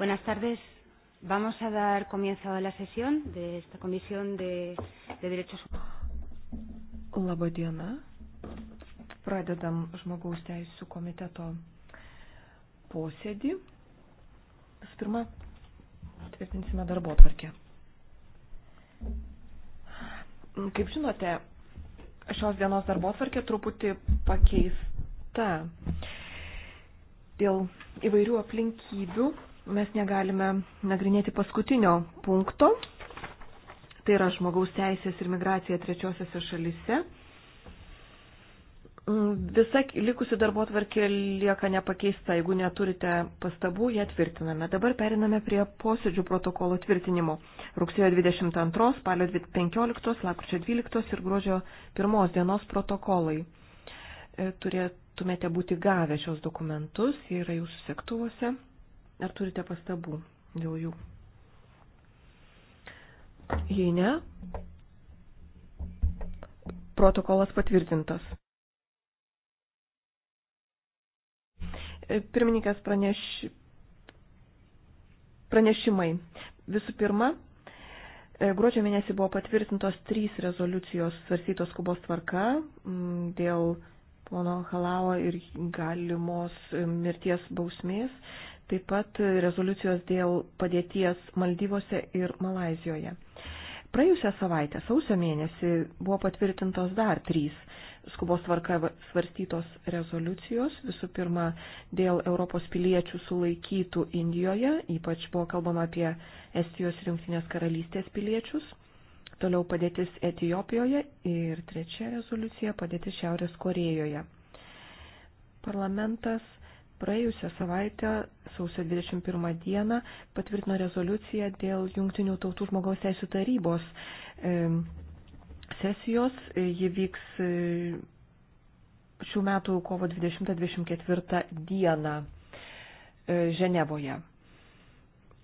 Buenas tardes. Vamos a dar comienzo a la sesión de esta Comisión de, de Derechos Humanos. Labą dieną. Pradedam žmogaus teisų komiteto posėdį. Visų pirma, tvirtinsime darbo tvarkę. Kaip žinote, šios dienos darbo tvarkė truputį pakeista. Dėl įvairių aplinkybių mes negalime nagrinėti paskutinio punkto, tai yra žmogaus teisės ir migracija trečiosiose šalise. Visa likusi darbo tvarkė lieka nepakeista, jeigu neturite pastabų, ją tvirtiname. Dabar periname prie posėdžių protokolo tvirtinimo. Rugsėjo 22, spalio 15, lakrčio 12 ir gruodžio 1 dienos protokolai. E, turėtumėte būti gavę šios dokumentus, jie yra jūsų sektuvuose. Ar turite pastabų dėl jų? Jei ne, protokolas patvirtintas. Pirmininkas praneš... pranešimai. Visų pirma, gruodžio mėnesį buvo patvirtintos trys rezoliucijos svarstytos skubos tvarka mm, dėl pono Halavo ir galimos mirties bausmės taip pat rezoliucijos dėl padėties Maldyvose ir Malazijoje. Praėjusią savaitę, sausio mėnesį, buvo patvirtintos dar trys skubos tvarka svarstytos rezoliucijos. Visų pirma, dėl Europos piliečių sulaikytų Indijoje, ypač buvo kalbama apie Estijos ir Junktinės karalystės piliečius. Toliau padėtis Etijopijoje ir trečia rezoliucija padėtis Šiaurės Korejoje. Parlamentas praėjusią savaitę, sausio 21 dieną, patvirtino rezoliuciją dėl Junktinių tautų žmogaus teisų tarybos e, sesijos. Ji vyks e, šių metų kovo 20-24 dieną e, Ženevoje.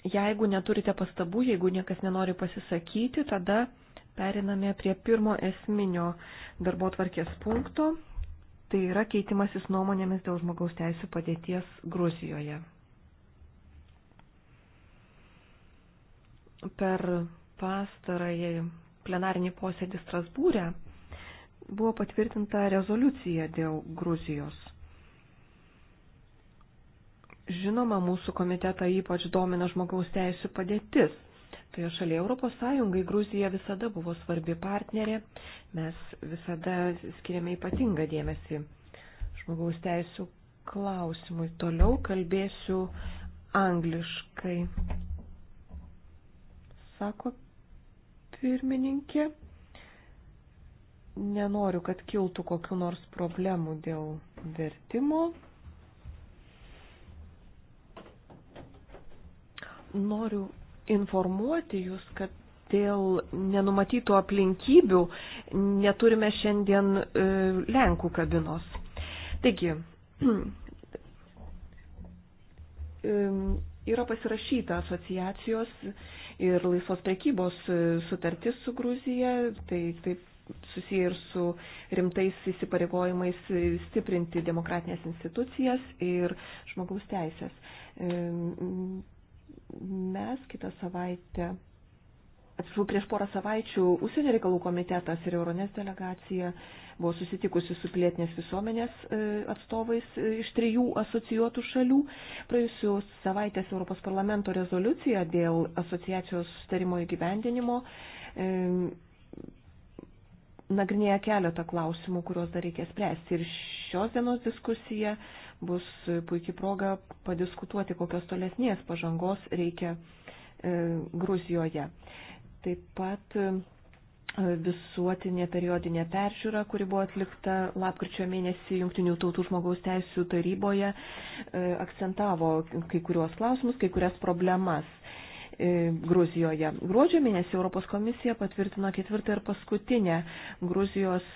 Jeigu neturite pastabų, jeigu niekas nenori pasisakyti, tada periname prie pirmo esminio darbo tvarkės punkto tai yra keitimasis nuomonėmis dėl žmogaus teisų padėties Gruzijoje. Per pastarąjį plenarinį posėdį Strasbūrę buvo patvirtinta rezoliucija dėl Gruzijos. Žinoma, mūsų komitetą ypač domina žmogaus teisų padėtis toje šalyje. Europos Sąjungai Gruzija visada buvo svarbi partnerė, mes visada skiriame ypatingą dėmesį žmogaus teisų klausimui. Toliau kalbėsiu angliškai. Sako pirmininkė, nenoriu, kad kiltų kokiu nors problemų dėl vertimo. Noriu informuoti jūs, kad dėl nenumatytų aplinkybių neturime šiandien e, Lenkų kabinos. Taigi, yra pasirašyta asociacijos ir laisvos prekybos e, sutartis su Gruzija, tai taip susiję ir su rimtais įsipareigojimais e, stiprinti demokratinės institucijas ir žmogaus teisės mes kitą savaitę, atsiprašau, prieš porą savaičių Užsienio reikalų komitetas ir Euronės delegacija buvo susitikusi su pilietinės visuomenės e, atstovais e, iš trijų asocijuotų šalių. Praėjusios savaitės Europos parlamento rezoliucija dėl asociacijos sustarimo įgyvendinimo e, nagrinėja keletą klausimų, kuriuos dar reikės spręsti. Ir šios dienos diskusija bus puikia proga padiskutuoti, kokios tolesnės pažangos reikia e, Gruzijoje. Taip pat e, visuotinė periodinė peržiūra, kuri buvo atlikta lapkričio mėnesį Junktinių tautų žmogaus teisų taryboje, e, akcentavo kai kuriuos klausimus, kai kurias problemas. E, Gruzijoje. Gruodžio mėnesį Europos komisija patvirtino ketvirtą ir paskutinę Gruzijos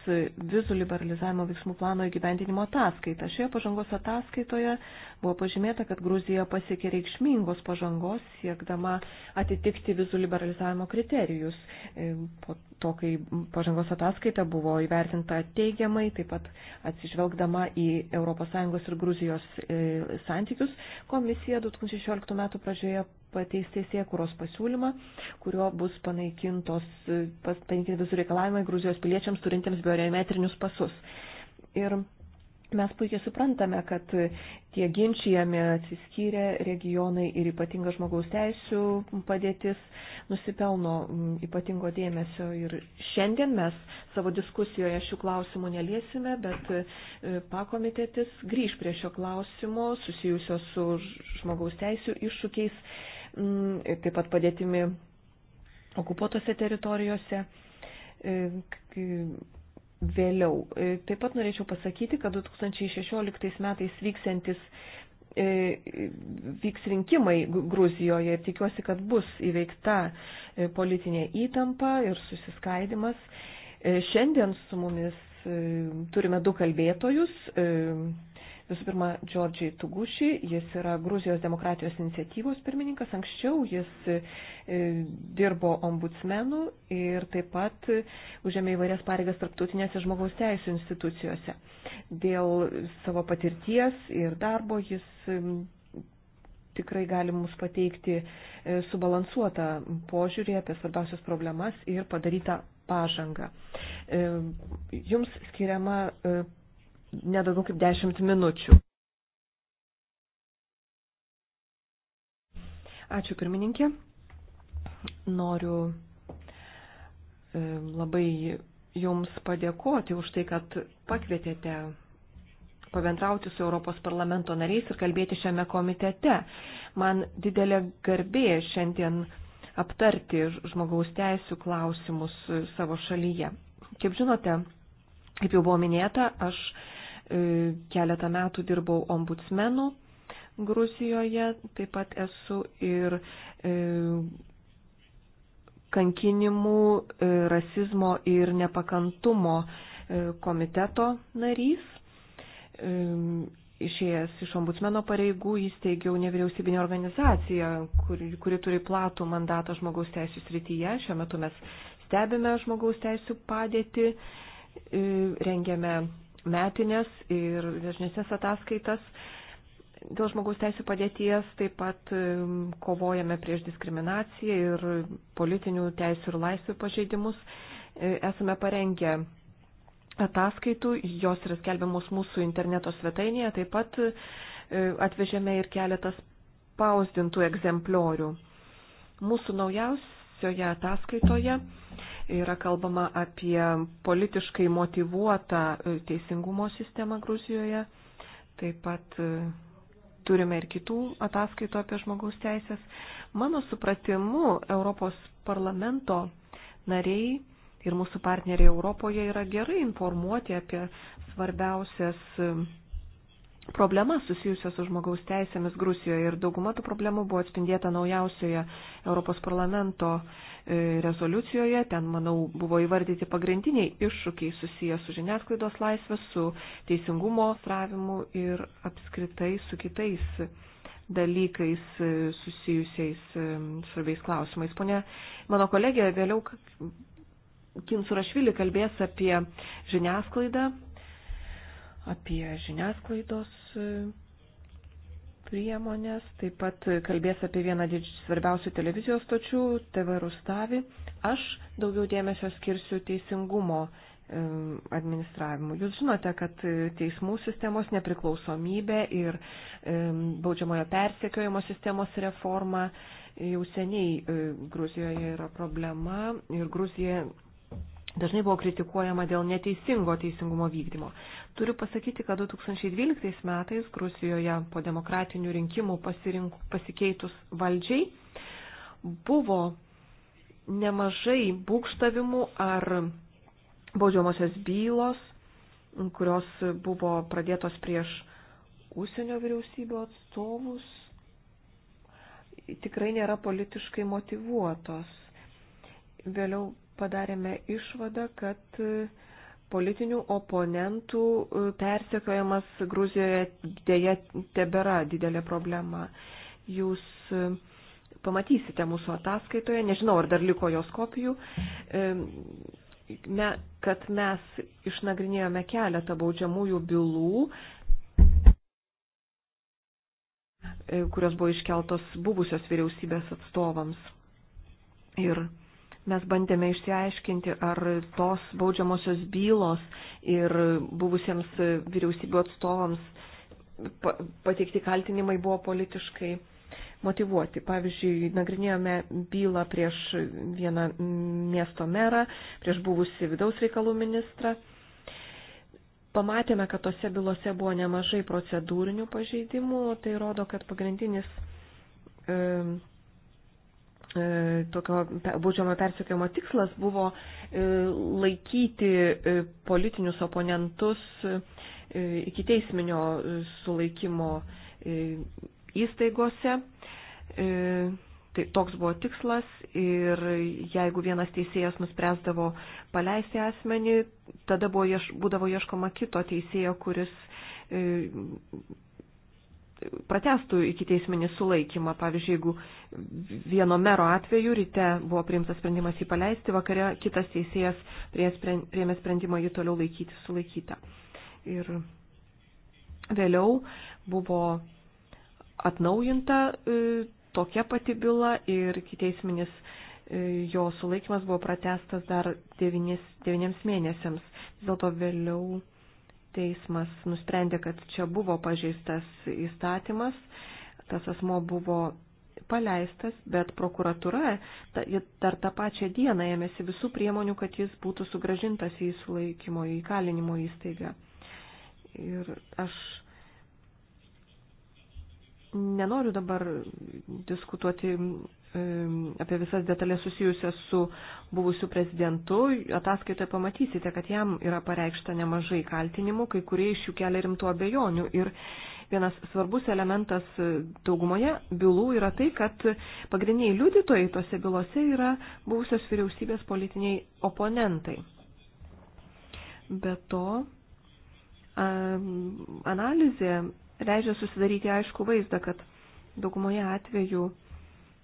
vizų liberalizavimo veiksmų plano įgyvendinimo ataskaitą. Šioje pažangos ataskaitoje buvo pažymėta, kad Gruzija pasiekė reikšmingos pažangos siekdama atitikti vizų liberalizavimo kriterijus. E, po to, kai pažangos ataskaita buvo įvertinta teigiamai, taip pat atsižvelgdama į ES ir Gruzijos e, santykius, komisija 2016 metų pradžioje pateis teisėkuros pasiūlymą, kurio bus panaikintos, panaikinti visų reikalavimai Gruzijos piliečiams turintiems biometrinius pasus. Ir mes puikiai suprantame, kad tie ginčijami atsiskyrę regionai ir ypatinga žmogaus teisų padėtis nusipelno mm, ypatingo dėmesio. Ir šiandien mes savo diskusijoje šių klausimų neliesime, bet e, pakomitetis grįž prie šio klausimo susijusio su žmogaus teisų iššūkiais Mm, taip pat padėtimi okupuotose teritorijose e, vėliau. E, taip pat norėčiau pasakyti, kad 2016 metais vyksiantis e, vyks rinkimai Gruzijoje ir tikiuosi, kad bus įveikta politinė įtampa ir susiskaidimas. Šiandien su mumis turime du kalbėtojus Visų pirma, Džordžiai Tuguši, jis yra Gruzijos demokratijos iniciatyvos pirmininkas, anksčiau jis e, dirbo ombudsmenų ir taip pat užėmė įvairias pareigas tarptautinėse žmogaus teisų institucijose. Dėl savo patirties ir darbo jis e, tikrai gali mums pateikti e, subalansuotą požiūrį apie svarbiausias problemas ir padarytą pažangą. Jums skiriama nedaugiau kaip 10 minučių. Ačiū pirmininkė. Noriu e, labai Jums padėkoti už tai, kad pakvietėte pabendrauti su Europos parlamento nariais ir kalbėti šiame komitete. Man didelė garbė šiandien aptarti žmogaus teisų klausimus savo šalyje. Kaip žinote, kaip jau buvo minėta, aš E, keletą metų dirbau ombudsmenų Gruzijoje, taip pat esu ir e, kankinimų, e, rasizmo ir nepakantumo komiteto narys. Išėjęs iš ombudsmeno pareigų įsteigiau nevyriausybinę organizaciją, kuri, kuri turi platų mandatą žmogaus teisų srityje. Šiuo metu mes stebime žmogaus teisų padėtį, rengiame metinės ir dažnesnės ataskaitas. Dėl žmogaus teisų padėties taip pat um, kovojame prieš diskriminaciją ir politinių teisų ir laisvių pažeidimus. E, esame parengę ataskaitų, jos yra skelbiamos mūsų interneto svetainėje, taip pat e, atvežėme ir keletas spausdintų egzempliorių. Mūsų naujaus, šioje ataskaitoje yra kalbama apie politiškai motivuotą e, teisingumo sistemą Gruzijoje. Taip pat e, turime ir kitų ataskaitų apie žmogaus teisės. Mano supratimu, Europos parlamento nariai ir mūsų partneriai Europoje yra gerai informuoti apie svarbiausias e, problemas susijusios su žmogaus teisėmis Grusijoje ir dauguma tų problemų buvo atspindėta naujausioje Europos parlamento e, rezoliucijoje. Ten, manau, buvo įvardyti pagrindiniai iššūkiai susiję su žiniasklaidos laisvė, su teisingumo stravimu ir apskritai su kitais dalykais e, susijusiais e, svarbiais klausimais. Pone, mano kolegė vėliau Kinsurašvili kalbės apie žiniasklaidą apie žiniasklaidos e, priemonės, taip pat kalbės apie vieną svarbiausių televizijos stočių, TV Rustavi. Aš daugiau dėmesio skirsiu teisingumo e, administravimu. Jūs žinote, kad teismų sistemos nepriklausomybė ir e, baudžiamojo persekiojimo sistemos reforma jau seniai Gruzijoje yra problema ir Gruzija dažnai buvo kritikuojama dėl neteisingo teisingumo vykdymo. Turiu pasakyti, kad 2012 metais Gruzijoje po demokratinių rinkimų pasirink, pasikeitus valdžiai buvo nemažai būkštavimų ar baudžiamosios bylos, kurios buvo pradėtos prieš užsienio vyriausybių atstovus, tikrai nėra politiškai motivuotos. Vėliau padarėme išvadą, kad e, politinių oponentų e, persekiojamas Gruzijoje dėja tebėra didelė problema. Jūs e, pamatysite mūsų ataskaitoje, nežinau, ar dar liko jos kopijų, me, kad mes išnagrinėjome keletą baudžiamųjų bylų, kurios buvo iškeltos buvusios vyriausybės atstovams. Ir Mes bandėme išsiaiškinti, ar tos baudžiamosios bylos ir buvusiems vyriausybių atstovams pateikti kaltinimai buvo politiškai motivuoti. Pavyzdžiui, nagrinėjome bylą prieš vieną miesto merą, prieš buvusi vidaus reikalų ministrą. Pamatėme, kad tose bylose buvo nemažai procedūrinių pažeidimų, tai rodo, kad pagrindinis e, E, tokio baudžiamo persekiojimo tikslas buvo e, laikyti e, politinius oponentus iki teisminio sulaikymo įstaigose. Tai toks buvo tikslas ir jeigu vienas teisėjas nuspręsdavo paleisti asmenį, tada buvo, būdavo ieškoma kito teisėjo, kuris pratestų iki teisminį sulaikymą. Pavyzdžiui, jeigu vieno mero atveju ryte buvo priimtas sprendimas jį paleisti, vakare kitas teisėjas priėmė sprendimą jį toliau laikyti sulaikytą. Ir vėliau buvo atnaujinta e, tokia pati byla ir teisminis e, jo sulaikymas buvo pratestas dar devynis, devyniems mėnesiams. Vis dėlto vėliau teismas nusprendė, kad čia buvo pažeistas įstatymas, tas asmo buvo paleistas, bet prokuratura ta, dar tą pačią dieną ėmėsi visų priemonių, kad jis būtų sugražintas į sulaikymo, į kalinimo įstaigą. Ir aš nenoriu dabar diskutuoti apie visas detalės susijusias su buvusiu prezidentu, ataskaitoje pamatysite, kad jam yra pareikšta nemažai kaltinimų, kai kurie iš jų kelia rimtų abejonių. Ir vienas svarbus elementas e, daugumoje bylų yra tai, kad pagrindiniai liudytojai tose bylose yra buvusios vyriausybės politiniai oponentai. Be to, analizė leidžia susidaryti aišku vaizdą, kad daugumoje atveju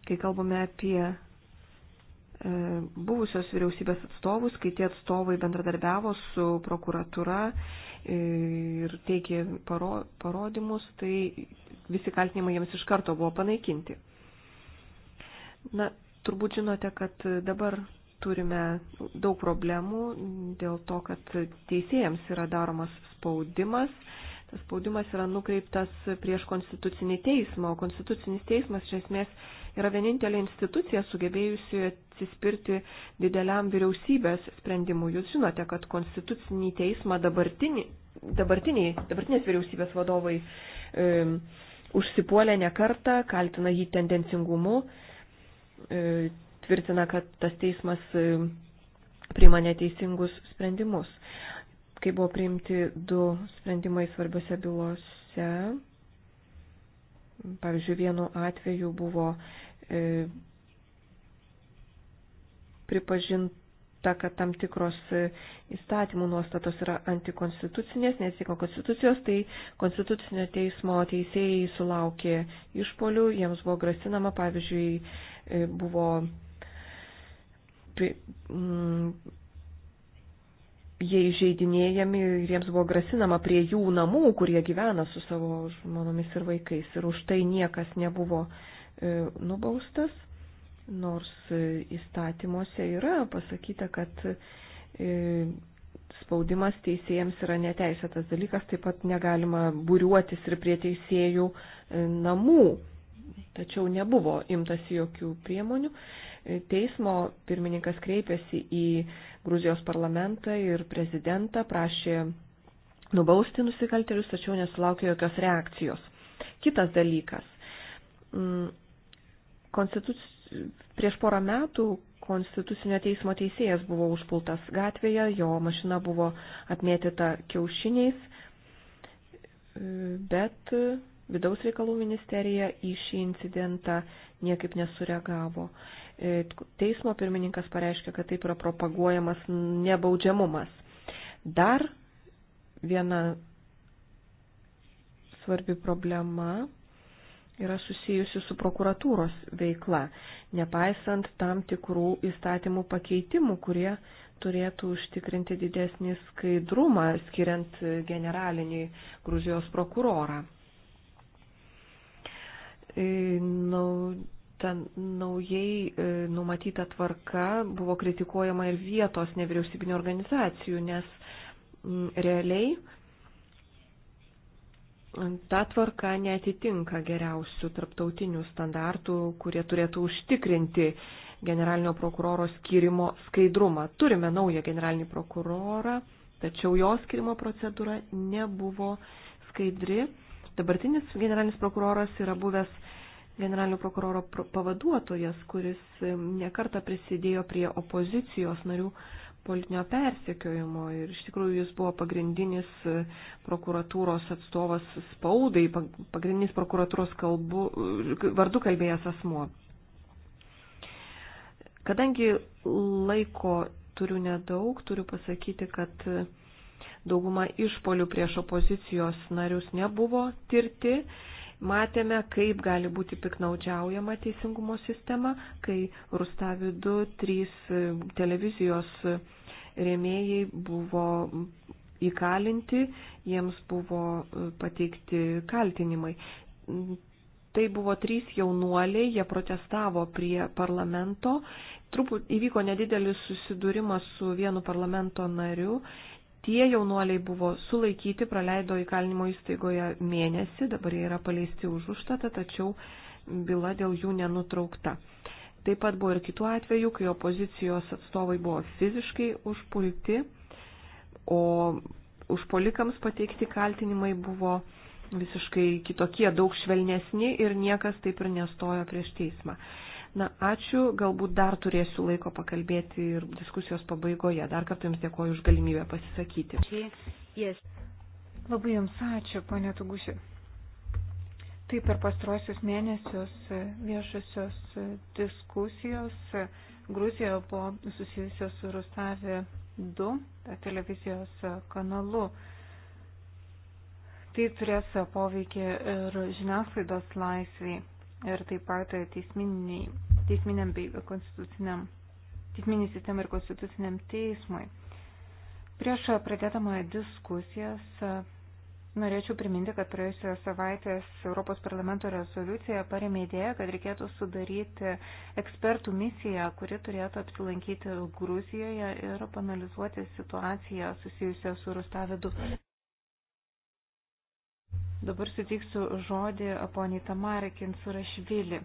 kai kalbame apie e, buvusios vyriausybės atstovus, kai tie atstovai bendradarbiavo su prokuratūra e, ir teikė paro, parodymus, tai visi kaltinimai jiems iš karto buvo panaikinti. Na, turbūt žinote, kad dabar turime daug problemų dėl to, kad teisėjams yra daromas spaudimas. Tas spaudimas yra nukreiptas prieš konstitucinį teismą, o konstitucinis teismas iš esmės yra vienintelė institucija sugebėjusi atsispirti dideliam vyriausybės sprendimui. Jūs žinote, kad konstitucinį teismą dabartinį, dabartinį, dabartinės vyriausybės vadovai e, užsipuolė ne kartą, kaltina jį tendencingumu, e, tvirtina, kad tas teismas e, priima neteisingus sprendimus. Kai buvo priimti du sprendimai svarbiose bylose, pavyzdžiui, vienu atveju buvo E, pripažinta, kad tam tikros e, įstatymų nuostatos yra antikonstitucinės, nesiko konstitucijos, tai konstitucinio teismo teisėjai sulaukė išpolių, jiems buvo grasinama, pavyzdžiui, e, buvo mm, jie įžeidinėjami ir jiems buvo grasinama prie jų namų, kur jie gyvena su savo žmonomis ir vaikais. Ir už tai niekas nebuvo E, nubaustas, nors e, įstatymuose yra pasakyta, kad e, spaudimas teisėjams yra neteisėtas dalykas, taip pat negalima būriuotis ir prie teisėjų namų, tačiau nebuvo imtas jokių priemonių. Teismo pirmininkas kreipėsi į Gruzijos parlamentą ir prezidentą, prašė nubausti nusikaltelius, tačiau nesulaukė jokios reakcijos. Kitas dalykas. Mm, Konstituc... Prieš porą metų Konstitucinio teismo teisėjas buvo užpultas gatvėje, jo mašina buvo apmėtyta kiaušiniais, bet vidaus reikalų ministerija į šį incidentą niekaip nesureagavo. E, teismo pirmininkas pareiškia, kad taip yra propaguojamas nebaudžiamumas. Dar viena svarbi problema yra susijusi su prokuratūros veikla, nepaisant tam tikrų įstatymų pakeitimų, kurie turėtų užtikrinti didesnį skaidrumą, skiriant generalinį Gruzijos prokurorą. E, nau, ta naujai e, numatyta tvarka buvo kritikuojama ir vietos nevyriausybinio organizacijų, nes realiai ta tvarka netitinka geriausių tarptautinių standartų, kurie turėtų užtikrinti generalinio prokuroro skirimo skaidrumą. Turime naują generalinį prokurorą, tačiau jo skirimo procedūra nebuvo skaidri. Dabartinis generalinis prokuroras yra buvęs generalinio prokuroro pavaduotojas, kuris e, nekarta prisidėjo prie opozicijos narių politinio persekiojimo ir iš tikrųjų jis buvo pagrindinis e, prokuratūros atstovas spaudai, pagrindinis prokuratūros kalbu, e, vardu kalbėjęs asmuo. Kadangi laiko turiu nedaug, turiu pasakyti, kad dauguma išpolių prieš opozicijos narius nebuvo tirti. Matėme, kaip gali būti piknaudžiaujama teisingumo sistema, kai Rustavi 2, 3 e, televizijos rėmėjai buvo įkalinti, jiems buvo e, pateikti kaltinimai. Tai buvo trys jaunuoliai, jie protestavo prie parlamento, truput įvyko nedidelis susidūrimas su vienu parlamento nariu. Tie jaunuoliai buvo sulaikyti, praleido įkalinimo įstaigoje mėnesį, dabar jie yra paleisti už užstatą, tačiau byla dėl jų nenutraukta. Uh, Taip pat buvo ir kitų atvejų, kai opozicijos atstovai buvo fiziškai užpulti, o užpolikams pateikti kaltinimai buvo visiškai kitokie, daug švelnesni ir niekas taip ir nestojo prieš teismą. Na, ačiū, galbūt dar turėsiu laiko pakalbėti ir diskusijos pabaigoje. Dar kartą Jums dėkoju už galimybę pasisakyti. Yes. Labai Jums ačiū, ponė Tugušiu. Taip per pastrosius mėnesius viešosios diskusijos Gruzijoje buvo susijusios su Rusavi 2 televizijos kanalu. Tai turės poveikį ir žiniasklaidos laisviai ir taip pat teisminiam bei konstituciniam, teisminiai sistemai ir konstituciniam teismui. Prieš pradėdamą diskusijas Norėčiau priminti, kad praėjusios savaitės Europos parlamento rezoliucija paremė idėją, kad reikėtų sudaryti ekspertų misiją, kuri turėtų apsilankyti Gruzijoje ir panalizuoti situaciją susijusią su Rustavidu. Dabar sutiksiu žodį poniai Tamarė Kinsurašvili.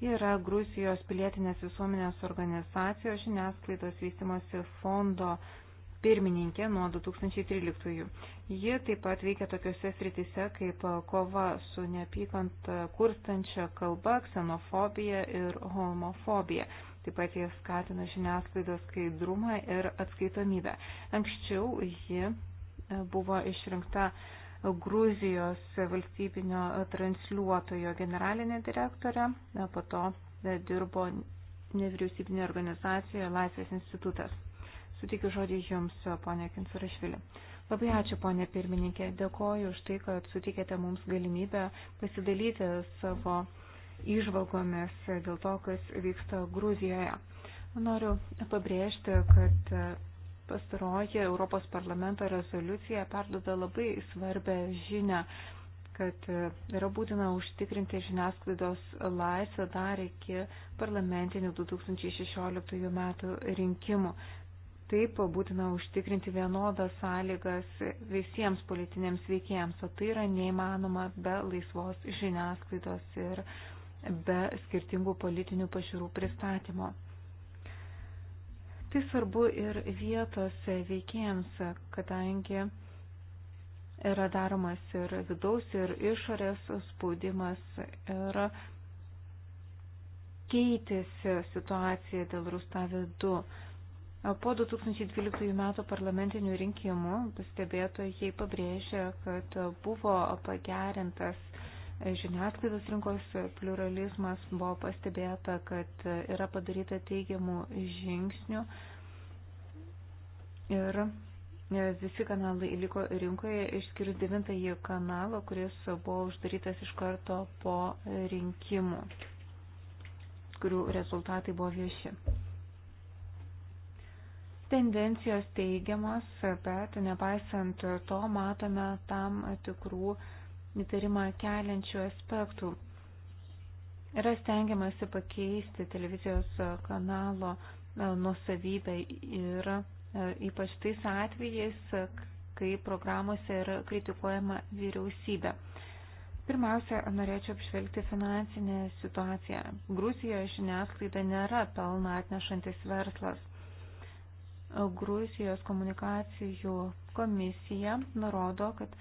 Ji yra Gruzijos pilietinės visuomenės organizacijos žiniasklaidos vystimosi fondo pirmininkė nuo 2013. Ji taip pat veikia tokiuose sritise kaip kova su neapykant kurstančia kalba, ksenofobija ir homofobija. Taip pat jie skatina žiniasklaidos skaidrumą ir atskaitomybę. Anksčiau ji e, buvo išrinkta Gruzijos valstybinio transliuotojo generalinė direktorė, e, po to e, dirbo nevyriausybinė organizacija Laisvės institutas. Sutikiu žodį Jums, ponė Kinsurašvili. Labai ačiū, ponė pirmininkė. Dėkoju už tai, kad sutikėte mums galimybę pasidalyti savo išvalgomis dėl to, kas vyksta Gruzijoje. Noriu pabrėžti, kad pastaroji Europos parlamento rezoliucija perduoda labai svarbę žinę kad yra būtina užtikrinti žiniasklaidos laisvę dar iki parlamentinių 2016 metų rinkimų. Taip būtina užtikrinti vienodas sąlygas visiems politiniams veikėjams, o tai yra neįmanoma be laisvos žiniasklaidos ir be skirtingų politinių pažiūrų pristatymo. Tai svarbu ir vietos veikėjams, kadangi yra daromas ir vidaus, ir išorės spaudimas ir keitėsi situacija dėl Rustavė 2 Po 2012 metų parlamentinių rinkimų pastebėtojai pabrėžė, kad buvo pagerintas žiniasklaidos rinkos pluralizmas, buvo pastebėta, kad yra padaryta teigiamų žingsnių ir visi kanalai liko rinkoje, išskyrus devintąjį kanalą, kuris buvo uždarytas iš karto po rinkimų, kurių rezultatai buvo vieši. Tendencijos teigiamos, bet nepaisant to matome tam tikrų įtarimą keliančių aspektų. Yra stengiamasi pakeisti televizijos kanalo e, nusavybę ir e, ypač tais atvejais, kai programuose yra kritikuojama vyriausybė. Pirmiausia, norėčiau apžvelgti finansinę situaciją. Gruzijoje žiniasklaida nėra pelną atnešantis verslas. Gruzijos komunikacijų komisija nurodo, kad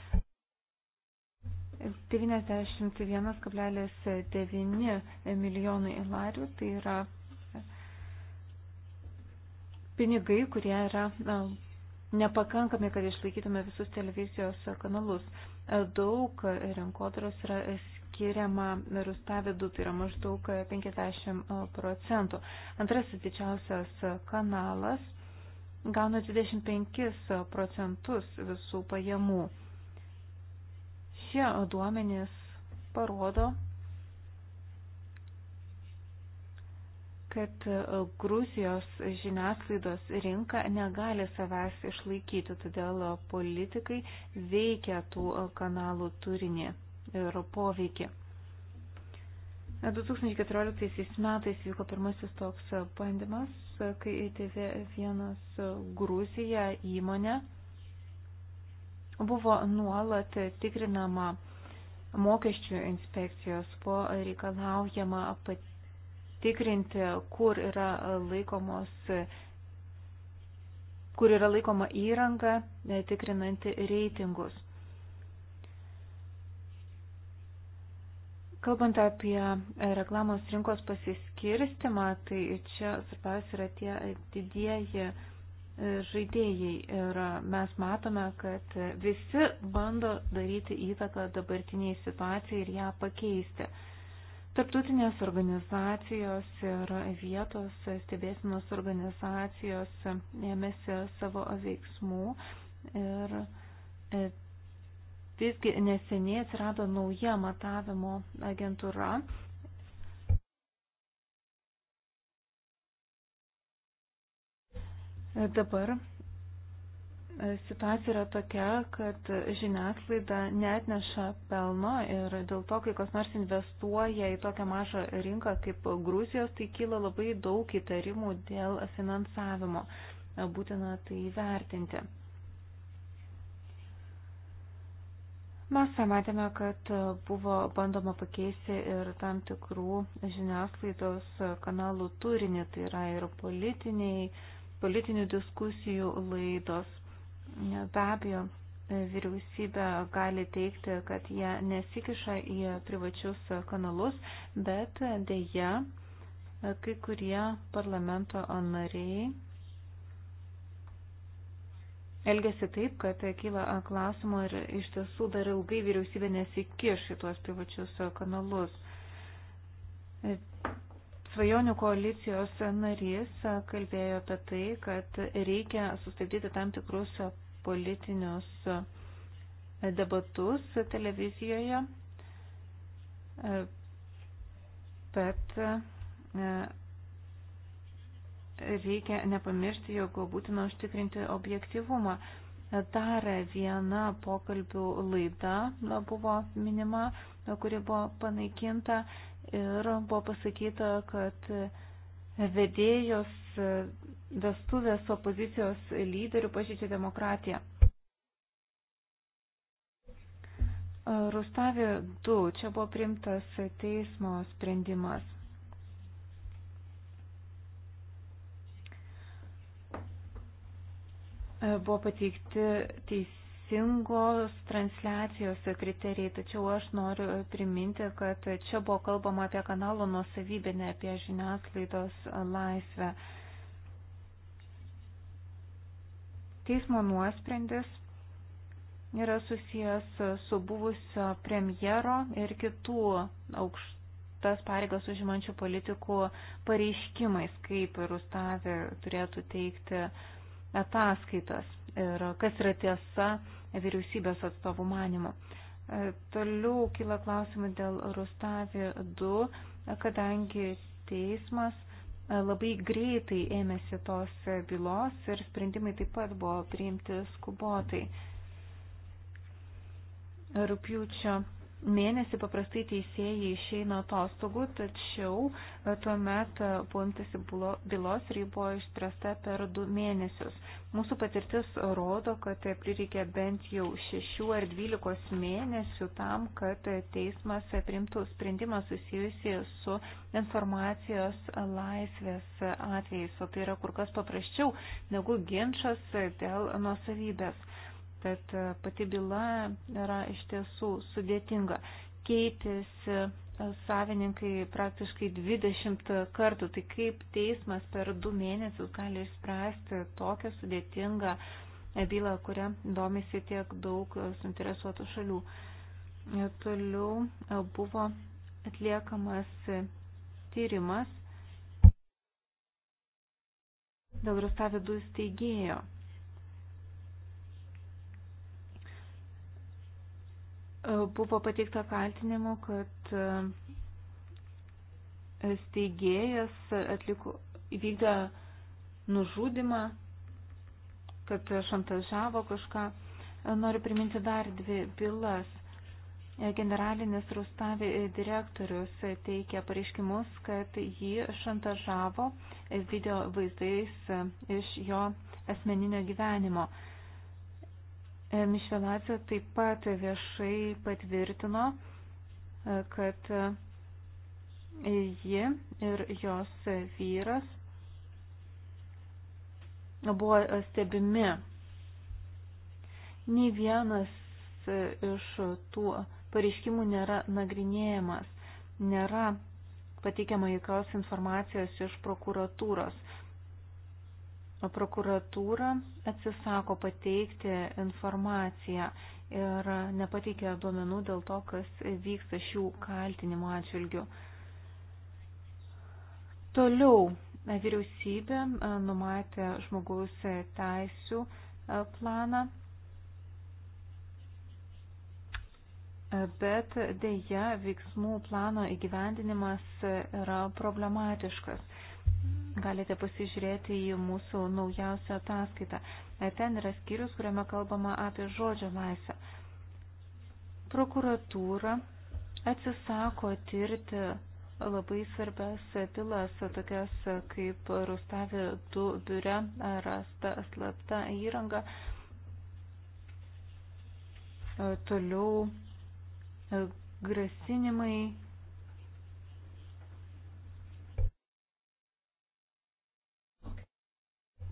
91,9 milijonai ilarių tai yra pinigai, kurie yra nepakankami, kad išlaikytume visus televizijos kanalus. Daug rinkodaros yra skiriama Rustavidu, tai yra maždaug 50 procentų. Antrasis didžiausias kanalas gauna 25 procentus visų pajamų. Šie duomenys parodo, kad Gruzijos žiniasklaidos rinka negali savęs išlaikyti, todėl politikai veikia tų kanalų turinį ir poveikį. 2014 metais vyko pirmasis toks bandymas, kai ITV1 Gruzija įmonė buvo nuolat tikrinama mokesčių inspekcijos, po reikalaujama patikrinti, kur yra laikomos kur yra laikoma įranga tikrinanti reitingus. Kalbant apie e, reklamos rinkos pasiskirstimą, tai čia svarbiausia yra tie e, didieji e, žaidėjai ir mes matome, kad visi bando daryti įtaką dabartiniai situacijai ir ją pakeisti. Tarptautinės organizacijos ir vietos stebėsinos organizacijos ėmėsi savo veiksmų ir Visgi neseniai atsirado nauja matavimo agentūra. Dabar situacija yra tokia, kad žiniasklaida netneša pelno ir dėl to, kai kas nors investuoja į tokią mažą rinką kaip Gruzijos, tai kyla labai daug įtarimų dėl finansavimo. Būtina tai įvertinti. Mes matėme, kad buvo bandoma pakeisti ir tam tikrų žiniasklaidos kanalų turinį, tai yra ir politiniai, politinių diskusijų laidos. Be abejo, vyriausybė gali teikti, kad jie nesikiša į privačius kanalus, bet dėja, kai kurie parlamento nariai elgesi taip, kad kyla klausimo ir iš tiesų dar ilgai vyriausybė nesikiš į tuos privačius kanalus. E, svajonių koalicijos narys kalbėjo apie tai, kad reikia sustabdyti tam tikrus politinius debatus televizijoje, e, bet reikia nepamiršti, jog būtina užtikrinti objektivumą. Dar viena pokalbių laida buvo minima, kuri buvo panaikinta ir buvo pasakyta, kad vedėjos vestuvės opozicijos lyderių pažydžia demokratiją. Rustavė 2, čia buvo primtas teismo sprendimas. E, buvo pateikti teisingos transliacijos kriterijai, tačiau aš noriu priminti, kad čia buvo kalbama apie kanalo nuosavybę, ne apie žiniasklaidos laisvę. Teismo nuosprendis yra susijęs su buvusio premjero ir kitų aukštas pareigas užimančių politikų pareiškimais, kaip ir Rustavė turėtų teikti uh, ataskaitas ir kas yra tiesa vyriausybės atstovų manimo. E, toliau kyla klausimai dėl Rustavi 2, kadangi teismas e, labai greitai ėmėsi tos bylos ir sprendimai taip pat buvo priimti skubotai. Rūpiučio mėnesį paprastai teisėjai išeina atostogų, tačiau e, tuomet e, puntasi bylos ir jį buvo išspręsta per du mėnesius. Mūsų patirtis rodo, kad e, prireikia bent jau šešių ar dvylikos mėnesių tam, kad teismas primtų sprendimą susijusį su informacijos laisvės atvejais, o tai yra kur kas paprasčiau negu ginčas dėl nuosavybės. Tad e, pati byla yra iš tiesų sudėtinga. Keitėsi e, savininkai praktiškai 20 kartų. Tai kaip teismas per du mėnesius gali išspręsti tokią sudėtingą e, bylą, kurią domisi tiek daug suinteresuotų šalių. Toliau buvo atliekamas tyrimas dėl Rustavė dujų steigėjo. buvo pateikta kaltinimu, kad e, steigėjas atliko, įvykdė nužudimą, kad šantažavo kažką. E, noriu priminti dar dvi bylas. E, generalinis Rustavi direktorius teikia pareiškimus, kad jį šantažavo video vaizdais iš jo asmeninio gyvenimo. E, Mišvelacija taip pat viešai patvirtino, e, kad e, ji ir jos vyras buvo stebimi. Nei vienas iš tų pareiškimų nėra nagrinėjamas, nėra pateikiama jokios informacijos iš prokuratūros prokuratūra atsisako pateikti informaciją ir nepateikia duomenų dėl to, kas vyksta šių kaltinimų atžvilgių. Toliau vyriausybė e, numatė žmogaus teisų e, planą, e, bet dėja veiksmų plano įgyvendinimas yra problematiškas galite pasižiūrėti į mūsų naujausią ataskaitą. E, ten yra skyrius, kuriame kalbama apie žodžio laisvę. Prokuratūra atsisako tirti labai svarbias pilas, tokias kaip Rustavė 2 biure rasta slapta įranga. E, toliau e, grasinimai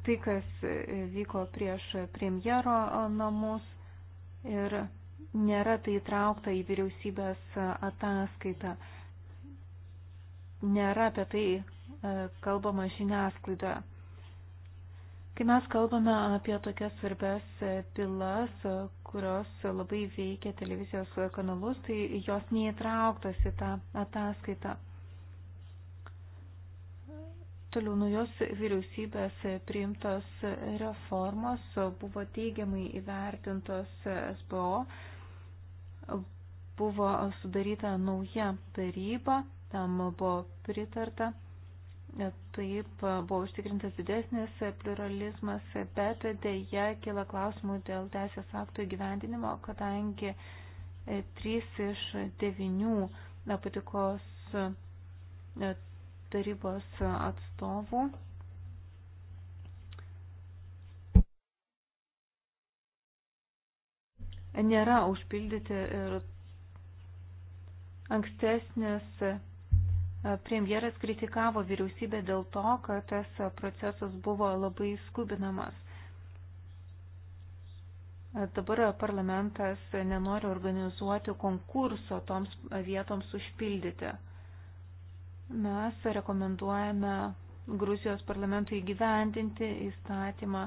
tai, kas vyko prieš premjero namus ir nėra tai įtraukta į vyriausybės ataskaitą. Nėra apie tai e, kalbama žiniasklaidoje. Kai mes kalbame apie tokias svarbes pilas, kurios labai veikia televizijos kanalus, tai jos neįtrauktos į tą ataskaitą. Toliau naujos vyriausybės priimtos reformos buvo teigiamai įvertintos SBO, buvo sudaryta nauja taryba, tam buvo pritarta, taip buvo užtikrintas didesnis pluralizmas, bet dėja kila klausimų dėl teisės aktų įgyvendinimo, kadangi trys iš devinių patikos tarybos atstovų. Nėra užpildyti ir ankstesnis premjeras kritikavo vyriausybę dėl to, kad tas procesas buvo labai skubinamas. Dabar parlamentas nenori organizuoti konkurso toms vietoms užpildyti mes rekomenduojame Gruzijos parlamentui įgyvendinti įstatymą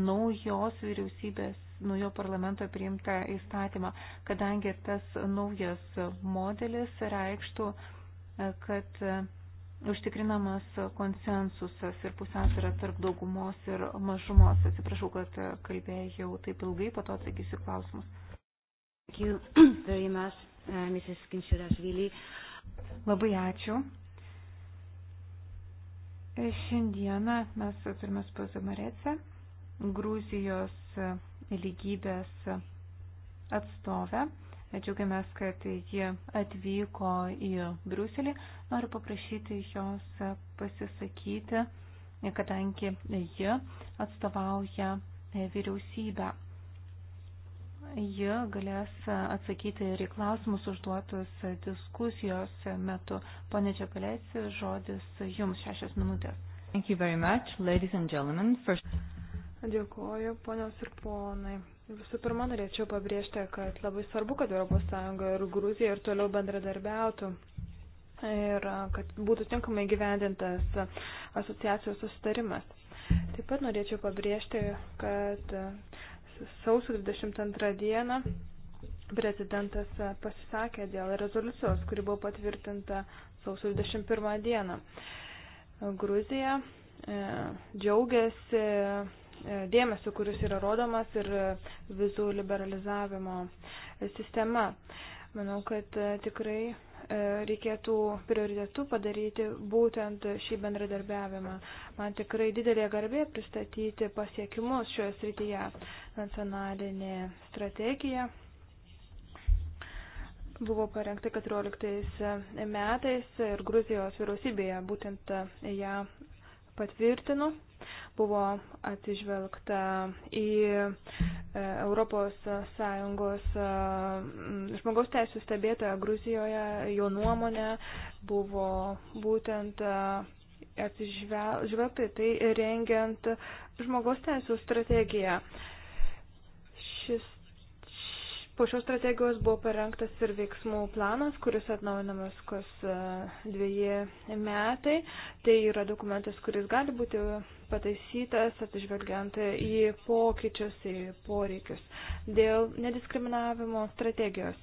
naujos vyriausybės, naujo parlamento priimtą įstatymą, kadangi tas naujas modelis reikštų, kad užtikrinamas konsensusas ir pusiausvyrą tarp daugumos ir mažumos. Atsiprašau, kad kalbėjau taip ilgai, po to atsakysiu klausimus. Thank you very much, uh, Mrs. Kinshirashvili. Uh, Labai ačiū. E, šiandieną mes turime Spazumarecę, Grūzijos e, lygybės atstovę. E, džiaugiamės, kad ji atvyko į Briuselį. Noriu paprašyti jos pasisakyti, kadangi ji atstovauja vyriausybę. Jie galės atsakyti ir į klausimus užduotus diskusijos metu. Pone Čiapalėsi, žodis jums šešios minutės. Thank you very much, ladies and gentlemen. First... Dėkuoju, ponios ir ponai. Visų pirma, norėčiau pabrėžti, kad labai svarbu, kad ES ir Gruzija ir toliau bendradarbiautų ir kad būtų tinkamai gyvendintas asociacijos susitarimas. Taip pat norėčiau pabrėžti, kad sausio 22 dieną prezidentas pasisakė dėl rezoliucijos, kuri buvo patvirtinta sausio 21 dieną. Gruzija e, džiaugiasi e, dėmesio, kuris yra rodomas ir vizų liberalizavimo sistema. Manau, kad e, tikrai E, reikėtų prioritetu padaryti būtent šį bendradarbiavimą. Man tikrai didelė garbė pristatyti pasiekimus šioje srityje nacionalinė strategija. Buvo parengta 14 metais ir Gruzijos vyriausybėje būtent ją patvirtinu buvo atsižvelgta į ES e, žmogaus teisų stebėtoją Gruzijoje, jo nuomonę buvo būtent e, atsižvelgta tai rengiant žmogaus teisų strategiją. Po šios strategijos buvo parengtas ir veiksmų planas, kuris atnaujinamas kas e, dviejie metai. Tai yra dokumentas, kuris gali būti pataisytas atsižvelgiant į pokyčius, į poreikius dėl nediskriminavimo strategijos.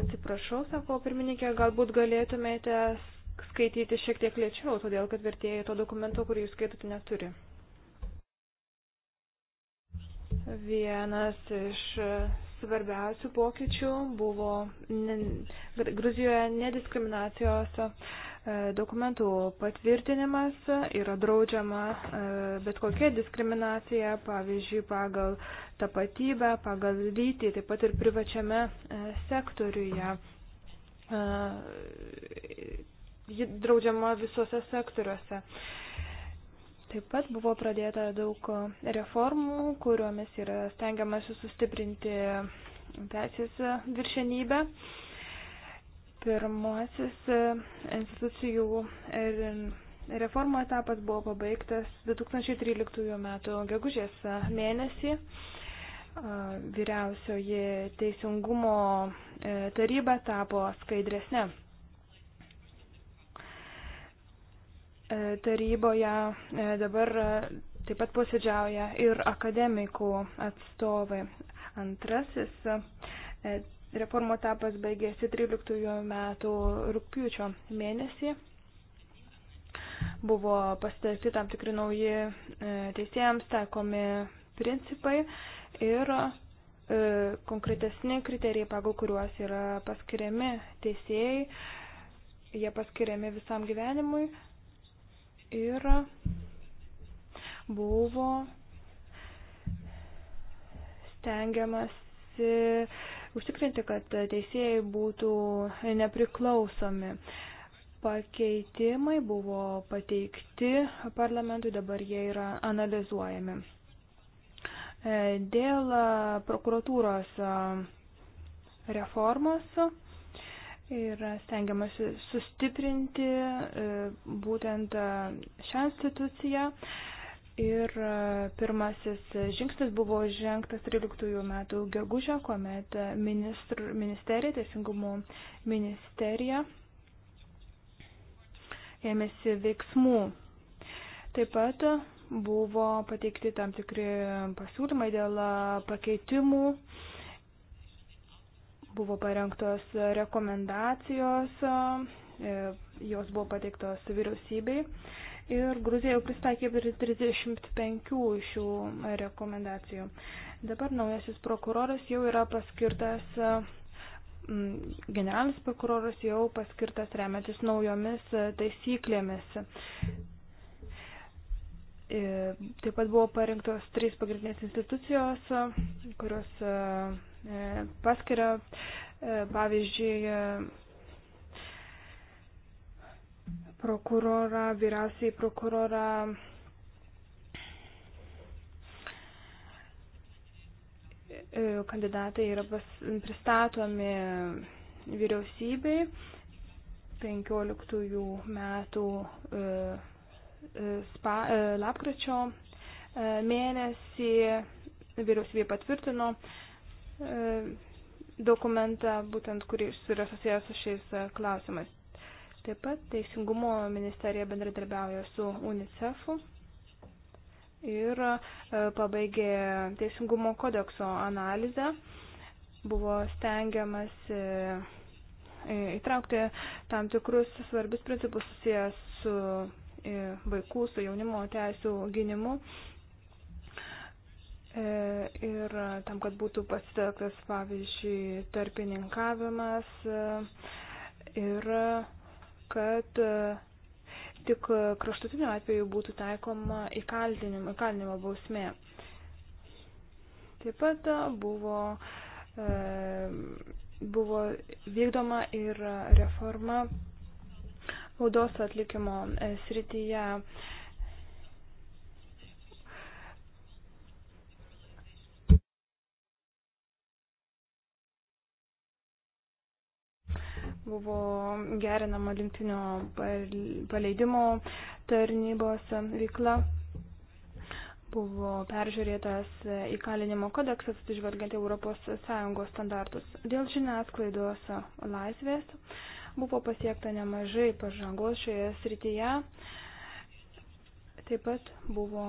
Atsiprašau, sako pirmininkė, galbūt galėtumėte skaityti šiek tiek lėčiau, todėl kad vertėjai to dokumento, kurį jūs skaitote, neturi. Vienas iš e, svarbiausių pokyčių buvo Gruzijoje nediskriminacijos e, dokumentų patvirtinimas yra draudžiama e, bet kokia diskriminacija, pavyzdžiui, pagal tapatybę, pagal lytį, taip pat ir privačiame sektoriuje. Ji draudžiama visuose sektoriuose. Taip pat buvo pradėta daug reformų, kuriomis yra stengiamasi sustiprinti teisės viršenybę. Pirmasis e, institucijų reformų etapas buvo pabaigtas 2013 m. gegužės mėnesį. Vyriausioji teisingumo e, taryba tapo skaidresnė. E, taryboje e, dabar e, taip pat posėdžiauja ir akademikų atstovai. Antrasis reformų etapas baigėsi 13 metų rūpiučio mėnesį. Buvo pasitelkti tam tikri nauji teisėjams taikomi principai ir konkretesni kriterijai, pagal kuriuos yra paskiriami teisėjai, jie paskiriami visam gyvenimui ir buvo stengiamasi užtikrinti, kad teisėjai būtų nepriklausomi. Pakeitimai buvo pateikti parlamentui, dabar jie yra analizuojami. Dėl prokuratūros reformos yra stengiamasi sustiprinti e, būtent e, šią instituciją. Ir e, pirmasis žingsnis buvo žengtas 13 metų gegužę, kuomet ministr, ministerija, teisingumo ministerija ėmėsi veiksmų. Taip pat buvo pateikti tam tikri pasiūlymai dėl pakeitimų Buvo parengtos rekomendacijos, e, jos buvo pateiktos vyriausybei ir Gruzija jau pristaikė prie 35 šių rekomendacijų. Dabar naujasis prokuroras jau yra paskirtas, e, generalinis prokuroras jau paskirtas remiantis naujomis e, taisyklėmis. Taip pat buvo parinktos trys pagrindinės institucijos, kurios E, paskiria, e, pavyzdžiui, e, prokurorą, vyriausiai prokurorą. Kandidatai yra pas, pristatomi vyriausybei 15 metų spa, lapkričio mėnesį vyriausybė patvirtino E, dokumentą, būtent kuris yra susijęs su šiais e, klausimais. Taip pat Teisingumo ministerija bendradarbiauja su UNICEF ir e, pabaigė Teisingumo kodekso analizę. Buvo stengiamas įtraukti tam tikrus svarbius principus susijęs su vaikų, su jaunimo teisų gynimu E, ir tam, kad būtų pasitelktas, pavyzdžiui, tarpininkavimas e, ir kad e, tik kraštutiniu atveju būtų taikoma įkalinimo, įkalinimo bausmė. Taip pat buvo, buvo vykdoma ir reforma baudos atlikimo srityje Buvo gerinama linktinio paleidimo tarnybos veikla. Buvo peržiūrėtas įkalinimo kodeksas, atsižvelgiant ES standartus. Dėl žiniasklaidos laisvės buvo pasiekta nemažai pažangos šioje srityje. Taip pat buvo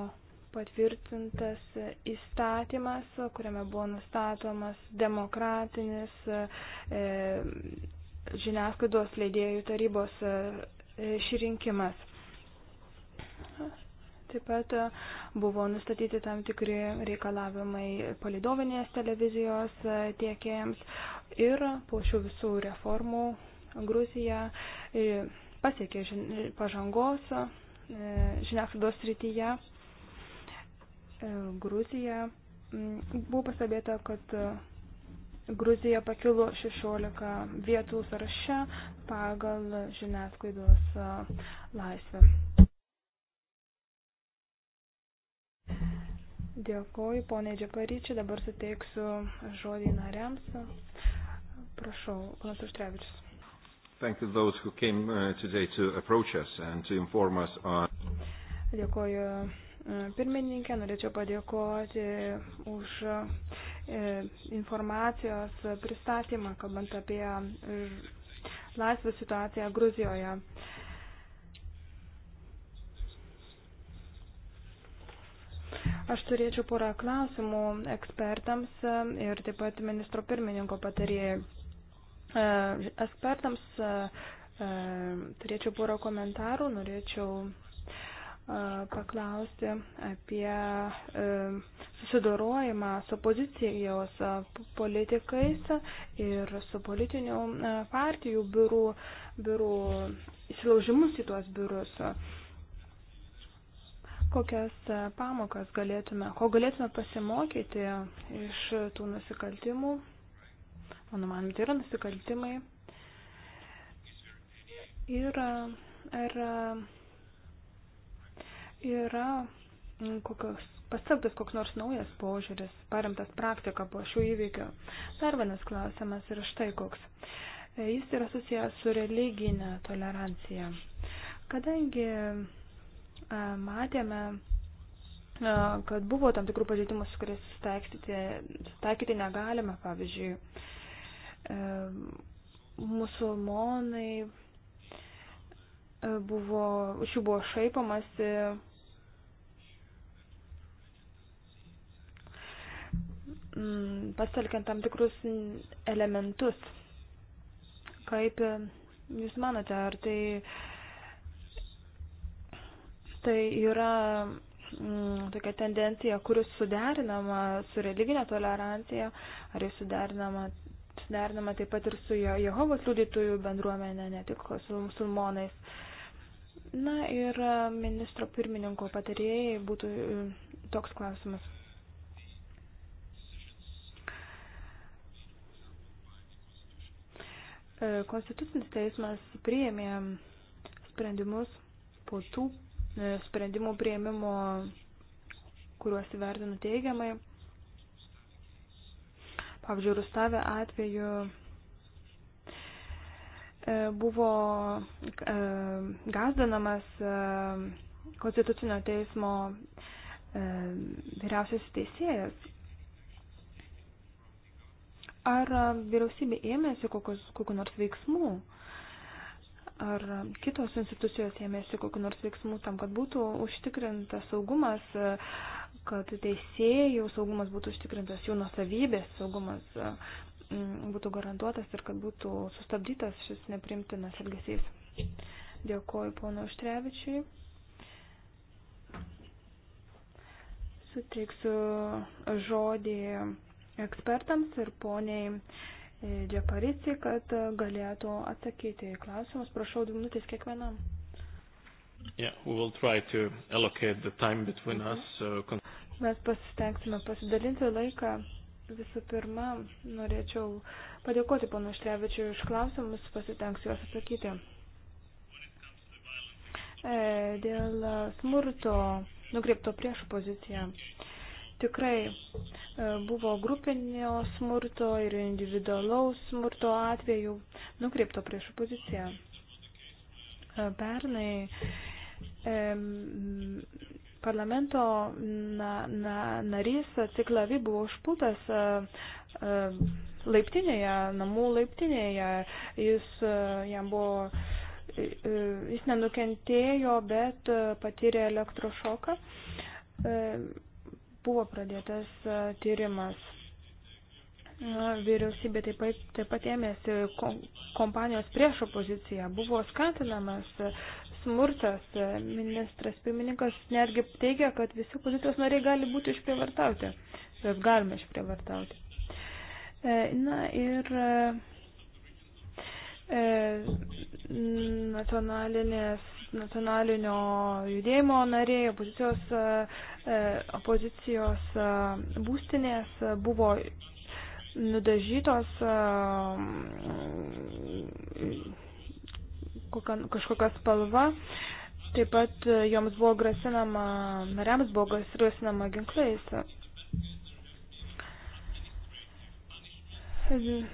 patvirtintas įstatymas, kuriame buvo nustatomas demokratinis e, žiniasklaidos leidėjų tarybos išrinkimas. E, e, Taip pat e, buvo nustatyti tam tikri reikalavimai palidovinės televizijos tiekėjams ir po šių visų reformų Gruzija pasiekė pažangos žiniasklaidos srityje. Gruzija buvo pastebėta, kad Gruzija pakilo 16 vietų sąraše pagal žiniasklaidos laisvę. Dėkoju, ponė Džeparyčiai, dabar suteiksiu žodį nariams. Prašau, ponas Užtrevičius. Thank you those who came uh, today to approach us and to inform us on. Dėkoju uh, pirmininkė, norėčiau padėkoti už uh, E, informacijos pristatymą, kalbant apie laisvės situaciją Gruzijoje. Aš turėčiau porą klausimų ekspertams ir taip pat ministro pirmininko patarėjai. E, ekspertams e, turėčiau porą komentarų, norėčiau paklausti apie e, susidorojimą su pozicijos politikais ir su politinių partijų biurų, biurų įsilaužimus į tuos biurus. Kokias pamokas galėtume, ko galėtume pasimokyti iš tų nusikaltimų? Mano manim, tai yra nusikaltimai. Ir ar yra mm, kokios pasaktas koks nors naujas požiūris, paremtas praktika po šių įvykių. Dar vienas klausimas yra štai koks. E, jis yra susijęs su religinė tolerancija. Kadangi e, matėme, e, kad buvo tam tikrų pažeidimų, su kuriais susitaikyti negalime, pavyzdžiui, musulmonai buvo, iš jų buvo šaipamasi Mm, pasitelkiant tam tikrus elementus. Kaip e, Jūs manote, ar tai, tai yra mm, tokia tendencija, kuris suderinama su religinė tolerancija, ar jis suderinama, suderinama taip pat ir su Jehovos liudytojų bendruomenė, ne tik su musulmonais. Na ir e, ministro pirmininko patarėjai būtų e, toks klausimas. E, konstitucinis teismas priėmė sprendimus po tų e, sprendimų prieimimo, kuriuos įvertinu teigiamai. Pavyzdžiui, Rustavė atveju e, buvo gazdinamas Konstitucinio teismo vyriausiasis teisėjas Ar vyriausybė ėmėsi kokios, kokių nors veiksmų? Ar kitos institucijos ėmėsi kokiu nors veiksmų tam, kad būtų užtikrintas saugumas, kad teisėjų saugumas būtų užtikrintas, jų nusavybės saugumas mm, būtų garantuotas ir kad būtų sustabdytas šis neprimtinas elgesys. Dėkuoju pono Užtrevičiui. Suteiksiu žodį ekspertams ir poniai e, Džeparici, kad e, galėtų atsakyti į klausimus. Prašau, dvi minutės kiekvienam. Yeah, we will try to allocate the time between us. Mhm. Uh, Mes pasistengsime pasidalinti laiką. Visų pirma, norėčiau padėkoti panu Štrevičiu iš klausimus, pasitengsiu juos atsakyti. E, dėl smurto nukreipto prieš poziciją. E, Tikrai e, buvo grupinio smurto ir individualaus smurto atveju nukreipto prieš opoziciją. E, pernai e, parlamento na, na, narys Ciklavi buvo užpultas laiptinėje, namų laiptinėje. Jis jam buvo jis nenukentėjo, bet patyrė elektrošoką buvo pradėtas e, tyrimas. Vyriausybė taip pat, taip pat ėmėsi kompanijos prieš opoziciją. Buvo skantinamas e, smurtas. E, ministras pirmininkas netgi teigia, kad visi opozicijos nariai gali būti išprievartauti. Jos galime išprievartauti. Na ir nacionalinės nacionalinio judėjimo nariai, opozicijos, e, e, opozicijos e, būstinės buvo nudažytos kažkokia spalva. Taip pat joms buvo grasinama, nariams buvo grasinama ginklais.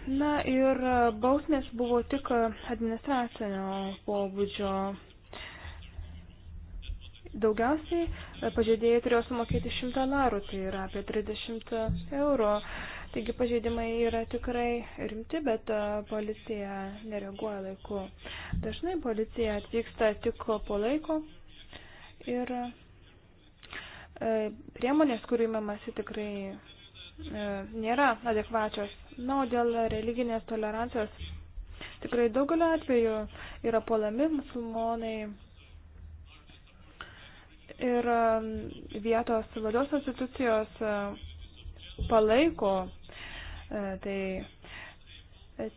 Na ir bausmės buvo tik administracinio pobūdžio daugiausiai e, pažeidėjai turėjo sumokėti 100 larų, tai yra apie 30 eurų. Taigi pažeidimai yra tikrai rimti, bet e, policija nereaguoja laiku. Dažnai policija atvyksta tik po laiko ir e, priemonės, kurių įmamasi tikrai nėra adekvačios. Na, o dėl religinės tolerancijos tikrai daugelio atveju yra puolami musulmonai ir um, vietos valdžios institucijos uh, palaiko. Uh, tai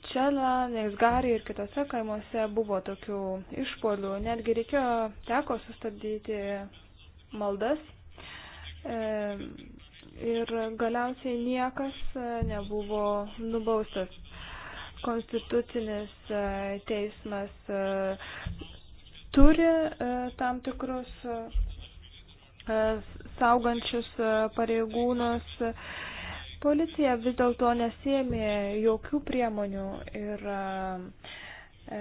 Čela, Neisgari ir kitose kaimuose buvo tokių išpolių. Netgi reikėjo, teko sustabdyti maldas. Um, ir galiausiai niekas uh, nebuvo nubaustas. Konstitucinis teismas turi tam tikrus E, saugančius e, pareigūnus. Policija vis dėlto nesėmė jokių priemonių ir e, e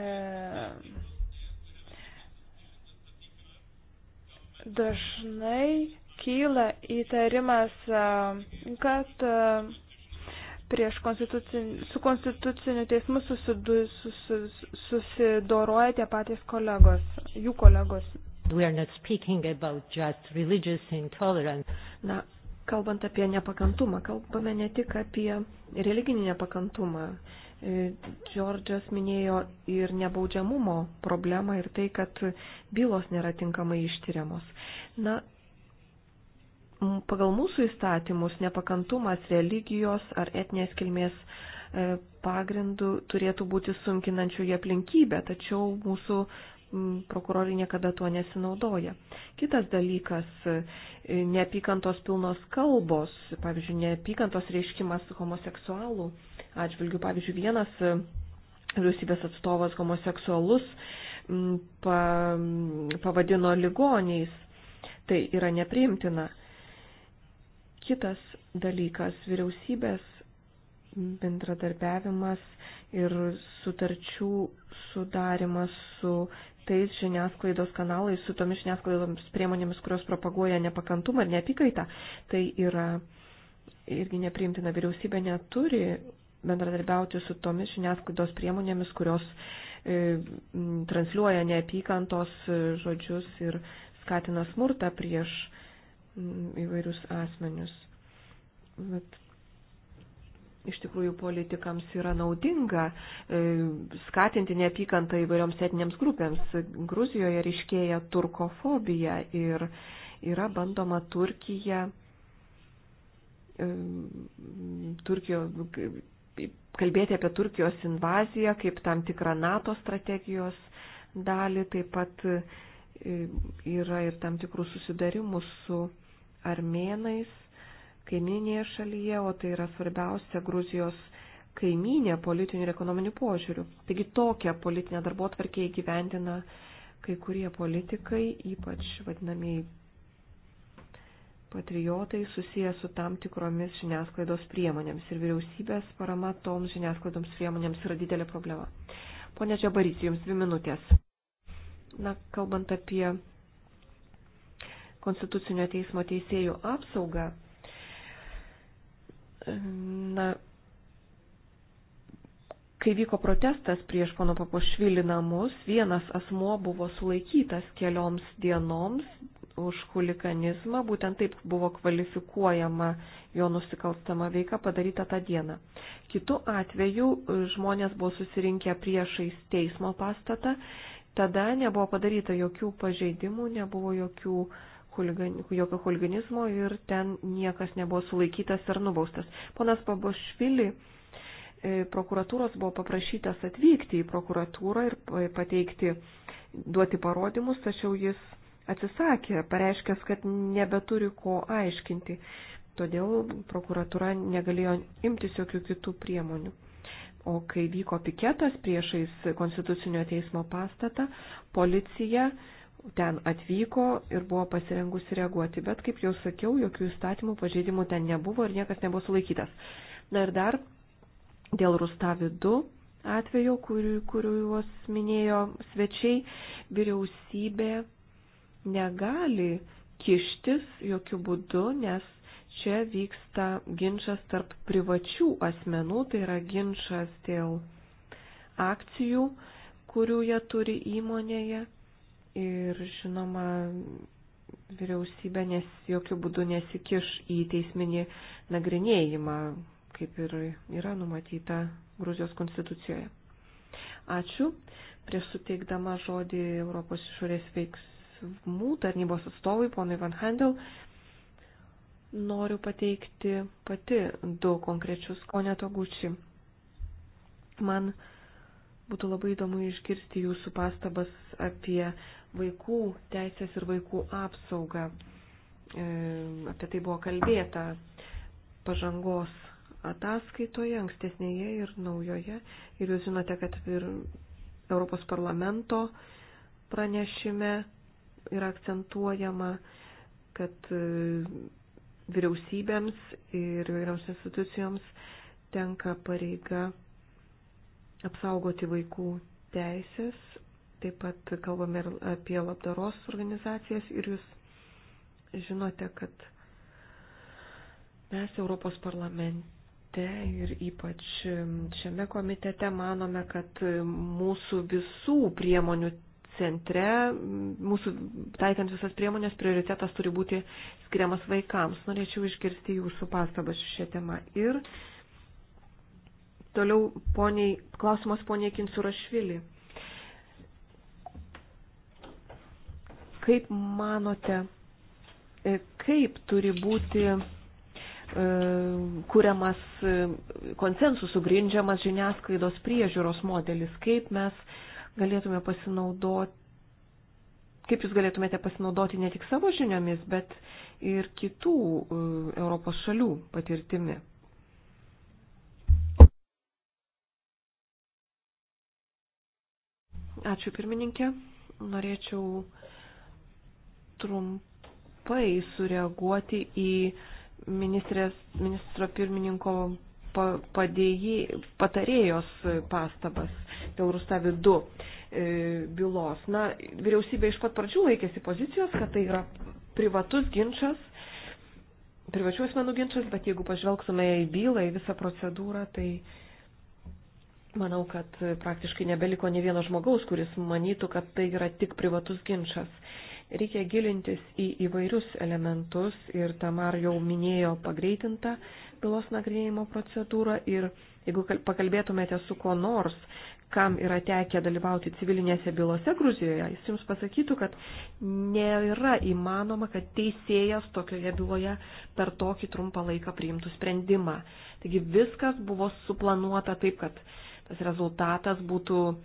dažnai kyla įtarimas, kad prieš konstitucin, su konstituciniu teismu susidu, sus, susidoroja tie patys kolegos, jų kolegos. Na, kalbant apie nepakantumą, kalbame ne tik apie religinį nepakantumą. E, Džordžas minėjo ir nebaudžiamumo problemą ir tai, kad bylos nėra tinkamai ištyriamos. Na, pagal mūsų įstatymus nepakantumas religijos ar etinės kilmės e, pagrindų turėtų būti sunkinančių į aplinkybę, tačiau mūsų prokurorai niekada tuo nesinaudoja. Kitas dalykas e, - neapykantos pilnos kalbos, pavyzdžiui, neapykantos reiškimas homoseksualų atžvilgių. Pavyzdžiui, vienas e, vyriausybės atstovas homoseksualus pa, pavadino ligoniais. Tai yra nepriimtina. Kitas dalykas - vyriausybės bendradarbiavimas ir sutarčių sudarimas su tais žiniasklaidos kanalais, su tomis žiniasklaidos priemonėmis, kurios propaguoja nepakantumą ir neapykaitą, tai yra irgi nepriimtina. Vyriausybė neturi bendradarbiauti su tomis žiniasklaidos priemonėmis, kurios e, transliuoja neapykantos e, žodžius ir skatina smurtą prieš įvairius asmenius. Bet iš tikrųjų politikams yra naudinga e, skatinti neapykantą įvairioms etinėms grupėms. Gruzijoje ryškėja turkofobija ir yra bandoma Turkija, e, Turkijo, kalbėti apie Turkijos invaziją kaip tam tikrą NATO strategijos dalį, taip pat e, yra ir tam tikrų susidarimų su armėnais kaiminėje šalyje, o tai yra svarbiausia Gruzijos kaiminė politinių ir ekonominių požiūrių. Taigi tokią politinę darbo tvarkę įgyvendina kai kurie politikai, ypač vadinamieji patriotai, susiję su tam tikromis žiniasklaidos priemonėms ir vyriausybės parama toms žiniasklaidoms priemonėms yra didelė problema. Pone Džabarys, jums dvi minutės. Na, kalbant apie Konstitucinio teismo teisėjų apsaugą, na, kai vyko protestas prieš pono Papošvili namus, vienas asmuo buvo sulaikytas kelioms dienoms už huliganizmą, būtent taip buvo kvalifikuojama jo nusikalstama veika padaryta tą dieną. Kitu atveju e, žmonės buvo susirinkę priešais teismo pastatą, tada nebuvo padaryta jokių pažeidimų, nebuvo jokių uh, huligan, jokio huliganizmo ir ten niekas nebuvo sulaikytas ar nubaustas. Ponas Pabošvili e, prokuratūros buvo paprašytas atvykti į prokuratūrą ir pateikti, duoti parodymus, tačiau jis atsisakė, pareiškęs, kad nebeturi ko aiškinti. Todėl prokuratūra negalėjo imtis jokių kitų priemonių. O kai vyko piketas priešais Konstitucinio teismo pastatą, policija ten atvyko ir buvo pasirengusi reaguoti, bet, kaip jau sakiau, jokių įstatymų pažeidimų ten nebuvo ir niekas nebuvo sulaikytas. Na ir dar dėl Rustavi 2 atveju, kuriuos minėjo svečiai, vyriausybė negali kištis jokių būdų, nes čia vyksta ginčas tarp privačių asmenų, tai yra ginčas dėl akcijų, kurių jie turi įmonėje. Ir žinoma, vyriausybė nes jokių būdų nesikiš į teisminį nagrinėjimą, kaip ir yra numatyta Gruzijos konstitucijoje. Ačiū. Prieš suteikdama žodį Europos išorės veiksmų tarnybos atstovui, ponui Van Handel, noriu pateikti pati du konkrečius, o ne to guči. Man būtų labai įdomu išgirsti jūsų pastabas apie vaikų teisės ir vaikų apsaugą. E, apie tai buvo kalbėta pažangos ataskaitoje, ankstesnėje ir naujoje. Ir jūs žinote, kad ir Europos parlamento pranešime yra akcentuojama, kad e, vyriausybėms ir vyriaus institucijoms tenka pareiga apsaugoti vaikų teisės taip pat kalbame ir apie labdaros organizacijas ir jūs žinote, kad mes Europos parlamente ir ypač šiame komitete manome, kad mūsų visų priemonių centre, mūsų taikant visas priemonės, prioritetas turi būti skiriamas vaikams. Norėčiau išgirsti jūsų pastabas šią temą. Ir toliau poniai, klausimas poniai Kinsurašvili. Kaip manote, e, kaip turi būti e, kuriamas e, konsensusų grindžiamas žiniasklaidos priežiūros modelis, kaip mes galėtume pasinaudoti, kaip jūs galėtumėte pasinaudoti ne tik savo žiniomis, bet ir kitų Europos šalių patirtimi. Ačiū pirmininkė. Norėčiau trumpai sureaguoti į ministrės, ministro pirmininko padėjį, patarėjos pastabas dėl Rustavi 2 e, bylos. Na, vyriausybė iš pat pradžių laikėsi pozicijos, kad tai yra privatus ginčas, privačių asmenų ginčas, bet jeigu pažvelgtume į bylą, į visą procedūrą, tai manau, kad praktiškai nebeliko ne vieno žmogaus, kuris manytų, kad tai yra tik privatus ginčas. Reikia gilintis į įvairius elementus ir Tamar jau minėjo pagreitintą bylos nagrinėjimo procedūrą ir jeigu pakalbėtumėte su kuo nors, kam yra tekę dalyvauti civilinėse bylose Gruzijoje, jis jums pasakytų, kad nėra įmanoma, kad teisėjas tokioje byloje per tokį trumpą laiką priimtų sprendimą. Taigi viskas buvo suplanuota taip, kad tas rezultatas būtų uh,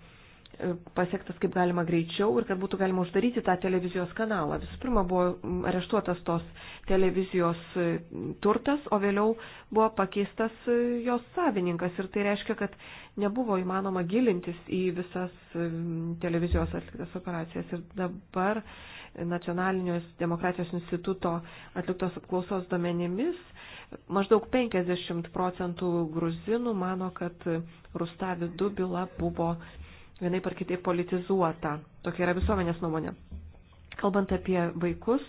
pasiektas kaip galima greičiau ir kad būtų galima uždaryti tą televizijos kanalą. Visų pirma, buvo areštuotas tos televizijos e, turtas, o vėliau buvo pakeistas e, jos savininkas. Ir tai reiškia, kad nebuvo įmanoma gilintis į visas e, televizijos atliktas operacijas. Ir dabar nacionalinio demokratijos instituto atliktos apklausos domenimis, maždaug 50 procentų gruzinų mano, kad Rustavi 2 byla buvo vienaip ar kitaip politizuota. Tokia yra visuomenės nuomonė. Kalbant apie vaikus,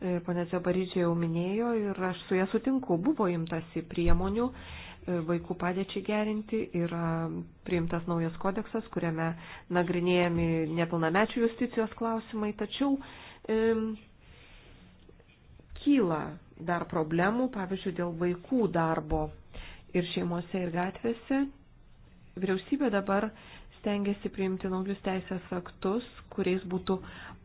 e, ponė Zebaryčiai jau minėjo ir aš su ja sutinku, buvo imtasi priemonių e, vaikų padėčiai gerinti, yra priimtas naujas kodeksas, kuriame nagrinėjami nepilnamečių justicijos klausimai, tačiau e, kyla dar problemų, pavyzdžiui, dėl vaikų darbo ir šeimose, ir gatvėse. Vyriausybė dabar stengiasi priimti naujus teisės aktus, kuriais būtų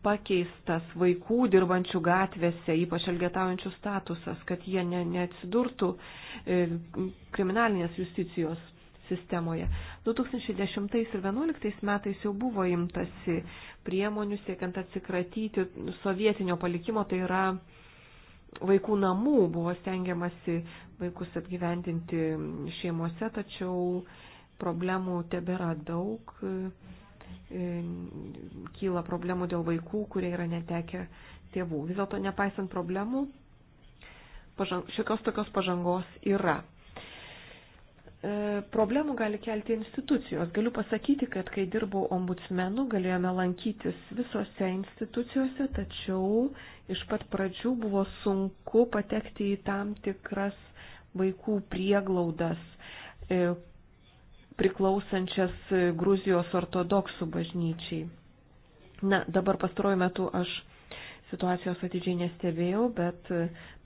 pakeistas vaikų dirbančių gatvėse, ypač elgetaujančių statusas, kad jie ne, neatsidurtų e, kriminalinės justicijos sistemoje. 2010 ir 2011 metais jau buvo imtasi priemonių siekiant atsikratyti sovietinio palikimo, tai yra vaikų namų, buvo stengiamasi vaikus apgyvendinti šeimose, tačiau problemų tebėra daug. E, kyla problemų dėl vaikų, kurie yra netekę tėvų. Vis dėlto, nepaisant problemų, pažang, šiokios tokios pažangos yra. E, problemų gali kelti institucijos. Galiu pasakyti, kad kai dirbau ombudsmenu, galėjome lankytis visose institucijose, tačiau iš pat pradžių buvo sunku patekti į tam tikras vaikų prieglaudas, e, priklausančias Gruzijos ortodoksų bažnyčiai. Na, dabar pastaruoju metu aš situacijos atidžiai nestebėjau, bet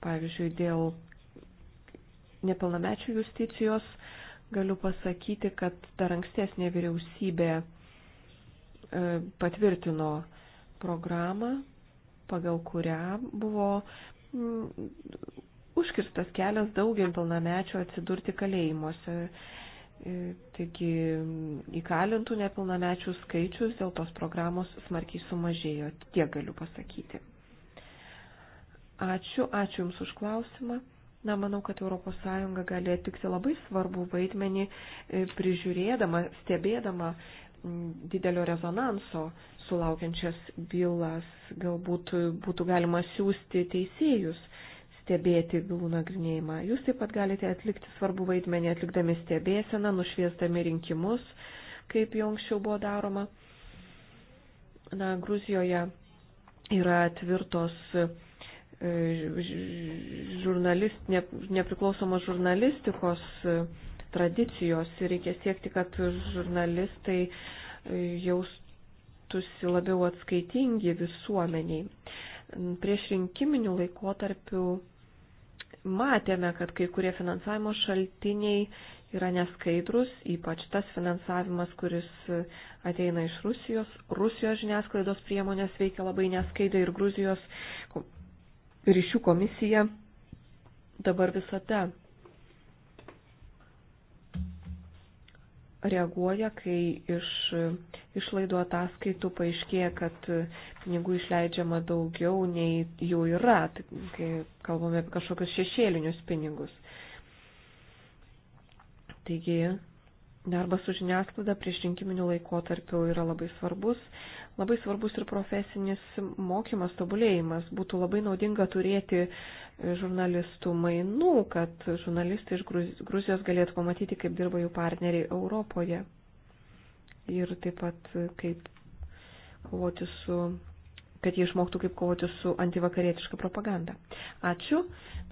pavyzdžiui, dėl nepilnamečių justicijos galiu pasakyti, kad dar ankstesnė vyriausybė e, patvirtino programą, pagal kurią buvo užkirstas kelias daugel pilnamečių atsidurti kalėjimuose. E, taigi įkalintų nepilnamečių skaičius dėl tos programos smarkiai sumažėjo, tiek galiu pasakyti. Ačiū, ačiū Jums už klausimą. Na, manau, kad ES gali atlikti labai svarbų vaidmenį e, prižiūrėdama, stebėdama didelio rezonanso sulaukiančias bylas. Galbūt būtų galima siūsti teisėjus stebėti bylų nagrinėjimą. Jūs taip pat galite atlikti svarbų vaidmenį atlikdami stebėseną, nušviesdami rinkimus, kaip jau anksčiau buvo daroma. Na, Gruzijoje yra tvirtos e, žurnalist, ne, nepriklausomos žurnalistikos e, tradicijos ir reikia siekti, kad žurnalistai e, jaustųsi labiau atskaitingi visuomeniai. Prieš rinkiminių laikotarpių matėme, kad kai kurie finansavimo šaltiniai yra neskaidrus, ypač tas finansavimas, kuris ateina iš Rusijos. Rusijos žiniasklaidos priemonės veikia labai neskaidriai ir Gruzijos ryšių komisija dabar visada reaguoja, kai iš išlaidų ataskaitų paaiškėja, kad pinigų išleidžiama daugiau nei jų yra, tai kai kalbame apie kažkokius šešėlinius pinigus. Taigi, darbas su žiniasklaida prieš rinkiminių laikotarpių yra labai svarbus. Labai svarbus ir profesinis mokymas, tobulėjimas. Būtų labai naudinga turėti e, žurnalistų mainų, kad žurnalistai iš Gruzijos galėtų pamatyti, kaip dirba jų partneriai Europoje. Ir taip pat, e, kaip kovoti su kad jie išmoktų, kaip kovoti su antivakarietiška propaganda. Ačiū.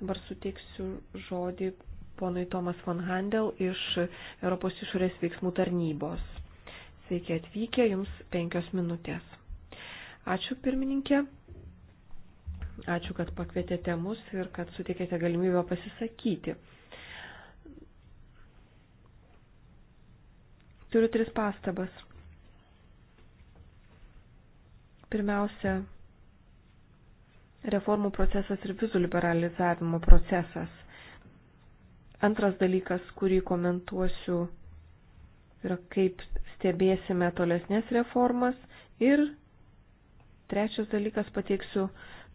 Dabar suteiksiu žodį ponui Tomas von Handel iš Europos išorės veiksmų tarnybos. Sveiki atvykę, jums penkios minutės. Ačiū pirmininkė, ačiū, kad pakvietėte mus ir kad suteikėte galimybę pasisakyti. Turiu tris pastabas. Pirmiausia, reformų procesas ir vizų liberalizavimo procesas. Antras dalykas, kurį komentuosiu yra kaip stebėsime tolesnės reformas ir trečias dalykas pateiksiu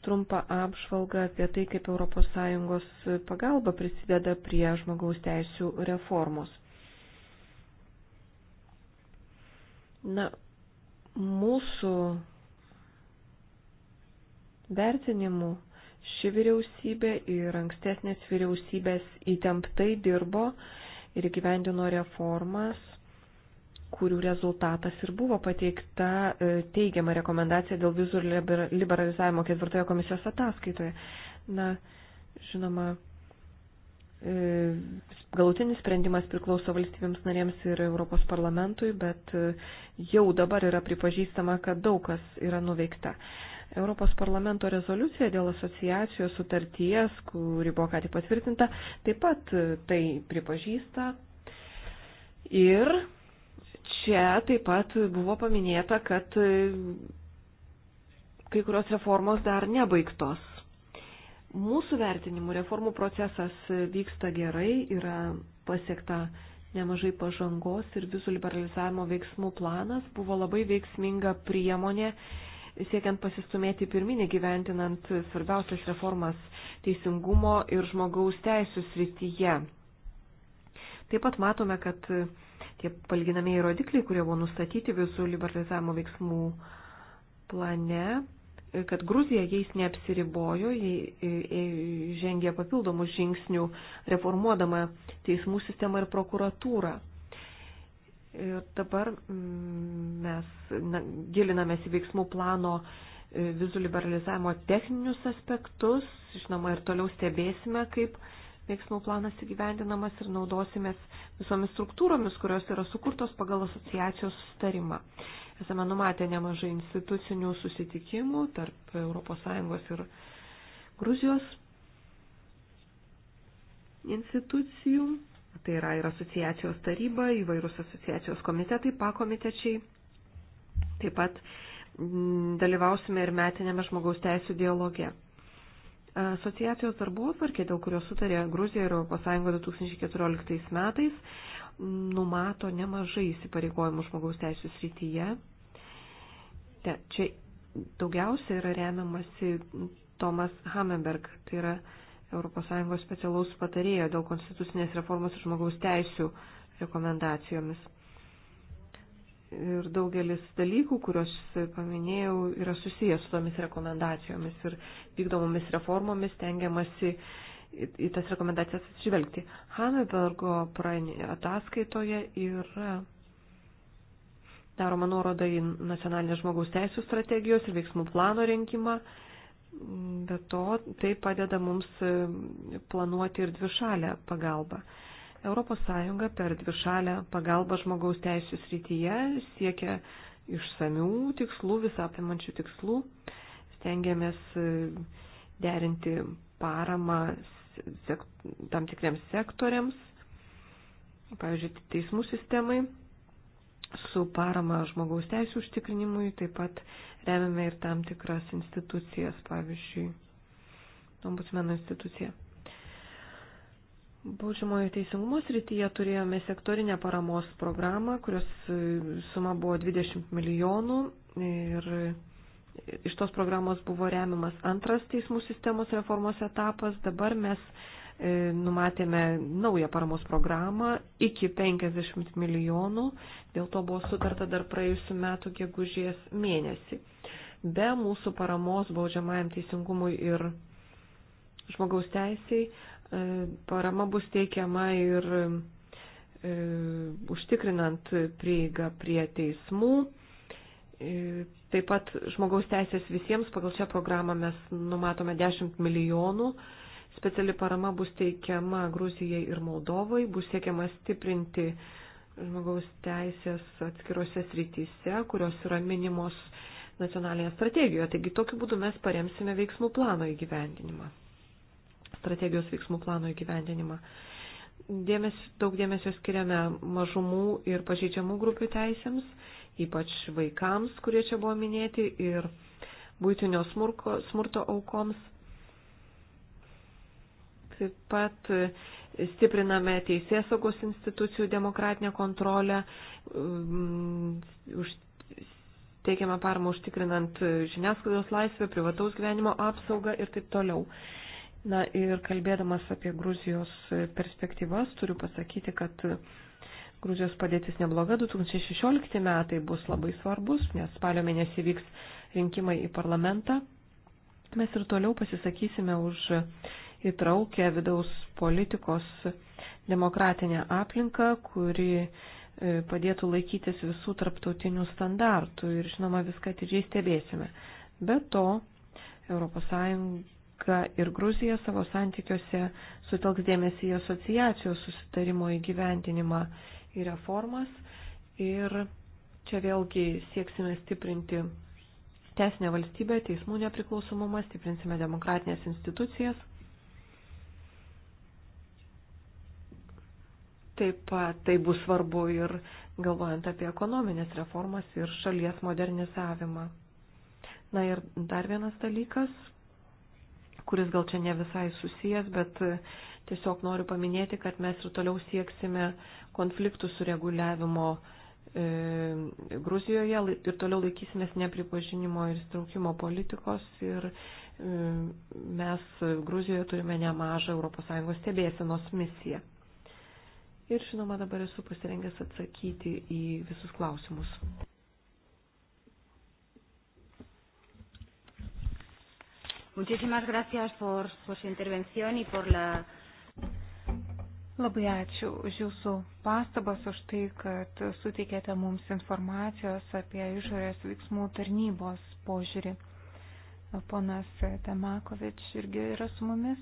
trumpą apžvalgą apie tai, kaip ES pagalba prisideda prie žmogaus teisų reformos. Na, mūsų vertinimu ši vyriausybė ir ankstesnės vyriausybės įtemptai dirbo ir gyvendino reformas, kurių rezultatas ir buvo pateikta e, teigiama rekomendacija dėl vizų liberalizavimo ketvirtojo komisijos ataskaitoje. Na, žinoma, e, galutinis sprendimas priklauso valstybėms narėms ir Europos parlamentui, bet e, jau dabar yra pripažįstama, kad daug kas yra nuveikta. Europos parlamento rezoliucija dėl asociacijos sutarties, kuri buvo ką tik patvirtinta, taip pat tai pripažįsta ir Čia taip pat buvo paminėta, kad e, kai kurios reformos dar nebaigtos. Mūsų vertinimų reformų procesas vyksta gerai, yra pasiekta nemažai pažangos ir visų liberalizavimo veiksmų planas buvo labai veiksminga priemonė siekiant pasistumėti pirminį gyventinant svarbiausias reformas teisingumo ir žmogaus teisų srityje. Taip pat matome, kad tie palginamieji rodikliai, kurie buvo nustatyti visų liberalizavimo veiksmų plane, kad Gruzija jais neapsiribojo, jie e, žengė papildomų žingsnių reformuodama teismų sistemą ir prokuratūrą. Ir dabar mm, mes na, gilinamės į veiksmų plano e, vizų liberalizavimo techninius aspektus, žinoma, ir toliau stebėsime, kaip veiksmų planas įgyvendinamas ir naudosimės visomis struktūromis, kurios yra sukurtos pagal asociacijos sustarimą. Esame numatę nemažai institucinių susitikimų tarp ES ir Gruzijos institucijų. Tai yra ir asociacijos taryba, įvairūs asociacijos komitetai, pakomitečiai. Taip pat dalyvausime ir metinėme žmogaus teisų dialoge. Asociacijos darbotvarkė, dėl kurios sutarė Gruzija ir ES 2014 metais, numato nemažai įsipareigojimų žmogaus teisų srityje. Te, čia daugiausia yra remiamasi Tomas Hamenberg, tai yra ES specialaus patarėjo dėl konstitucinės reformos ir žmogaus teisų rekomendacijomis ir daugelis dalykų, kuriuos paminėjau, yra susijęs su tomis rekomendacijomis ir vykdomomis reformomis tengiamasi į, į tas rekomendacijas atsižvelgti. Hanebergo ataskaitoje yra daroma nuoroda į nacionalinės žmogaus teisų strategijos ir veiksmų plano rinkimą. Be to, tai padeda mums planuoti ir dvišalę pagalbą. ES per dvišalę pagalbą žmogaus teisų srityje siekia išsamių tikslų, visą apimančių tikslų. Stengiamės e, derinti paramą tam tikriems sektoriams, pavyzdžiui, teismų sistemai, su parama žmogaus teisų užtikrinimui, taip pat remiame ir tam tikras institucijas, pavyzdžiui, ombudsmeno instituciją. Baudžiamojo teisingumo srityje turėjome sektorinę paramos programą, kurios e, suma buvo 20 milijonų ir iš tos programos buvo remiamas antras teismų sistemos reformos etapas. Dabar mes e, numatėme naują paramos programą iki 50 milijonų, dėl to buvo sutarta dar praėjusiu metu gegužės mėnesį. Be mūsų paramos baudžiamajam teisingumui ir žmogaus teisiai E, parama bus teikiama ir e, užtikrinant prieigą prie teismų. E, taip pat žmogaus teisės visiems pagal šią programą mes numatome 10 milijonų. Speciali parama bus teikiama Gruzijai ir Moldovai, bus siekiama stiprinti žmogaus teisės atskirose srityse, kurios yra minimos nacionalinėje strategijoje. Taigi tokiu būdu mes paremsime veiksmų plano įgyvendinimą strategijos veiksmų plano įgyvendinimą. Dėmesio, daug dėmesio skiriame mažumų ir pažeidžiamų grupių teisėms, ypač vaikams, kurie čia buvo minėti, ir būtinio smurko, smurto aukoms. Taip pat stipriname teisės saugos institucijų demokratinę kontrolę, um, teikiame paramą užtikrinant žiniasklaidos laisvę, privataus gyvenimo apsaugą ir taip toliau. Na ir kalbėdamas apie Gruzijos perspektyvas, turiu pasakyti, kad Gruzijos padėtis nebloga, 2016 metai bus labai svarbus, nes spalio mėnesį vyks rinkimai į parlamentą. Mes ir toliau pasisakysime už įtraukę vidaus politikos demokratinę aplinką, kuri e, padėtų laikytis visų tarptautinių standartų ir, žinoma, viską atidžiai stebėsime. Be to, ES Amerika ir Gruzija savo santykiuose sutelks dėmesį į asociacijos susitarimo įgyventinimą į reformas. Ir čia vėlgi sieksime stiprinti teisinę valstybę, teismų nepriklausomumą, stiprinsime demokratinės institucijas. Taip pat tai bus svarbu ir galvojant apie ekonominės reformas ir šalies modernizavimą. Na ir dar vienas dalykas, kuris gal čia ne visai susijęs, bet e, tiesiog noriu paminėti, kad mes ir toliau sieksime konfliktų sureguliavimo e, Gruzijoje ir toliau laikysimės nepripažinimo ir straukimo politikos ir e, mes Gruzijoje turime nemažą ES stebėsenos misiją. Ir žinoma, dabar esu pasirengęs atsakyti į visus klausimus. Muchísimas gracias por, por su intervención y por la. Labai ačiū už Jūsų pastabas, už tai, kad suteikėte mums informacijos apie išorės veiksmų tarnybos požiūrį. Ponas Temakovič irgi yra su mumis.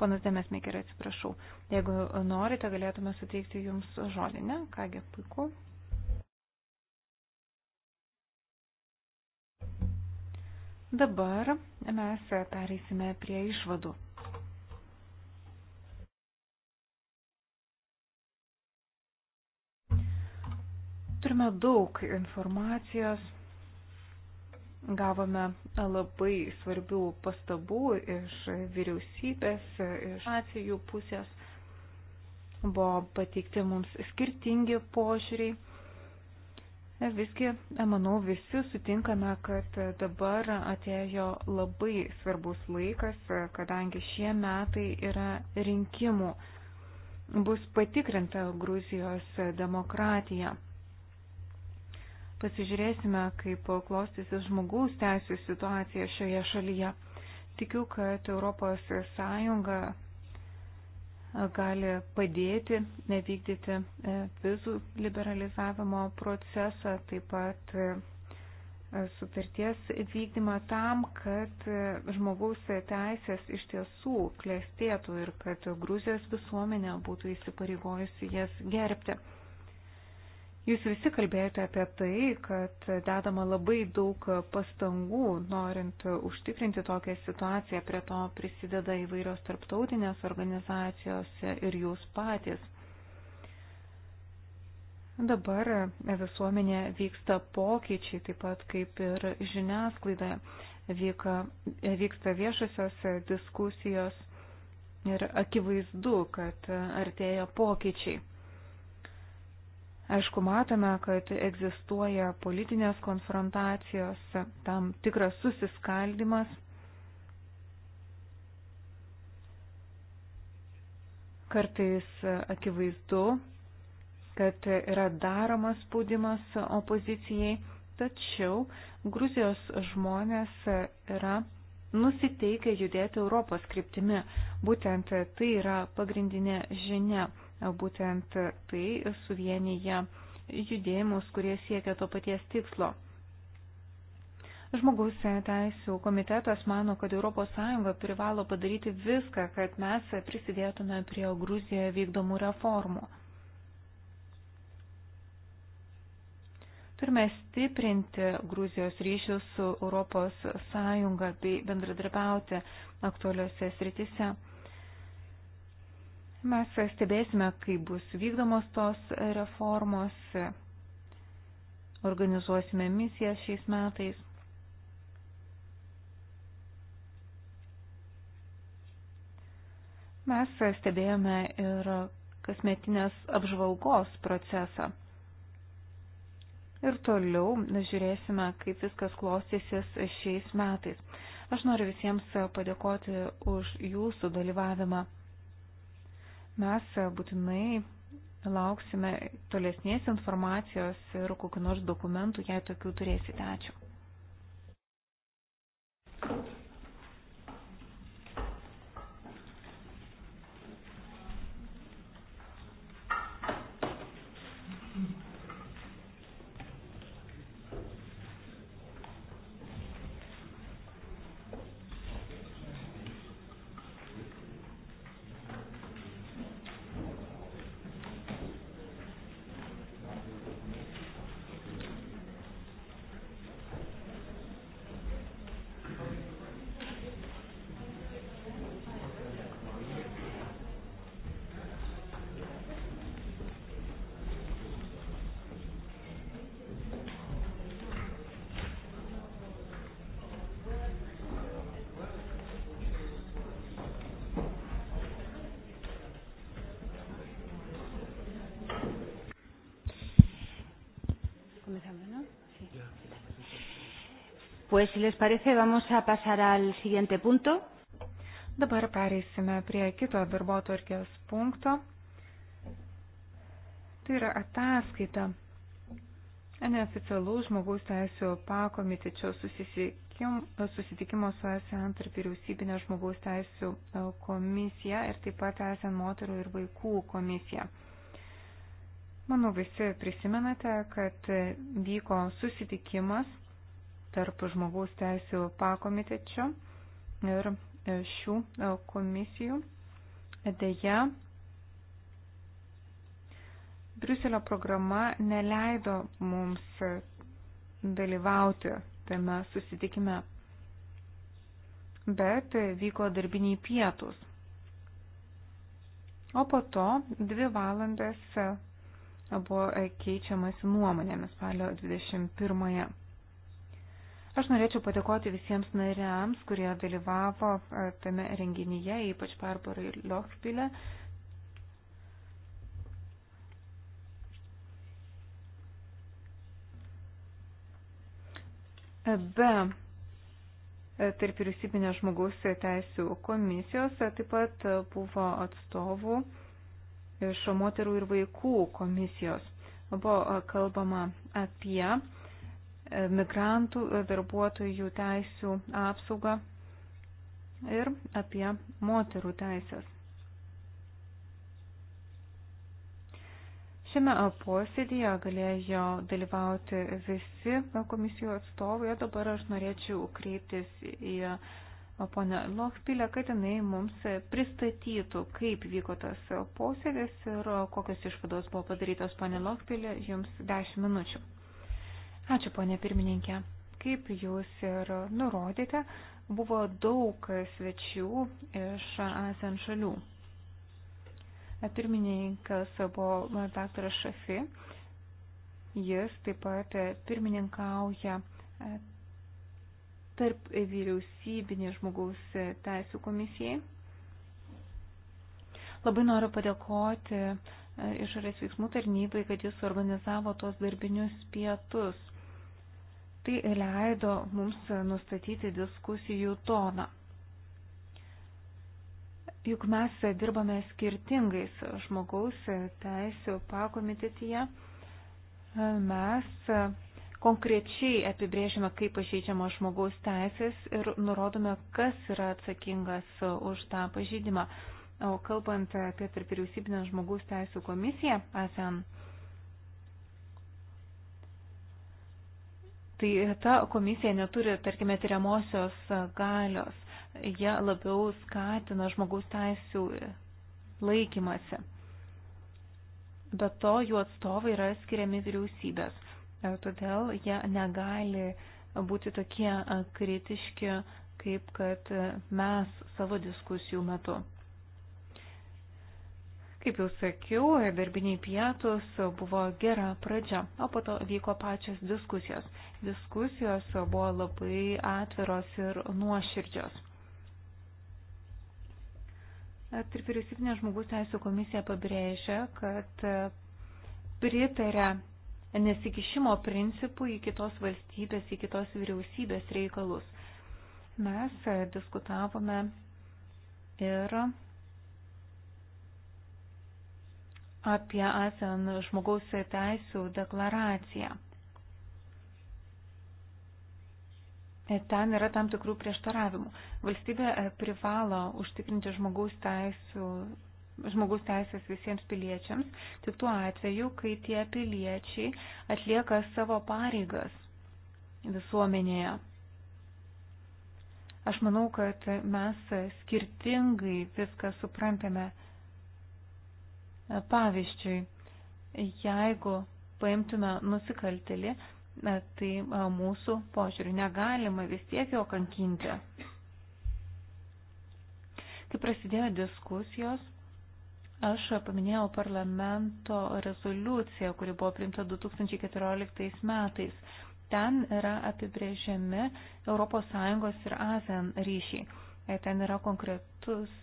Ponas Demesmeker, atsiprašau. Jeigu norite, galėtume suteikti Jums žodinę. Kągi, puiku. Dabar mes pereisime prie išvadų. Turime daug informacijos, gavome labai svarbių pastabų iš vyriausybės, iš acijų pusės, buvo pateikti mums skirtingi požiūriai Visgi, manau, visi sutinkame, kad dabar atėjo labai svarbus laikas, kadangi šie metai yra rinkimų. Bus patikrinta Gruzijos demokratija. Pasižiūrėsime, kaip klostysis žmogaus teisų situacija šioje šalyje. Tikiu, kad ES gali padėti nevykdyti e, vizų liberalizavimo procesą, taip pat e, sutarties vykdymą tam, kad e, žmogaus teisės iš tiesų klestėtų ir kad Gruzijos visuomenė būtų įsipareigojusi jas gerbti. Jūs visi kalbėjote apie tai, kad dedama labai daug pastangų, norint užtikrinti tokią situaciją, prie to prisideda įvairios tarptautinės organizacijos ir jūs patys. Dabar visuomenė vyksta pokyčiai, taip pat kaip ir žiniasklaidoje vyka, vyksta viešasios diskusijos ir akivaizdu, kad artėja pokyčiai. Aišku, matome, kad egzistuoja politinės konfrontacijos, tam tikras susiskaldimas. Kartais akivaizdu, kad yra daromas spaudimas opozicijai, tačiau Gruzijos žmonės yra nusiteikę judėti Europos kryptimi. Būtent tai yra pagrindinė žinia Būtent tai suvienyje judėjimus, kurie siekia to paties tikslo. Žmogaus teisų komitetas mano, kad ES privalo padaryti viską, kad mes prisidėtume prie Gruzijoje vykdomų reformų. Turime stiprinti Gruzijos ryšius su ES bei bendradarbiauti aktualiuose sritise. Mes stebėsime, kaip bus vykdomos tos reformos, organizuosime misijas šiais metais. Mes stebėjome ir kasmetinės apžvalgos procesą. Ir toliau žiūrėsime, kaip viskas klostysis šiais metais. Aš noriu visiems padėkoti už jūsų dalyvavimą. Mes e, būtinai lauksime tolesnės informacijos ir kokiu nors dokumentu, jei tokių turėsite. Ačiū. Pues, si les parece, vamos a pasar al siguiente punto. Dabar pereisime prie kito darbo tvarkės punkto. Tai yra ataskaita neoficialaus žmogaus teisų pakomitečio susitikimo su ASEAN tarp vyriausybinė žmogaus teisų e, komisija ir taip pat ASEAN moterų ir vaikų komisija. Manau, visi prisimenate, kad vyko susitikimas tarp žmogaus teisų pakomitečio ir e, šių e, komisijų. Deja, Briuselio programa neleido mums dalyvauti tame susitikime, bet vyko darbiniai pietus. O po to dvi valandas buvo keičiamas nuomonėmis spalio 21. -ąją. Aš norėčiau padėkoti visiems nariams, kurie dalyvavo e, tame renginyje, ypač Barbarai Lochpilė. E, be e, tarp vyriausybinės žmogaus teisų komisijos taip pat buvo atstovų iš moterų ir vaikų komisijos. Buvo kalbama apie migrantų darbuotojų teisų apsaugą ir apie moterų teisės. Šiame posėdėje galėjo dalyvauti visi komisijų atstovai, dabar aš norėčiau kreiptis į ponę Lochpilę, kad jinai mums pristatytų, kaip vyko tas posėdis ir kokios išvados buvo padarytos. Pane Lochpilė, jums 10 minučių. Ačiū, ponė pirmininkė. Kaip jūs ir nurodėte, buvo daug svečių iš ASEAN šalių. Pirmininkas buvo dr. Šafi, jis taip pat pirmininkauja tarp vyriausybinė žmogaus teisų komisijai. Labai noriu padėkoti išorės veiksmų tarnybai, kad jis organizavo tos darbinius pietus Tai leido mums nustatyti diskusijų toną. Juk mes dirbame skirtingais žmogaus teisų pakomitetyje. Mes konkrečiai apibrėžime, kaip pažeidžiama žmogaus teisės ir nurodome, kas yra atsakingas už tą pažeidimą. O kalbant apie tarp vyriausybinę žmogaus teisų komisiją ASEAN, Tai ta komisija neturi, tarkime, tyriamosios galios. Jie labiau skatina žmogaus teisų laikymasi. Be to, jų atstovai yra skiriami vyriausybės. E, todėl jie negali būti tokie kritiški, kaip kad mes savo diskusijų metu. Kaip jau sakiau, darbiniai pietus buvo gera pradžia, o po to vyko pačios diskusijos. Diskusijos buvo labai atviros ir nuoširdžios. Tarp vyriausybinė žmogus teisų komisija pabrėžia, kad pritarė nesikišimo principų į kitos valstybės, į kitos vyriausybės reikalus. Mes diskutavome ir apie ASEAN žmogaus teisų deklaraciją. Ten yra tam tikrų prieštaravimų. Valstybė e, privalo užtikrinti žmogaus, teisų, žmogaus teisės visiems piliečiams, tik tuo atveju, kai tie piliečiai atlieka savo pareigas visuomenėje. Aš manau, kad mes skirtingai viską suprantame Pavyzdžiui, jeigu paimtume nusikaltelį, e, tai e, mūsų požiūrių negalima vis tiek jo kankinti. Kai prasidėjo diskusijos, aš paminėjau parlamento rezoliuciją, kuri buvo priimta 2014 metais. Ten yra apibrėžiami ES ir ASEAN ryšiai. E, ten yra konkretus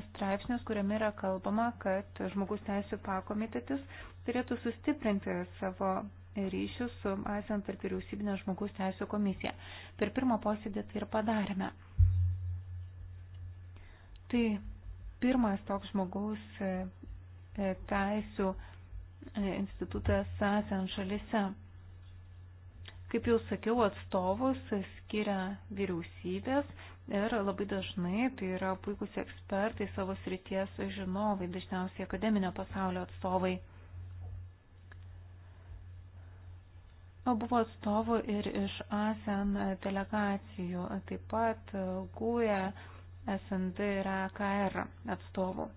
straipsnius, kuriame yra kalbama, kad žmogus teisų pakomitetis turėtų sustiprinti savo ryšius su ASEAN tarp vyriausybinė žmogus teisų komisija. Per pirmą posėdį tai ir padarėme. Tai pirmas toks žmogaus e, e, teisų e, institutas ASEAN šalise. Kaip jau sakiau, atstovus skiria vyriausybės, Ir labai dažnai tai yra puikūs ekspertai, savo srities žinovai, dažniausiai akademinio pasaulio atstovai. O buvo atstovų ir iš ASEAN delegacijų, taip pat GUE, SND ir AKR atstovų.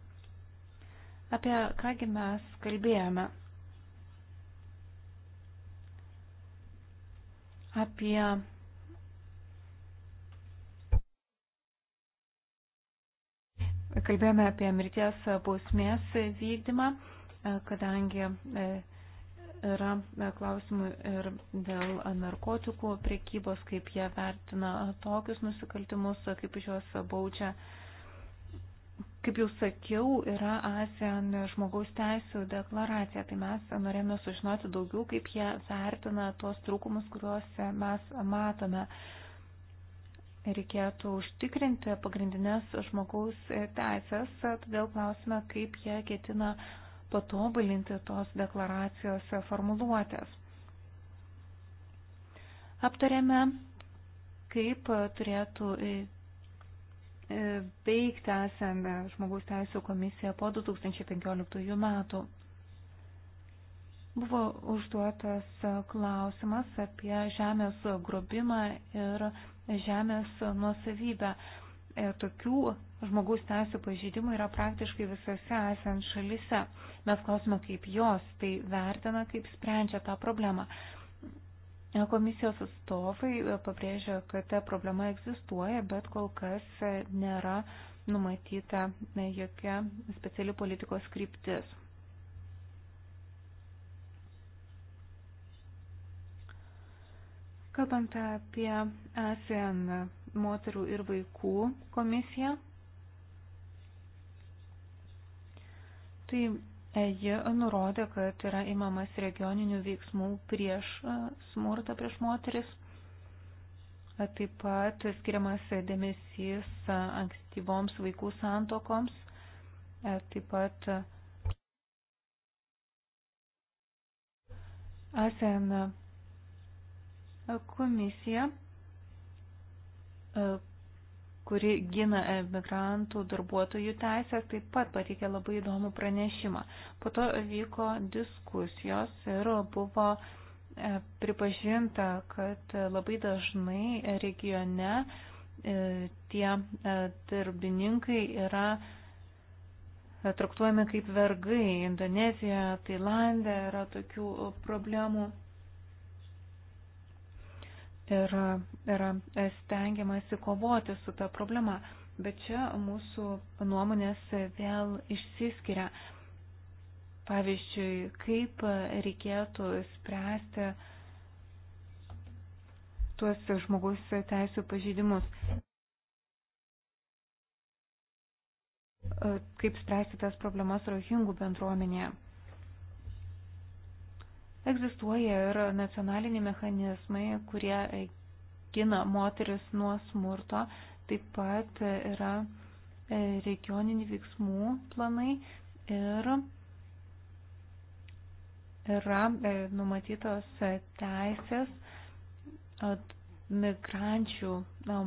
Apie kągi mes kalbėjome? Apie Kalbėjome apie mirties bausmės vykdymą, e, kadangi e, yra e, klausimų ir dėl narkotikų priekybos, kaip jie vertina tokius nusikaltimus, kaip iš juos baudžia. Kaip jau sakiau, yra ASEAN žmogaus teisų deklaracija, tai mes norėjome sužinoti daugiau, kaip jie vertina tuos trūkumus, kuriuos mes matome reikėtų užtikrinti pagrindinės žmogaus teisės, todėl klausime, kaip jie ketina patobulinti tos deklaracijos formuluotės. Aptarėme, kaip turėtų e, e, veikti esame žmogaus teisų komisija po 2015 metų. Buvo užduotas klausimas apie žemės grobimą ir žemės nuosavybę. Tokių žmogaus teisų pažydimų yra praktiškai visose esant šalise. Mes klausime, kaip jos tai vertina, kaip sprendžia tą problemą. Komisijos atstovai pabrėžia, kad ta problema egzistuoja, bet kol kas nėra numatyta jokia speciali politikos kryptis. Kalbant apie ASEAN moterų ir vaikų komisiją, tai e, ji nurodė, kad yra imamas regioninių veiksmų prieš e, smurtą prieš moteris. Taip pat skiriamas dėmesys ankstyvoms vaikų santokoms. Taip pat ASEAN Komisija, e, kuri gina migrantų darbuotojų teisės, taip pat pateikė labai įdomų pranešimą. Po to vyko diskusijos ir buvo e, pripažinta, kad labai dažnai regione e, tie darbininkai yra traktuojami kaip vergai. Indonezijoje, Tailandė yra tokių problemų ir yra stengiamasi kovoti su ta problema. Bet čia mūsų nuomonės vėl išsiskiria. Pavyzdžiui, kaip reikėtų spręsti tuos žmogus teisų pažeidimus. Kaip spręsti tas problemas rohingų bendruomenėje. Egzistuoja ir nacionaliniai mechanizmai, kurie gina moteris nuo smurto, taip pat yra e, regioniniai veiksmų planai ir yra e, numatytos e, teisės migrančių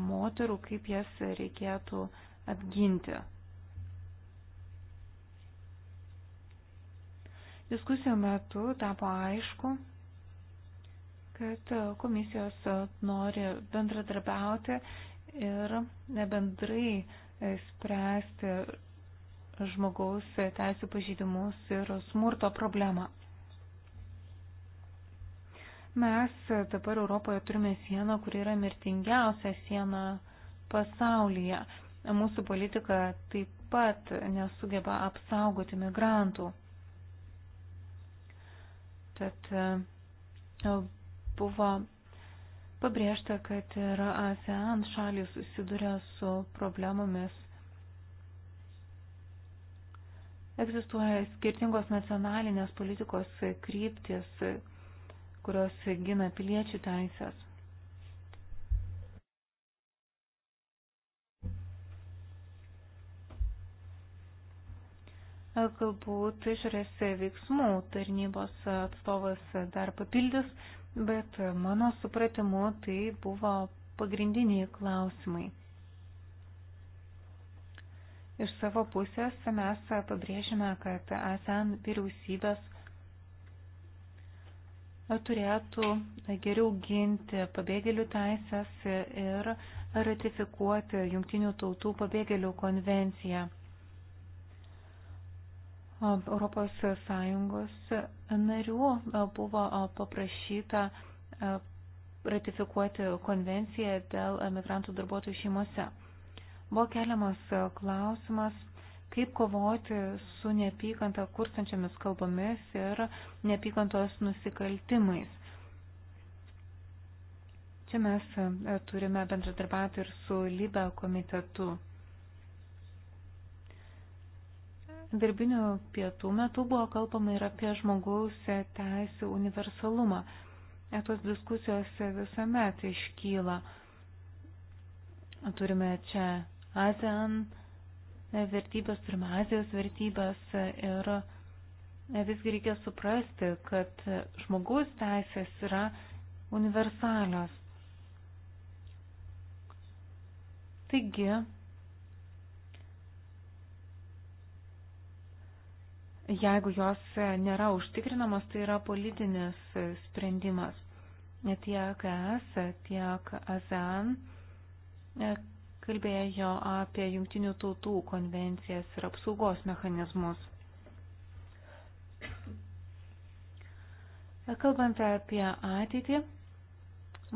moterų, kaip jas reikėtų apginti. Diskusijų metu tapo aišku, kad komisijos nori bendradarbiauti ir nebendrai spręsti žmogaus teisų pažydimus ir smurto problemą. Mes dabar Europoje turime sieną, kuri yra mirtingiausia siena pasaulyje. Mūsų politika taip pat nesugeba apsaugoti migrantų. Tad e, buvo pabrėžta, kad ir ASEAN šalis susiduria su problemomis. Egzistuoja skirtingos nacionalinės politikos kryptis, kurios gina piliečių teisės. galbūt išorės veiksmų tarnybos atstovas dar papildys, bet mano supratimu tai buvo pagrindiniai klausimai. Iš savo pusės mes pabrėžime, kad ASEAN vyriausybės turėtų geriau ginti pabėgėlių teisės ir ratifikuoti Junktinių tautų pabėgėlių konvenciją. ES narių buvo paprašyta ratifikuoti konvenciją dėl migrantų darbuotojų šeimose. Buvo keliamas klausimas, kaip kovoti su neapykanta kurstančiamis kalbomis ir neapykantos nusikaltimais. Čia mes turime bendradarbiauti ir su Libe komitetu. darbinių pietų metu buvo kalbama ir apie žmogaus teisų universalumą. E, tos diskusijos visuomet iškyla. Turime čia ASEAN vertybės, turime Azijos vertybės ir visgi reikia suprasti, kad žmogaus teisės yra universalios. Taigi, jeigu jos nėra užtikrinamos, tai yra politinis sprendimas. Tiek ES, tiek ASEAN kalbėjo apie jungtinių tautų konvencijas ir apsaugos mechanizmus. Kalbant apie ateitį,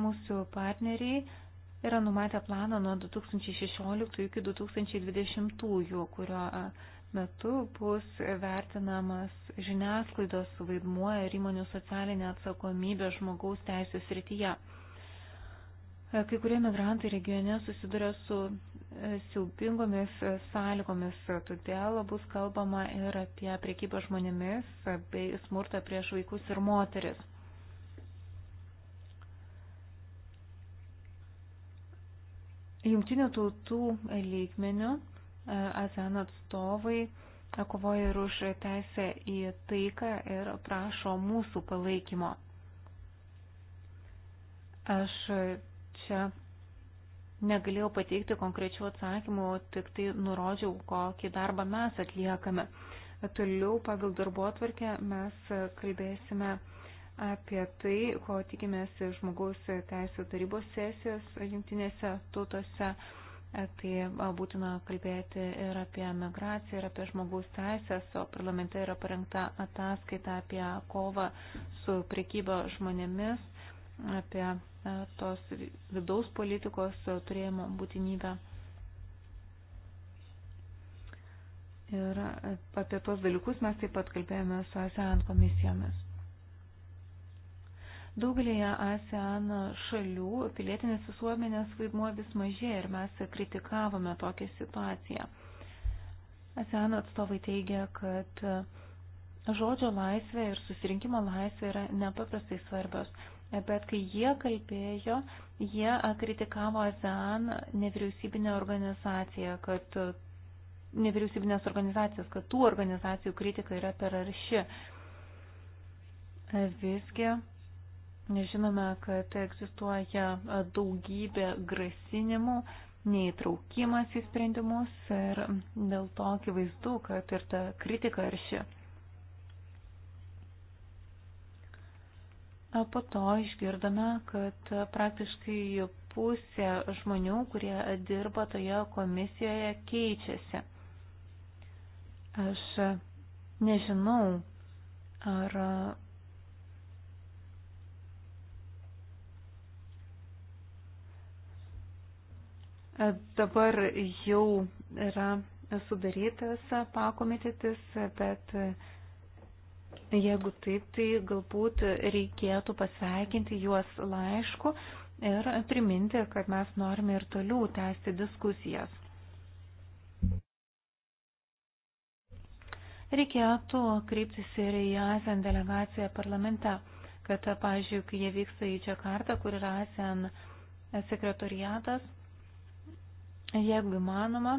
mūsų partneriai yra numatę planą nuo 2016 iki 2020, kurio metu bus vertinamas žiniasklaidos vaidmuo ir įmonių socialinė atsakomybė žmogaus teisų srityje. E, kai kurie migrantai regione susiduria su e, siaubingomis sąlygomis, todėl bus kalbama ir apie priekybą žmonėmis bei smurtą prieš vaikus ir moteris. Jungtinių tautų lygmenių ASEAN atstovai kovoja ir už teisę į taiką ir prašo mūsų palaikymo. Aš čia negalėjau pateikti konkrečių atsakymų, tik tai nurodžiau, kokį darbą mes atliekame. Toliau pagal darbo atvarkę mes kalbėsime apie tai, ko tikimės žmogaus teisų tarybos sesijos jungtinėse tautose E, tai būtina kalbėti ir apie migraciją, ir apie žmogaus teisės, o parlamente yra parengta ataskaita apie kovą su priekyba žmonėmis, apie e, tos vidaus politikos turėjimo būtinybę. Ir e, apie tos dalykus mes taip pat kalbėjome su ASEAN komisijomis. Daugelėje ASEAN šalių pilietinės visuomenės vaidmuo vis mažėja ir mes kritikavome tokią situaciją. ASEAN atstovai teigia, kad žodžio laisvė ir susirinkimo laisvė yra nepaprastai svarbios, bet kai jie kalbėjo, jie kritikavo ASEAN nevyriausybinę organizaciją, kad nevyriausybinės organizacijas, kad tų organizacijų kritika yra per arši. Visgi Žinome, kad egzistuoja daugybė grasinimų, neįtraukimas į sprendimus ir dėl to akivaizdu, kad ir ta kritika arši. Po to išgirdome, kad praktiškai pusė žmonių, kurie dirba toje komisijoje, keičiasi. Aš nežinau, ar E, dabar jau yra sudarytas pakomitetis, bet jeigu taip, tai galbūt reikėtų pasveikinti juos laišku ir priminti, kad mes norime ir toliau tęsti diskusijas. Reikėtų kreiptis ir į ASEAN delegaciją parlamente, kad, pažiūrėjau, kai jie vyksta į Čekartą, kur yra ASEAN sekretoriatas, jeigu įmanoma,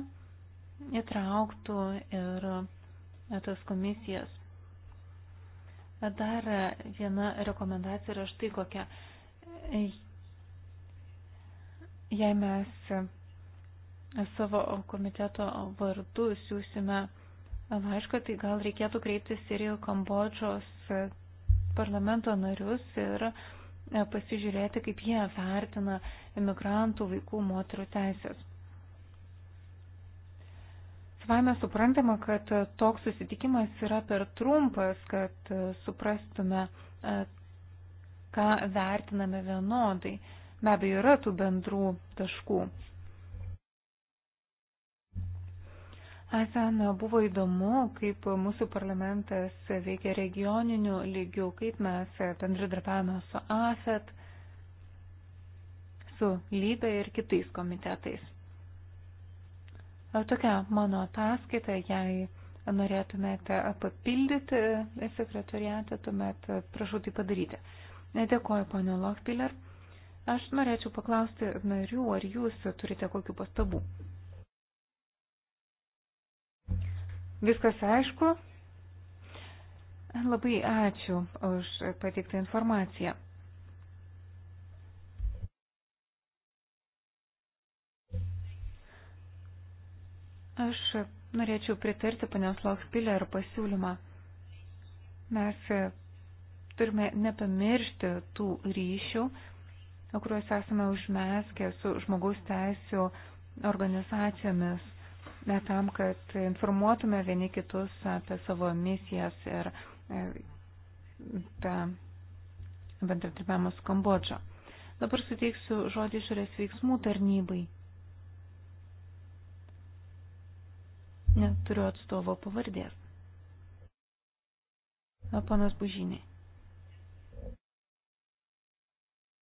įtrauktų ir e, tas komisijas. Dar viena rekomendacija yra štai kokia. Jei mes savo komiteto vardu siūsime laišką, tai gal reikėtų kreiptis ir į Kambodžos parlamento narius ir e, pasižiūrėti, kaip jie vertina imigrantų vaikų moterų teisės. Savame suprantama, kad toks susitikimas yra per trumpas, kad suprastume, e, ką vertiname vienodai. Be abejo, yra tų bendrų taškų. Asen, buvo įdomu, kaip mūsų parlamentas veikia regioniniu lygiu, kaip mes bendradarbiavame su AFET, su LYBE ir kitais komitetais. Tokia mano ataskaita, jei norėtumėte papildyti sekretoriatą, tuomet prašau tai padaryti. Dėkoju, ponio Lochpiller. Aš norėčiau paklausti narių, ar jūs turite kokių pastabų. Viskas aišku. Labai ačiū už pateiktą informaciją. Aš norėčiau pritarti panios Lochpiller pasiūlymą. Mes turime nepamiršti tų ryšių, kuriuos esame užmeskę su žmogaus teisų organizacijomis, ne tam, kad informuotume vieni kitus apie savo misijas ir e, bendradarbiavimą su Kambodža. Dabar suteiksiu žodį išorės veiksmų tarnybai. Neturiu atstovo pavardės. Panas Bužinė.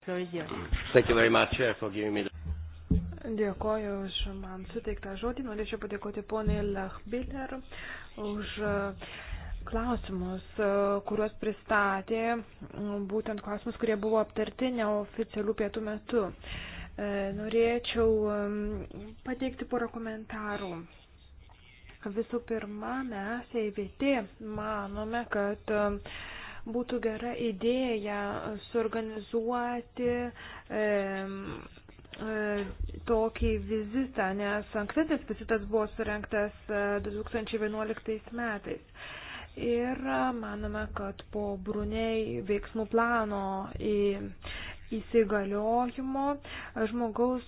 Uh, Dėkoju už man suteiktą žodį. Norėčiau padėkoti poniai Lachbiller už uh, klausimus, uh, kuriuos pristatė, mm, būtent klausimus, kurie buvo aptarti neoficialių pietų metu. Norėčiau um, pateikti porą komentarų. Visų pirma, mes EIVT manome, kad um, būtų gera idėja suorganizuoti e, tokį vizitą, nes ankstesnis vizitas buvo surinktas 2011 e, metais. Ir manome, kad po Brunei veiksmų plano į įsigaliojimo žmogaus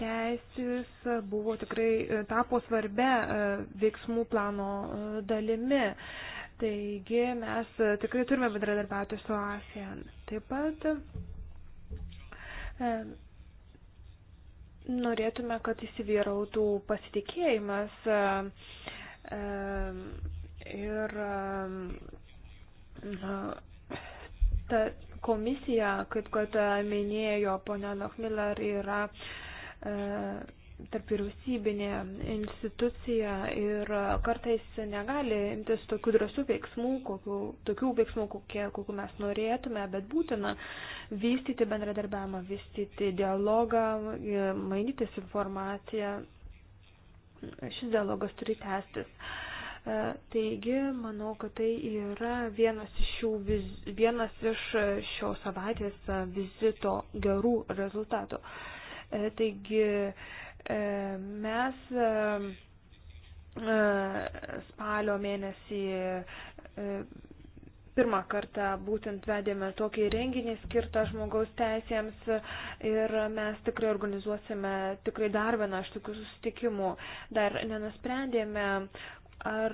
teisės buvo tikrai tapo svarbia e, veiksmų plano e, dalimi. Taigi mes tikrai turime bendradarbiauti su ASEAN. Taip pat e, norėtume, kad įsivyrautų pasitikėjimas ir ta, Komisija, kaip kad e, minėjo ponia Lochmiller, yra e, tarp vyriausybinė institucija ir kartais negali imtis tokių drąsių veiksmų, kokių, tokių veiksmų, kokie, kokių mes norėtume, bet būtina vystyti bendradarbiavimą, vystyti dialogą, e, mainytis informaciją. Šis dialogas turi tęstis. E, taigi, manau, kad tai yra vienas iš, šių, vienas iš šios savaitės vizito gerų rezultatų. E, taigi, e, mes spalio mėnesį pirmą kartą būtent vedėme tokį renginį skirtą žmogaus teisėms ir mes tikrai organizuosime tikrai dar vieną iš tokių susitikimų. Dar nenusprendėme, ar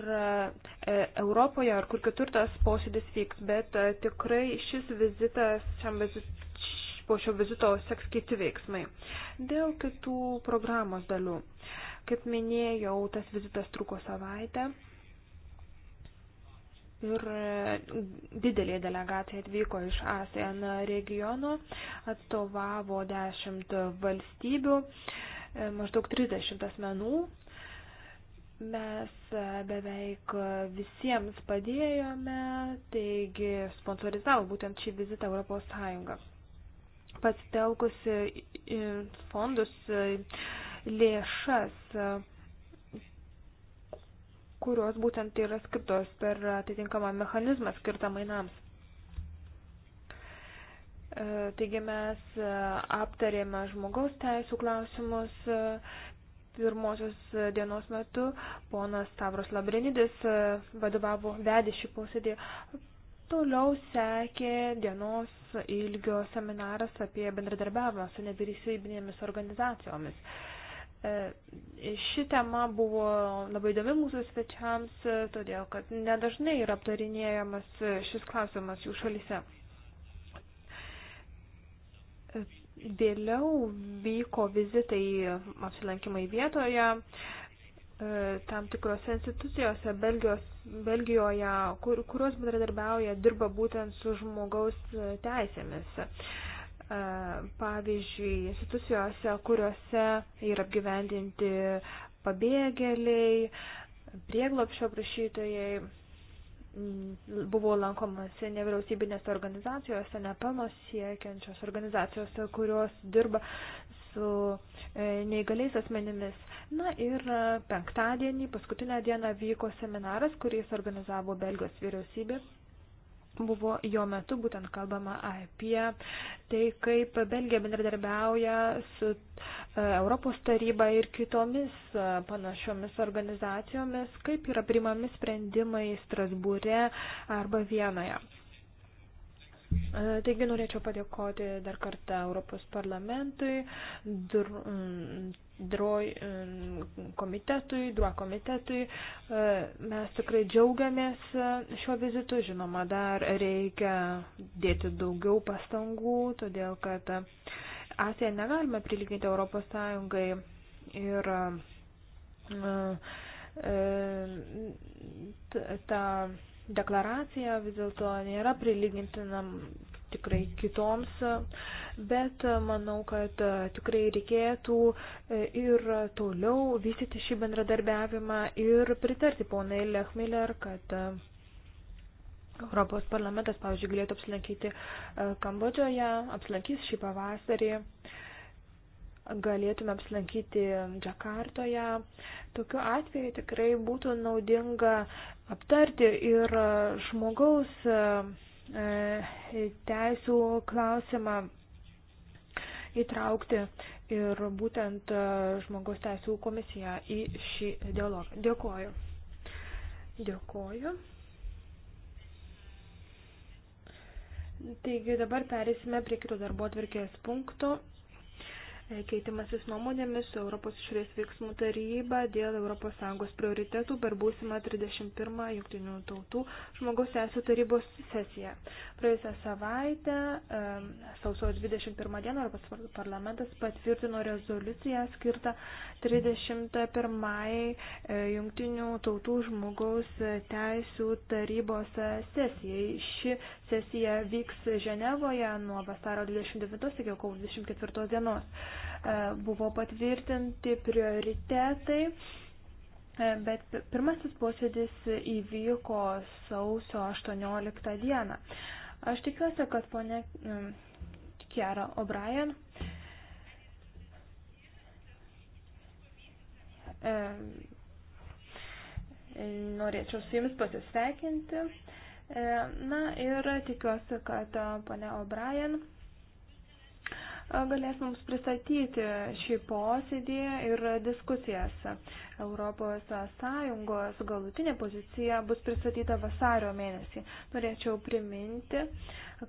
e, Europoje, ar kur kitur tas posėdis vyks, bet e, tikrai šis vizitas, šiam vizit, po šio vizito seks kiti veiksmai. Dėl kitų programos dalių. Kaip minėjau, tas vizitas truko savaitę. Ir e, didelė delegacija atvyko iš ASEAN regiono, atstovavo 10 valstybių, maždaug 30 asmenų Mes e, beveik visiems padėjome, taigi sponsorizavo būtent šį vizitą Europos Sąjungą. Pasitelkusi fondus e, lėšas, e, kurios būtent yra skirtos per atitinkamą mechanizmą skirtą mainams. Taigi mes aptarėme žmogaus teisų klausimus, pirmosios dienos metu ponas Stavros Labrinidis e, vadovavo vedė šį posėdį. Toliau sekė dienos ilgio seminaras apie bendradarbiavimą su nevyriausybinėmis organizacijomis. E, ši tema buvo labai įdomi mūsų svečiams, e, todėl kad nedažnai yra aptarinėjamas šis klausimas jų šalyse. Vėliau vyko vizitai, apsilankimai vietoje e, tam tikrose institucijose Belgijos, Belgijoje, kur, kurios bendradarbiauja, dirba būtent su žmogaus teisėmis. E, pavyzdžiui, institucijose, kuriuose yra apgyvendinti pabėgėliai, prieglopšio prašytojai Mm, buvo lankomasi nevyriausybinėse organizacijose, nepelno siekiančios organizacijose, kurios dirba su e, neįgaliais asmenimis. Na ir e, penktadienį, paskutinę dieną vyko seminaras, kurį organizavo Belgijos vyriausybė buvo jo metu būtent kalbama apie tai, kaip Belgija bendradarbiauja su e, Europos taryba ir kitomis e, panašiomis organizacijomis, kaip yra primami sprendimai Strasbūre arba Vienoje. E, taigi norėčiau padėkoti dar kartą Europos parlamentui, dur, droj, komitetui, druo komitetui. E, mes tikrai džiaugiamės e, šiuo vizitu, žinoma, dar reikia dėti daugiau pastangų, todėl kad Asiją negalime prilyginti Europos Sąjungai ir e, ta deklaracija vis dėlto nėra prilygintinam tikrai kitoms, bet manau, kad tikrai reikėtų e, ir toliau vystyti šį bendradarbiavimą ir pritarti ponai Lechmiller, kad e, Europos parlamentas, pavyzdžiui, galėtų apsilankyti e, Kambodžoje, apsilankys šį pavasarį galėtume apsilankyti Džakartoje. Tokiu atveju tikrai būtų naudinga aptarti ir žmogaus E, teisų klausimą įtraukti ir būtent e, žmogaus teisų komisiją į šį dialogą. Dėkoju. Dėkoju. Taigi dabar perėsime prie kito darbo atvirkės punkto keitimasis nuomonėmis su Europos išorės veiksmų taryba dėl ES prioritetų per būsimą 31 jungtinių tautų žmogaus teisų tarybos sesiją. Praėjusią savaitę, sausio 21 dieną, Europos parlamentas patvirtino rezoliuciją skirtą 31 e, jungtinių tautų žmogaus teisų tarybos sesijai. Ši sesija vyks Ženevoje nuo vasaro 29 iki kovo 24 dienos. E, buvo patvirtinti prioritetai, e, bet pirmasis posėdis įvyko sausio 18 dieną. Aš tikiuosi, kad ponė Kiara O'Brien e, norėčiau su jumis pasisveikinti. E, na ir tikiuosi, kad pane O'Brien e, galės mums pristatyti šį posėdį ir diskusijas. Europos Sąjungos galutinė pozicija bus pristatyta vasario mėnesį. Norėčiau priminti,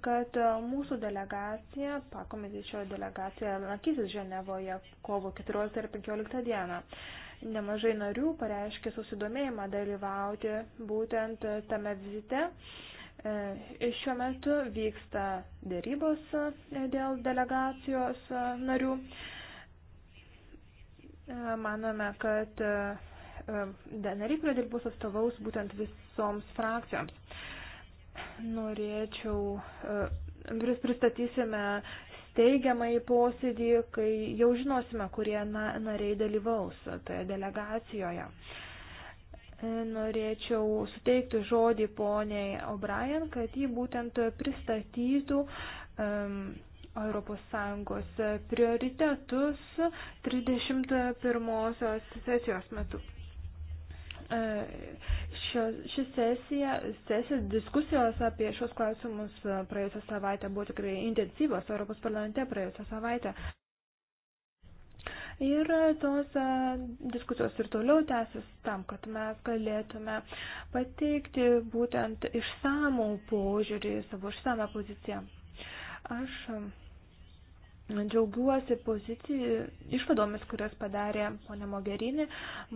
kad mūsų delegacija, pakomitečio delegacija, lankysis Ženevoje kovo 14 ir 15 dieną nemažai narių pareiškė susidomėjimą dalyvauti būtent tame vizite. E, šiuo metu vyksta dėrybos e, dėl delegacijos e, narių. Manome, kad nariai, kurie dirbus atstovaus būtent visoms frakcijoms. Norėčiau pristatysime teigiamąjį posėdį, kai jau žinosime, kurie na, nariai dalyvaus toje delegacijoje. Norėčiau suteikti žodį poniai O'Brien, kad ji būtent pristatytų um, ES prioritetus 31 sesijos metu. E, ši sesija, sesija, diskusijos apie šios klausimus e, praėjusią savaitę buvo tikrai intensyvos Europos parlamente praėjusią savaitę. Ir tos e, diskusijos ir toliau tęsis tam, kad mes galėtume pateikti būtent išsamų požiūrį, savo išsamą poziciją. Aš Džiaugiuosi pozicijų išvadomis, kurias padarė ponė Mogerinė,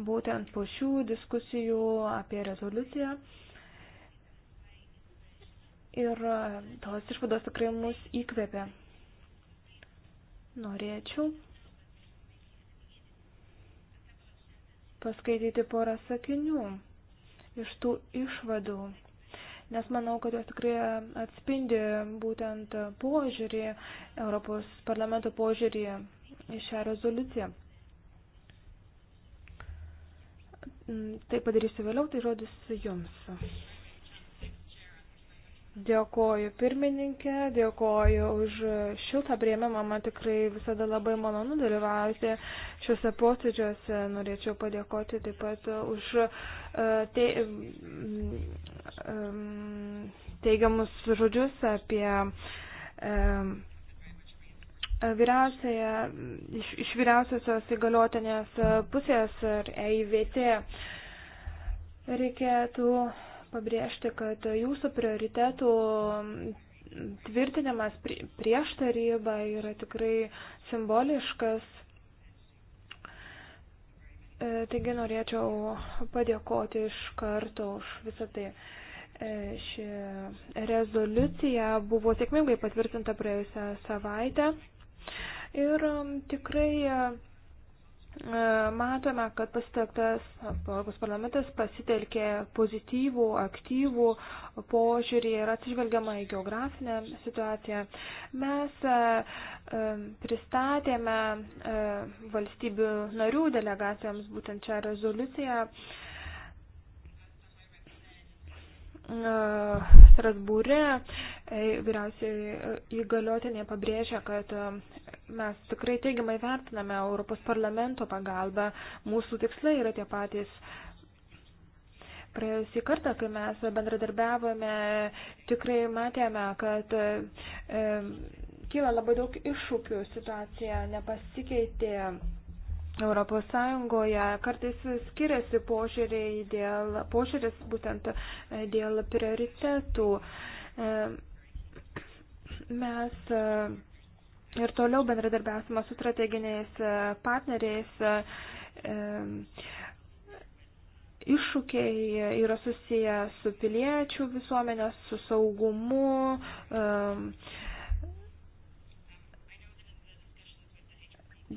būtent po šių diskusijų apie rezoliuciją. Ir e, tos išvados tikrai mus įkvėpė. Norėčiau paskaityti porą sakinių iš tų išvadų, nes manau, kad jos tikrai atspindi būtent požiūrį, Europos parlamento požiūrį į šią rezoliuciją. Mm, tai padarysiu vėliau, tai žodis jums. Dėkoju pirmininkė, dėkoju už šiltą prieimimą, man tikrai visada labai malonu dalyvauti šiuose posėdžiuose. Norėčiau padėkoti taip pat už e, te, e, teigiamus žodžius apie e, vyriausiąją, iš, iš vyriausiosios įgaliotinės pusės ir EIVT. Reikėtų pabrėžti, kad jūsų prioritetų tvirtinimas prieš tarybą yra tikrai simboliškas. E, taigi norėčiau padėkoti iš karto už visą tai. E, ši rezoliucija buvo sėkmingai patvirtinta praėjusią savaitę ir um, tikrai E, matome, kad pasitektas Europos parlamentas pasitelkė pozityvų, aktyvų požiūrį ir atsižvelgiamą į geografinę situaciją. Mes e, e, pristatėme valstybių narių delegacijoms būtent čia rezoliuciją. Strasbūre Vyriausiai e, įgaliotinė pabrėžia, kad e, mes tikrai teigiamai vertiname Europos parlamento pagalbą. Mūsų tikslai yra tie patys. Praėjusį kartą, kai mes bendradarbiavome, tikrai matėme, kad e, kyla labai daug iššūkių, situacija nepasikeitė. Europos Sąjungoje kartais skiriasi požiūriai dėl, požiūris būtent e, dėl prioritetų. E, Mes e, ir toliau bendradarbiausime su strateginiais e, partneriais. E, iššūkiai yra susiję su piliečių visuomenės, su saugumu.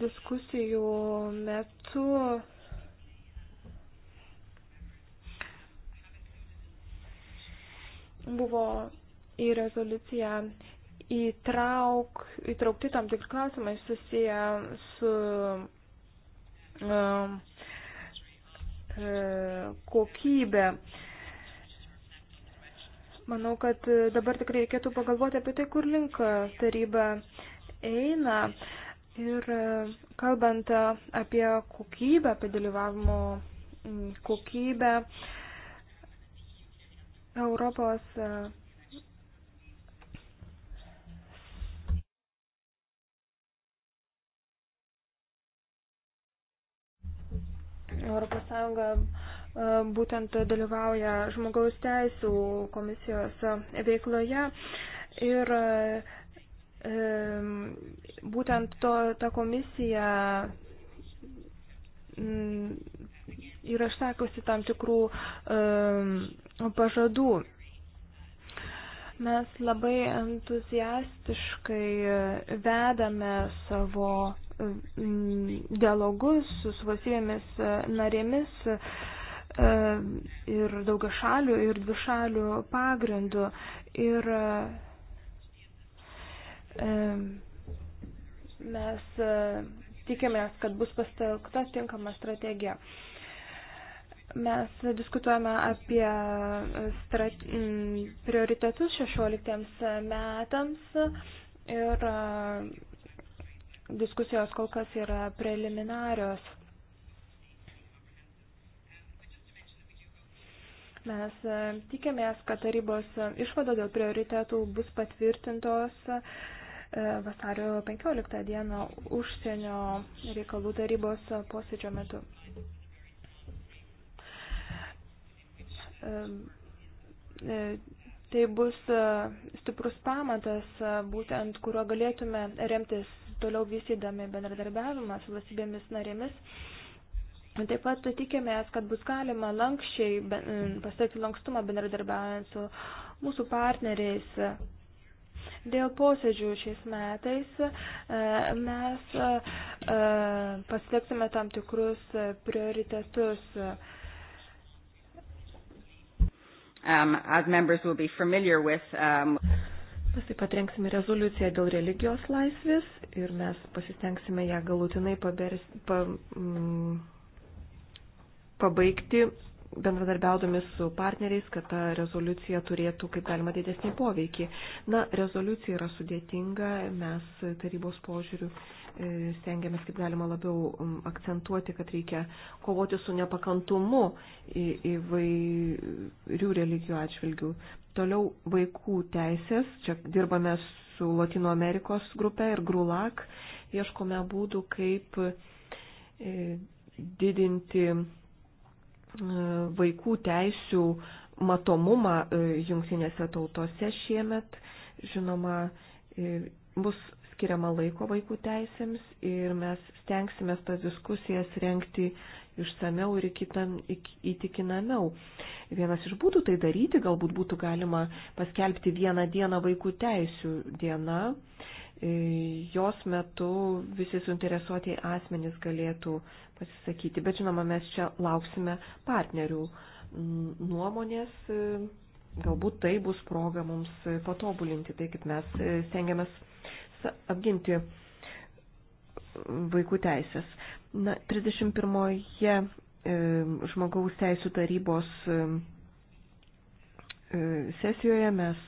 Diskusijų metu buvo į rezoliuciją įtrauk, įtraukti tam tikri klausimai susiję su uh, kokybė. Manau, kad dabar tikrai reikėtų pagalvoti apie tai, kur link taryba eina. Ir e, kalbant apie kokybę, apie dalyvavimo kokybę, Europos e, ES e, būtent dalyvauja žmogaus teisų komisijos veikloje ir e, būtent to, ta komisija mm, yra išsakusi tam tikrų e, pažadų. Mes labai entuziastiškai vedame savo Mm, dialogus su valstybėmis e, narėmis e, ir daugiašalių ir dvišalių pagrindų. Ir e, mes tikimės, kad bus pastelkta tinkama strategija. Mes diskutuojame apie strat... Mm, prioritetus 16 metams ir Diskusijos kol kas yra preliminarios. Mes e, tikėmės, kad tarybos išvada dėl prioritetų bus patvirtintos e, vasario 15 dieną užsienio reikalų tarybos posėdžio metu. E, tai bus stiprus pamatas, būtent kuriuo galėtume remtis toliau vystydami bendradarbiavimą su valstybėmis narėmis. Taip pat tikėmės, kad bus galima lankščiai pasiekti lankstumą bendradarbiaujant su mūsų partneriais. Dėl posėdžių šiais metais e, mes e, e, pasieksime tam tikrus prioritetus. Um, as members will be familiar with um, Mes taip pat renksime rezoliuciją dėl religijos laisvės ir mes pasistengsime ją galutinai pabers, pa, mm, pabaigti bendradarbiaudami su partneriais, kad ta rezoliucija turėtų kaip galima didesnį poveikį. Na, rezoliucija yra sudėtinga, mes tarybos požiūrių e, stengiamės kaip galima labiau akcentuoti, kad reikia kovoti su nepakantumu įvairių religijų atžvilgių. Toliau vaikų teisės. Čia dirbame su Latino Amerikos grupe ir Grulak. Ieškome būdų, kaip e, didinti e, vaikų teisių matomumą e, jungtinėse tautose šiemet. Žinoma, bus skiriama laiko vaikų teisėms ir mes stengsime tas diskusijas renkti išsameu ir kitam, įtikinamiau. Vienas iš būdų tai daryti, galbūt būtų galima paskelbti vieną dieną vaikų teisų dieną. E, jos metu visi suinteresuotieji asmenys galėtų pasisakyti, bet žinoma, mes čia lauksime partnerių nuomonės. E, galbūt tai bus proga mums patobulinti tai, kaip mes e, stengiamės apginti vaikų teisės. Na, 31-oje žmogaus teisų tarybos e, e, sesijoje mes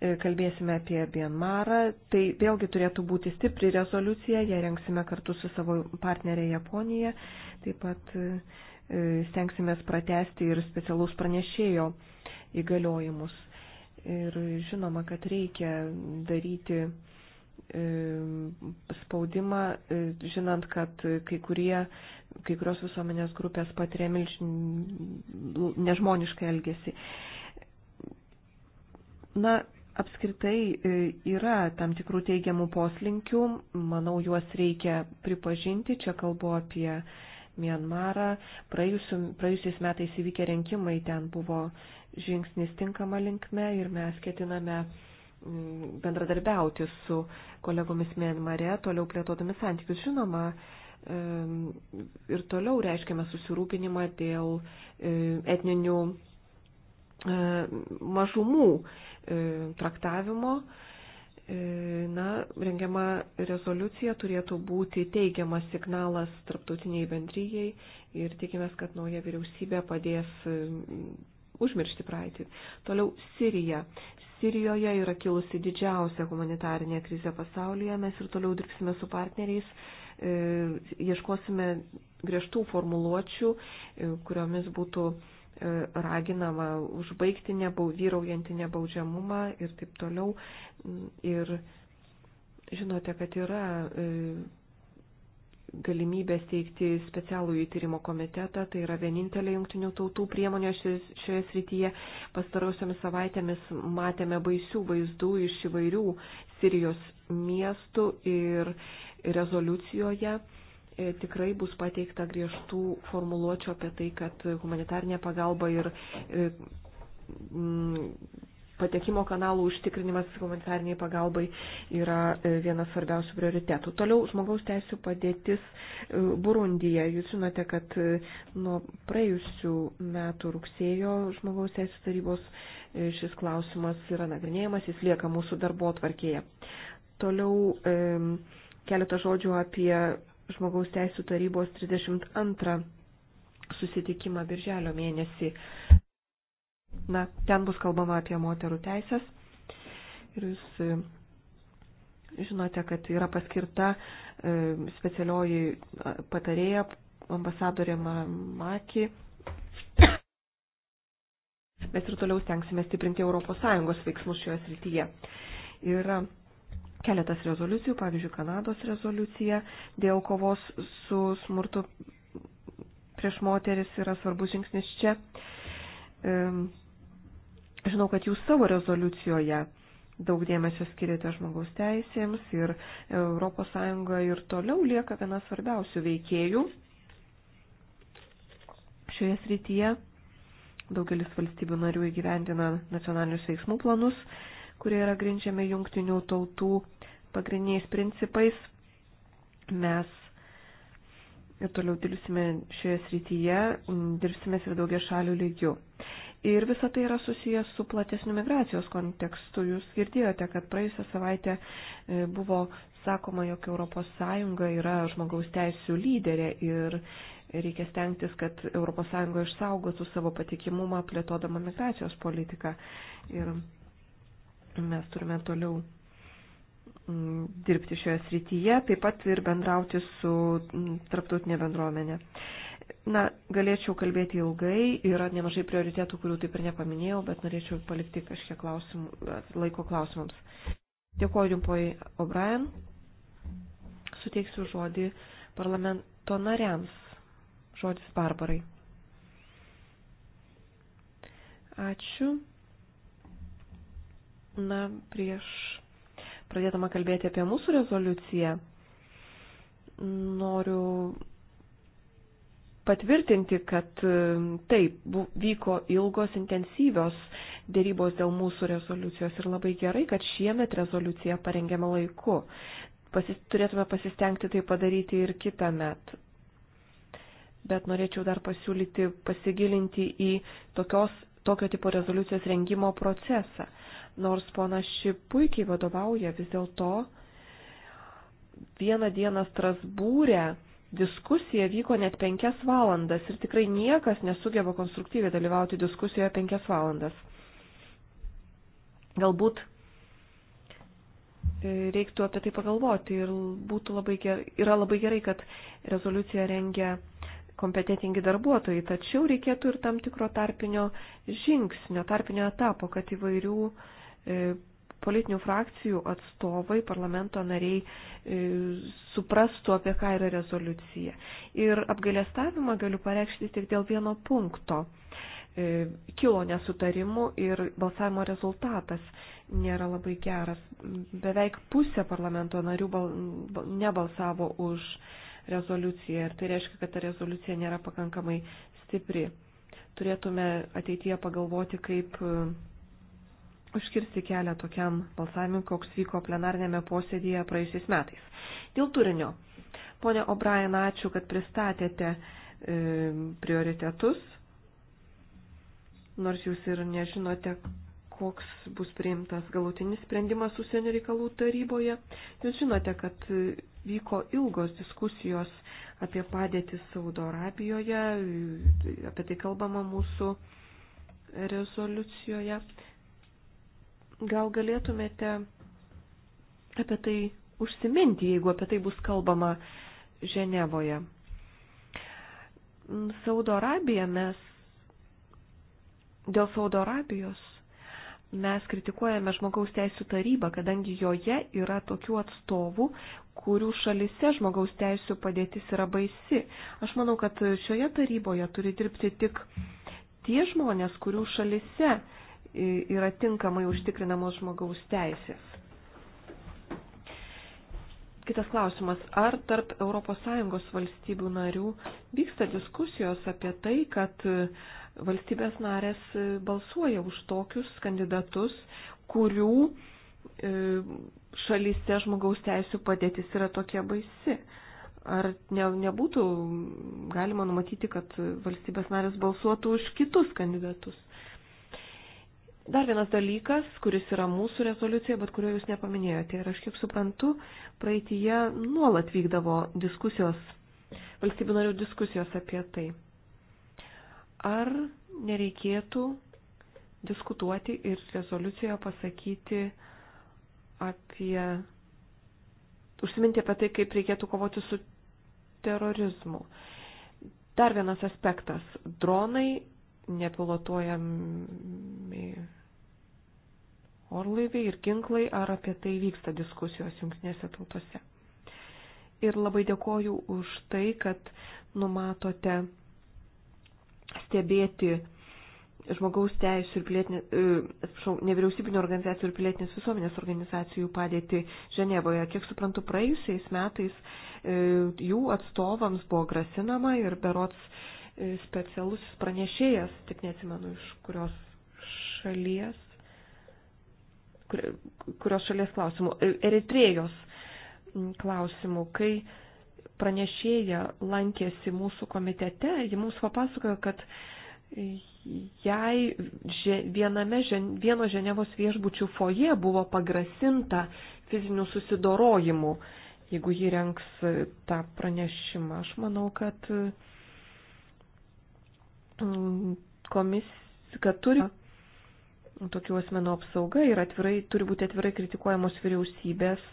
e, kalbėsime apie Bienmarą. Tai vėlgi turėtų būti stipri rezoliucija, ją rengsime kartu su savo partnerė Japonija. Taip pat stengsime pratesti ir specialaus pranešėjo įgaliojimus. Ir žinoma, kad reikia daryti E, spaudimą, e, žinant, kad kai, kurie, kai kurios visuomenės grupės patiria milžin nežmonišką elgesį. Na, apskritai e, yra tam tikrų teigiamų poslinkių, manau, juos reikia pripažinti, čia kalbu apie Mianmarą, praėjusiais metais įvykę rinkimai ten buvo žingsnis tinkama linkme ir mes ketiname bendradarbiauti su kolegomis Mienmare, toliau plėtodami santykius. Žinoma, ir toliau reiškiame susirūpinimą dėl e, etninių e, mažumų e, traktavimo. Na, rengiama rezoliucija turėtų būti teigiamas signalas tarptautiniai bendryjei ir tikimės, kad nauja vyriausybė padės užmiršti praeitį. Toliau Sirija. Sirijoje yra kilusi didžiausia humanitarinė krizė pasaulyje. Mes ir toliau dirbsime su partneriais, e, ieškosime griežtų formuluočių, e, kuriomis būtų e, raginama užbaigti nebau, vyraujantį nebaudžiamumą ir taip toliau. Ir žinote, kad yra galimybės teikti specialų įtyrimo komitetą. Tai yra vienintelė jungtinių tautų priemonė šioje srityje. Pastarausiamis savaitėmis matėme baisių vaizdų iš įvairių Sirijos miestų ir rezoliucijoje e, tikrai bus pateikta griežtų formuluočių apie tai, kad humanitarnė pagalba ir e, patekimo kanalų užtikrinimas humanitariniai pagalbai yra e, vienas svarbiausių prioritetų. Toliau žmogaus teisų padėtis e, Burundyje. Jūs žinote, kad e, nuo praėjusių metų rugsėjo žmogaus teisų tarybos šis klausimas yra nagrinėjimas, jis lieka mūsų darbo atvarkėje. Toliau keletą žodžių apie žmogaus teisų tarybos 32 susitikimą birželio mėnesį. Na, ten bus kalbama apie moterų teisės. Ir jūs e, žinote, kad yra paskirta e, specialioji patarėja ambasadorė Maki. Mes ir toliau stengsime stiprinti ES veiksmus šioje srityje. Yra keletas rezoliucijų, pavyzdžiui, Kanados rezoliucija dėl kovos su smurtu prieš moteris yra svarbus žingsnis čia. Žinau, kad jūs savo rezoliucijoje daug dėmesio skiriate žmogaus teisėms ir ES ir toliau lieka viena svarbiausių veikėjų šioje srityje. Daugelis valstybių narių įgyvendina nacionalinius veiksmų planus, kurie yra grindžiami jungtinių tautų pagrindiniais principais. Mes ir toliau dirbsime šioje srityje, dirbsime ir daugia šalių lygių. Ir visa tai yra susijęs su platesniu migracijos kontekstu. Jūs girdėjote, kad praėjusią savaitę e, buvo sakoma, jog ES yra žmogaus teisų lyderė ir reikia stengtis, kad ES išsaugotų savo patikimumą plėtodama migracijos politiką. Ir mes turime toliau mm, dirbti šioje srityje, taip pat ir bendrauti su mm, tarptautinė bendruomenė. Na, galėčiau kalbėti ilgai, yra nemažai prioritėtų, kurių taip ir nepaminėjau, bet norėčiau palikti kažkiek klausimų, laiko klausimams. Dėkuoju Jumpoji O'Brien. Suteiksiu žodį parlamento nariams. Žodis Barbarai. Ačiū. Na, prieš pradėdama kalbėti apie mūsų rezoliuciją, noriu patvirtinti, kad e, taip, vyko ilgos intensyvios dėrybos dėl mūsų rezoliucijos ir labai gerai, kad šiemet rezoliucija parengiama laiku. Pasis, turėtume pasistengti tai padaryti ir kitą metą. Bet norėčiau dar pasiūlyti pasigilinti į tokios, tokio tipo rezoliucijos rengimo procesą. Nors pona ši puikiai vadovauja vis dėlto vieną dieną Strasbūrę diskusija vyko net penkias valandas ir tikrai niekas nesugeba konstruktyviai dalyvauti diskusijoje penkias valandas. Galbūt e, reiktų apie tai pagalvoti ir būtų labai gerai, yra labai gerai, kad rezoliuciją rengia kompetitingi darbuotojai, tačiau reikėtų ir tam tikro tarpinio žingsnio, tarpinio etapo, kad įvairių e, politinių frakcijų atstovai, parlamento nariai e, suprastų, apie ką yra rezoliucija. Ir apgalėstavimą galiu pareikšti tik dėl vieno punkto. E, kilo nesutarimų ir balsavimo rezultatas nėra labai geras. Beveik pusė parlamento narių bal, nebalsavo už rezoliuciją ir tai reiškia, kad ta rezoliucija nėra pakankamai stipri. Turėtume ateityje pagalvoti, kaip užkirsti kelią tokiam balsavimui, koks vyko plenarnėme posėdėje praėjusiais metais. Dėl turinio. Pone O'Brien, ačiū, kad pristatėte e, prioritetus, nors jūs ir nežinote, koks bus priimtas galutinis sprendimas užsienio reikalų taryboje. Jūs žinote, kad e, vyko ilgos diskusijos apie padėtį Saudo Arabijoje, e, apie tai kalbama mūsų rezoliucijoje. Gal galėtumėte apie tai užsiminti, jeigu apie tai bus kalbama Ženevoje. Saudo Arabija mes, dėl Saudo Arabijos mes kritikuojame žmogaus teisų tarybą, kadangi joje yra tokių atstovų, kurių šalise žmogaus teisų padėtis yra baisi. Aš manau, kad šioje taryboje turi dirbti tik tie žmonės, kurių šalise yra tinkamai užtikrinamos žmogaus teisės. Kitas klausimas. Ar tarp ES valstybių narių vyksta diskusijos apie tai, kad valstybės narės balsuoja už tokius kandidatus, kurių e, šalyse žmogaus teisų padėtis yra tokia baisi? Ar ne, nebūtų galima numatyti, kad valstybės narės balsuotų už kitus kandidatus? Dar vienas dalykas, kuris yra mūsų rezoliucija, bet kurio jūs nepaminėjote. Ir aš kiek suprantu, praeitie nuolat vykdavo diskusijos, valstybių narių diskusijos apie tai. Ar nereikėtų diskutuoti ir rezoliucijoje pasakyti apie, užsiminti apie tai, kaip reikėtų kovoti su terorizmu. Dar vienas aspektas - dronai nepilotuojami orlaiviai ir ginklai, ar apie tai vyksta diskusijos jungtinėse tautose. Ir labai dėkoju už tai, kad numatote stebėti žmogaus teisų ir pilietinė, atsiprašau, nevyriausybinio organizacijų ir pilietinės visuomenės organizacijų padėti Ženevoje. Kiek suprantu, praėjusiais metais e, jų atstovams buvo grasinama ir berots e, specialusis pranešėjas, tik neatsimenu iš kurios šalies, kurios šalies klausimų, Eritrėjos klausimų, kai pranešėja lankėsi mūsų komitete, ji mums papasakojo, kad jai viename, vieno Ženevos viešbučių foje buvo pagrasinta fizinių susidorojimų, jeigu ji renks e, tą pranešimą. Aš manau, kad komis, kad turi tokių asmenų apsauga ir atvirai, turi būti atvirai kritikuojamos vyriausybės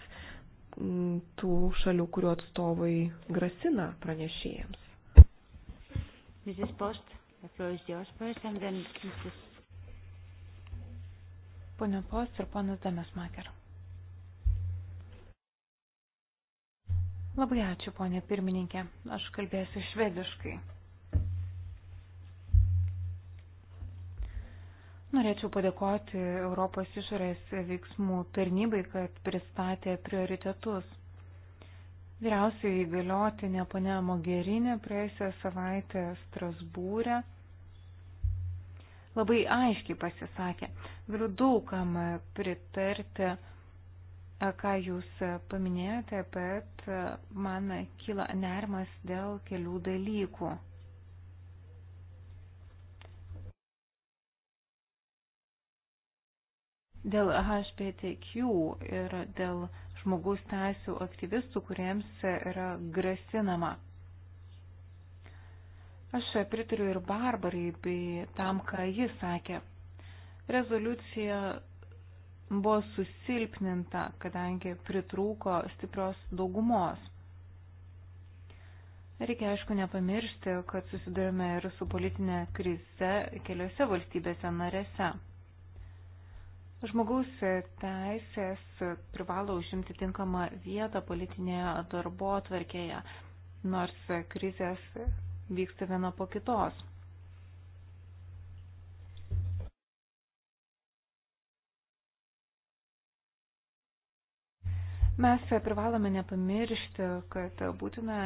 tų šalių, kurių atstovai grasina pranešėjams. Mrs. Post, the floor is yours first and then Mrs. Pone Post ir ponas Damas Maker. Labai ačiū, ponė pirmininkė. Aš kalbėsiu švediškai. Norėčiau padėkoti Europos išorės veiksmų tarnybai, kad pristatė prioritetus. Vyriausiai įgaliotinė ponia Mogerinė praėjusią savaitę Strasbūrė labai aiškiai pasisakė. Galiu daugam pritarti, ką jūs paminėjote, bet man kyla nerimas dėl kelių dalykų. Dėl HPTQ ir dėl žmogaus teisų aktyvistų, kuriems yra grasinama. Aš pritariu ir Barbarai bei tam, ką ji sakė. Rezoliucija buvo susilpninta, kadangi pritrūko stiprios daugumos. Reikia aišku nepamiršti, kad susidurime ir su politinė krize keliose valstybėse narėse. Žmogaus teisės privalo užimti tinkamą vietą politinėje darbo atvarkėje, nors krizės vyksta viena po kitos. Mes privalome nepamiršti, kad būtina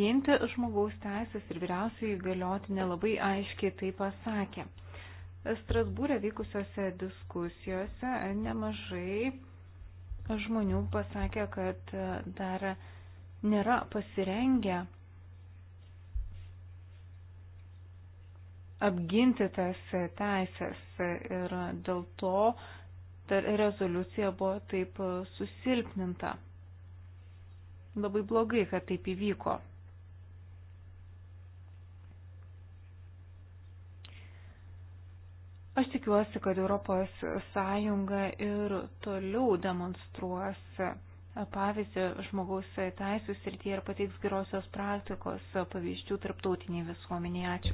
ginti žmogaus teisės ir vyriausiai galiotinė labai aiškiai tai pasakė. Strasbūrė vykusiose diskusijose nemažai žmonių pasakė, kad dar nėra pasirengę apginti tas teisės ir dėl to rezoliucija buvo taip susilpninta. Labai blogai, kad taip įvyko. Aš tikiuosi, kad Europos Sąjunga ir toliau demonstruos pavyzdį žmogaus teisų srityje ir pateiks gerosios praktikos pavyzdžių tarptautiniai visuomeniai. Ačiū.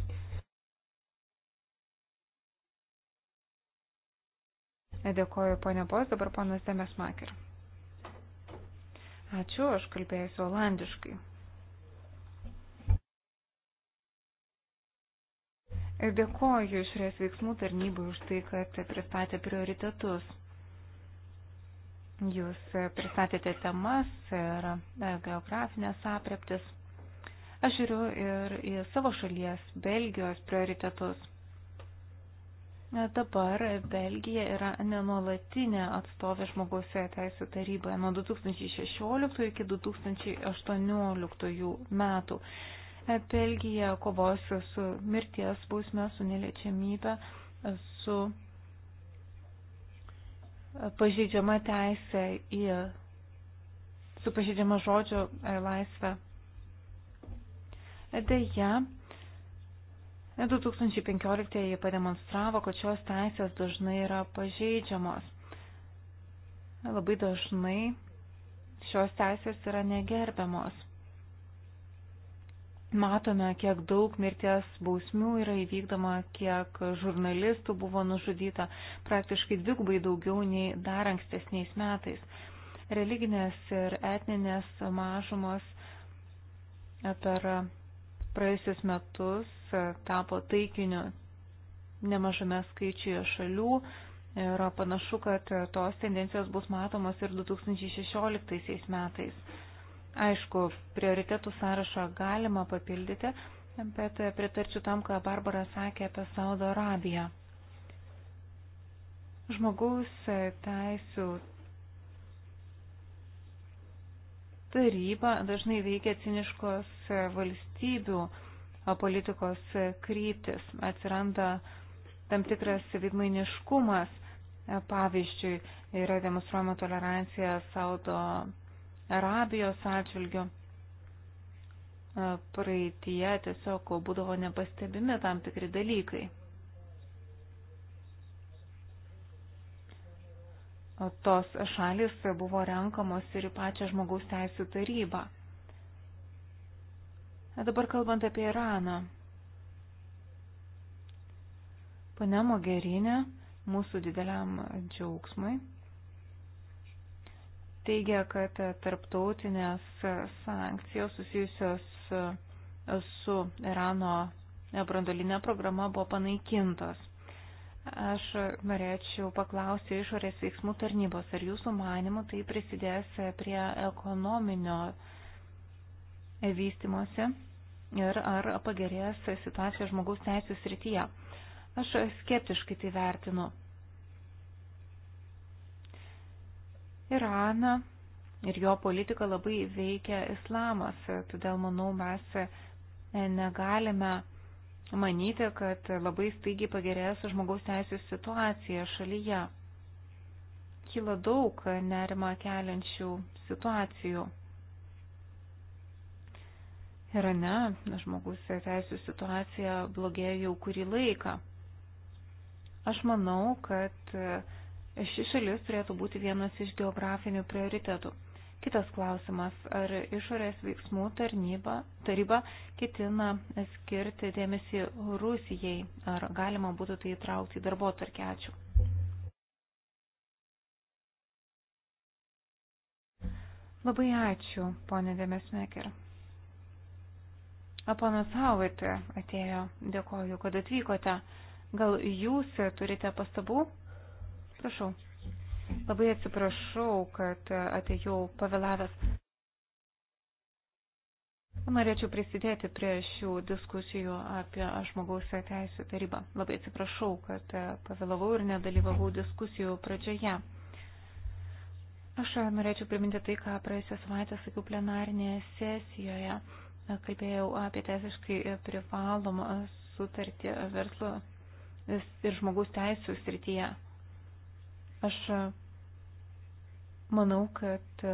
Dėkoju, ponė Bos, dabar ponas Demesmaker. Ačiū, aš kalbėsiu olandiškai. Dėkoju išrės veiksmų tarnybai už tai, kad pristatė prioritetus. Jūs pristatėte temas ir e, geografinės apreptis. Aš žiūriu ir į savo šalies, Belgijos prioritetus. E, dabar Belgija yra nenuolatinė atstovė žmogaus teisų taryboje nuo 2016 iki 2018 metų. Belgija kovos su mirties bausme, su neliečiamybė, su e, pažeidžiama teisė į, su pažeidžiama žodžio e, laisvė. Deja, 2015 pademonstravo, kad šios teisės dažnai yra pažeidžiamos. Labai dažnai šios teisės yra negerbiamos. Matome, kiek daug mirties bausmių yra įvykdoma, kiek žurnalistų buvo nužudyta, praktiškai dvigubai daugiau nei dar ankstesniais metais. Religinės ir etninės mažumos per praėjusius metus tapo taikiniu nemažame skaičiuje šalių ir panašu, kad tos tendencijos bus matomos ir 2016 metais. Aišku, prioritetų sąrašą galima papildyti, bet pritarčiau tam, ką Barbara sakė apie Saudo Arabiją. Žmogaus teisų taryba dažnai veikia ciniškos valstybių politikos kryptis. Atsiranda tam tikras veidmainiškumas. Pavyzdžiui, yra demonstruojama tolerancija Saudo Arabijos atžvilgiu. E, praeitie tiesiog būdavo nepastebimi tam tikri dalykai. Tos šalis buvo renkamos ir į pačią žmogaus teisų tarybą. E, dabar kalbant apie Iraną. Pane Mogerinė, mūsų dideliam džiaugsmui, teigia, kad tarptautinės sankcijos susijusios su Irano brandolinė programa buvo panaikintos. Aš norėčiau paklausti išorės veiksmų tarnybos, ar jūsų manimų tai prisidės prie ekonominio vystimosi ir ar pagerės situacija žmogaus teisės rytyje. Aš skeptiškai tai vertinu. Iraną ir jo politiką labai veikia islamas. Todėl, manau, mes e, negalime manyti, kad labai staigiai pagerės žmogaus teisų situacija šalyje. Kyla daug nerima keliančių situacijų. Irane žmogus teisų situacija blogėjo jau kurį laiką. Aš manau, kad Ši šalis turėtų būti vienas iš geografinių prioritetų. Kitas klausimas, ar išorės veiksmų tarnyba, taryba ketina skirti dėmesį Rusijai, ar galima būtų tai įtraukti į darbo tarkečių. Labai ačiū, ponė Demesmeker. Ponas Hauvaitė atėjo, dėkoju, kad atvykote. Gal jūs turite pastabų? Prašau. Labai atsiprašau, kad atėjau pavėlavęs. Norėčiau prisidėti prie šių diskusijų apie žmogaus teisų tarybą. Labai atsiprašau, kad pavėlavau ir nedalyvavau diskusijų pradžioje. Aš norėčiau priminti tai, ką praėjusią savaitę sakiau plenarinėje sesijoje. Kalbėjau apie teisiškai privalomą sutartį verslo ir žmogaus teisų srityje. Aš e, manau, kad e,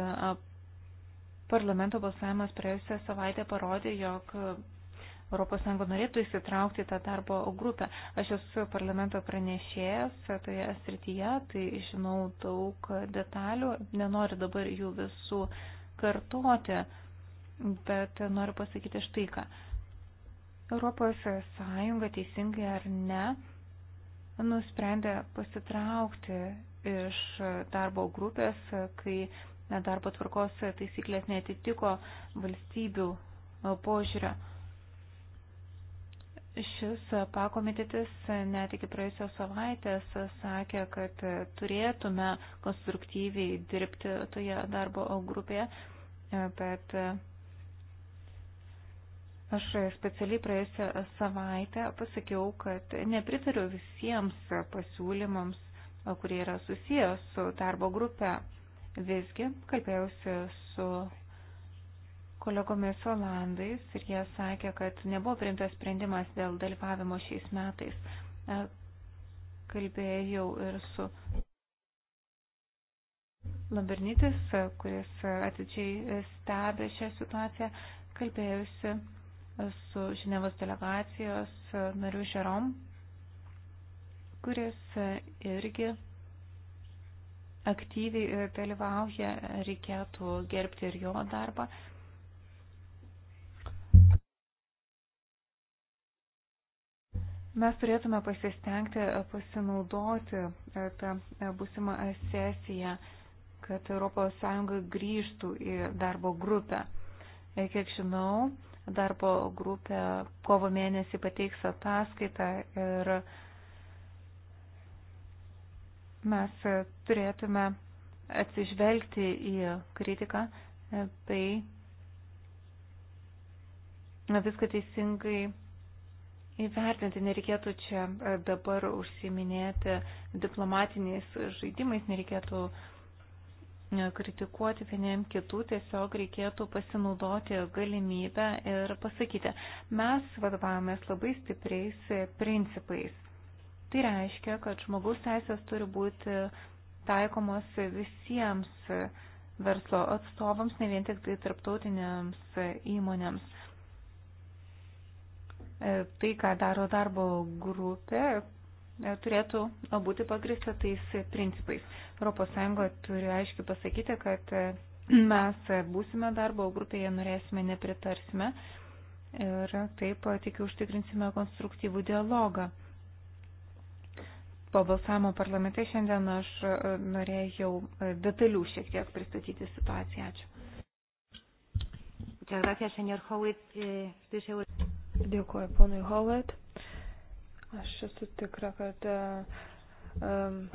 parlamento balsavimas praėjusią savaitę parodė, jog ES norėtų įsitraukti tą darbo grupę. Aš esu parlamento pranešėjas toje srityje, tai žinau daug detalių, nenoriu dabar jų visų kartoti, bet noriu pasakyti štai ką. ES teisingai ar ne nusprendė pasitraukti iš darbo grupės, kai darbo tvarkos taisyklės netitiko valstybių požiūrio. Šis pakomitetis net iki praėjusios savaitės sakė, kad turėtume konstruktyviai dirbti toje darbo grupėje, bet aš specialiai praėjusią savaitę pasakiau, kad nepritariu visiems pasiūlymams kurie yra susijęs su darbo grupe. Visgi kalbėjausi su kolegomis Olandais ir jie sakė, kad nebuvo priimtas sprendimas dėl dalyvavimo šiais metais. E, kalbėjau ir su Lambernytis, kuris atidžiai stebė šią situaciją, kalbėjusi su Ženevos delegacijos nariu Žerom kuris e, irgi aktyviai e, dalyvauja, reikėtų gerbti ir jo darbą. Mes turėtume pasistengti e, pasinaudoti tą būsimą sesiją, kad ES grįžtų į darbo grupę. Kiek žinau, darbo grupė kovo mėnesį pateiks ataskaitą ir mes turėtume atsižvelgti į kritiką e, bei viską teisingai įvertinti. Nereikėtų čia e, dabar užsiminėti diplomatiniais žaidimais, nereikėtų e, kritikuoti vieniem kitų, tiesiog reikėtų pasinaudoti galimybę ir pasakyti, mes vadovavomės labai stipriais principais. Tai reiškia, kad žmogaus teisės turi būti taikomos visiems verslo atstovams, ne vien tik tai tarptautinėms įmonėms. E, tai, ką daro darbo grupė, e, turėtų būti pagrista tais principais. ES turi aiškiai pasakyti, kad e, mes būsime darbo grupėje, norėsime, nepritarsime ir taip tikiu užtikrinsime konstruktyvų dialogą po balsavimo parlamente šiandien aš e, norėjau e, detalių šiek tiek pristatyti situaciją. Ačiū. Eh, Dėkuoju, ponui Howard. Aš esu tikra, kad e,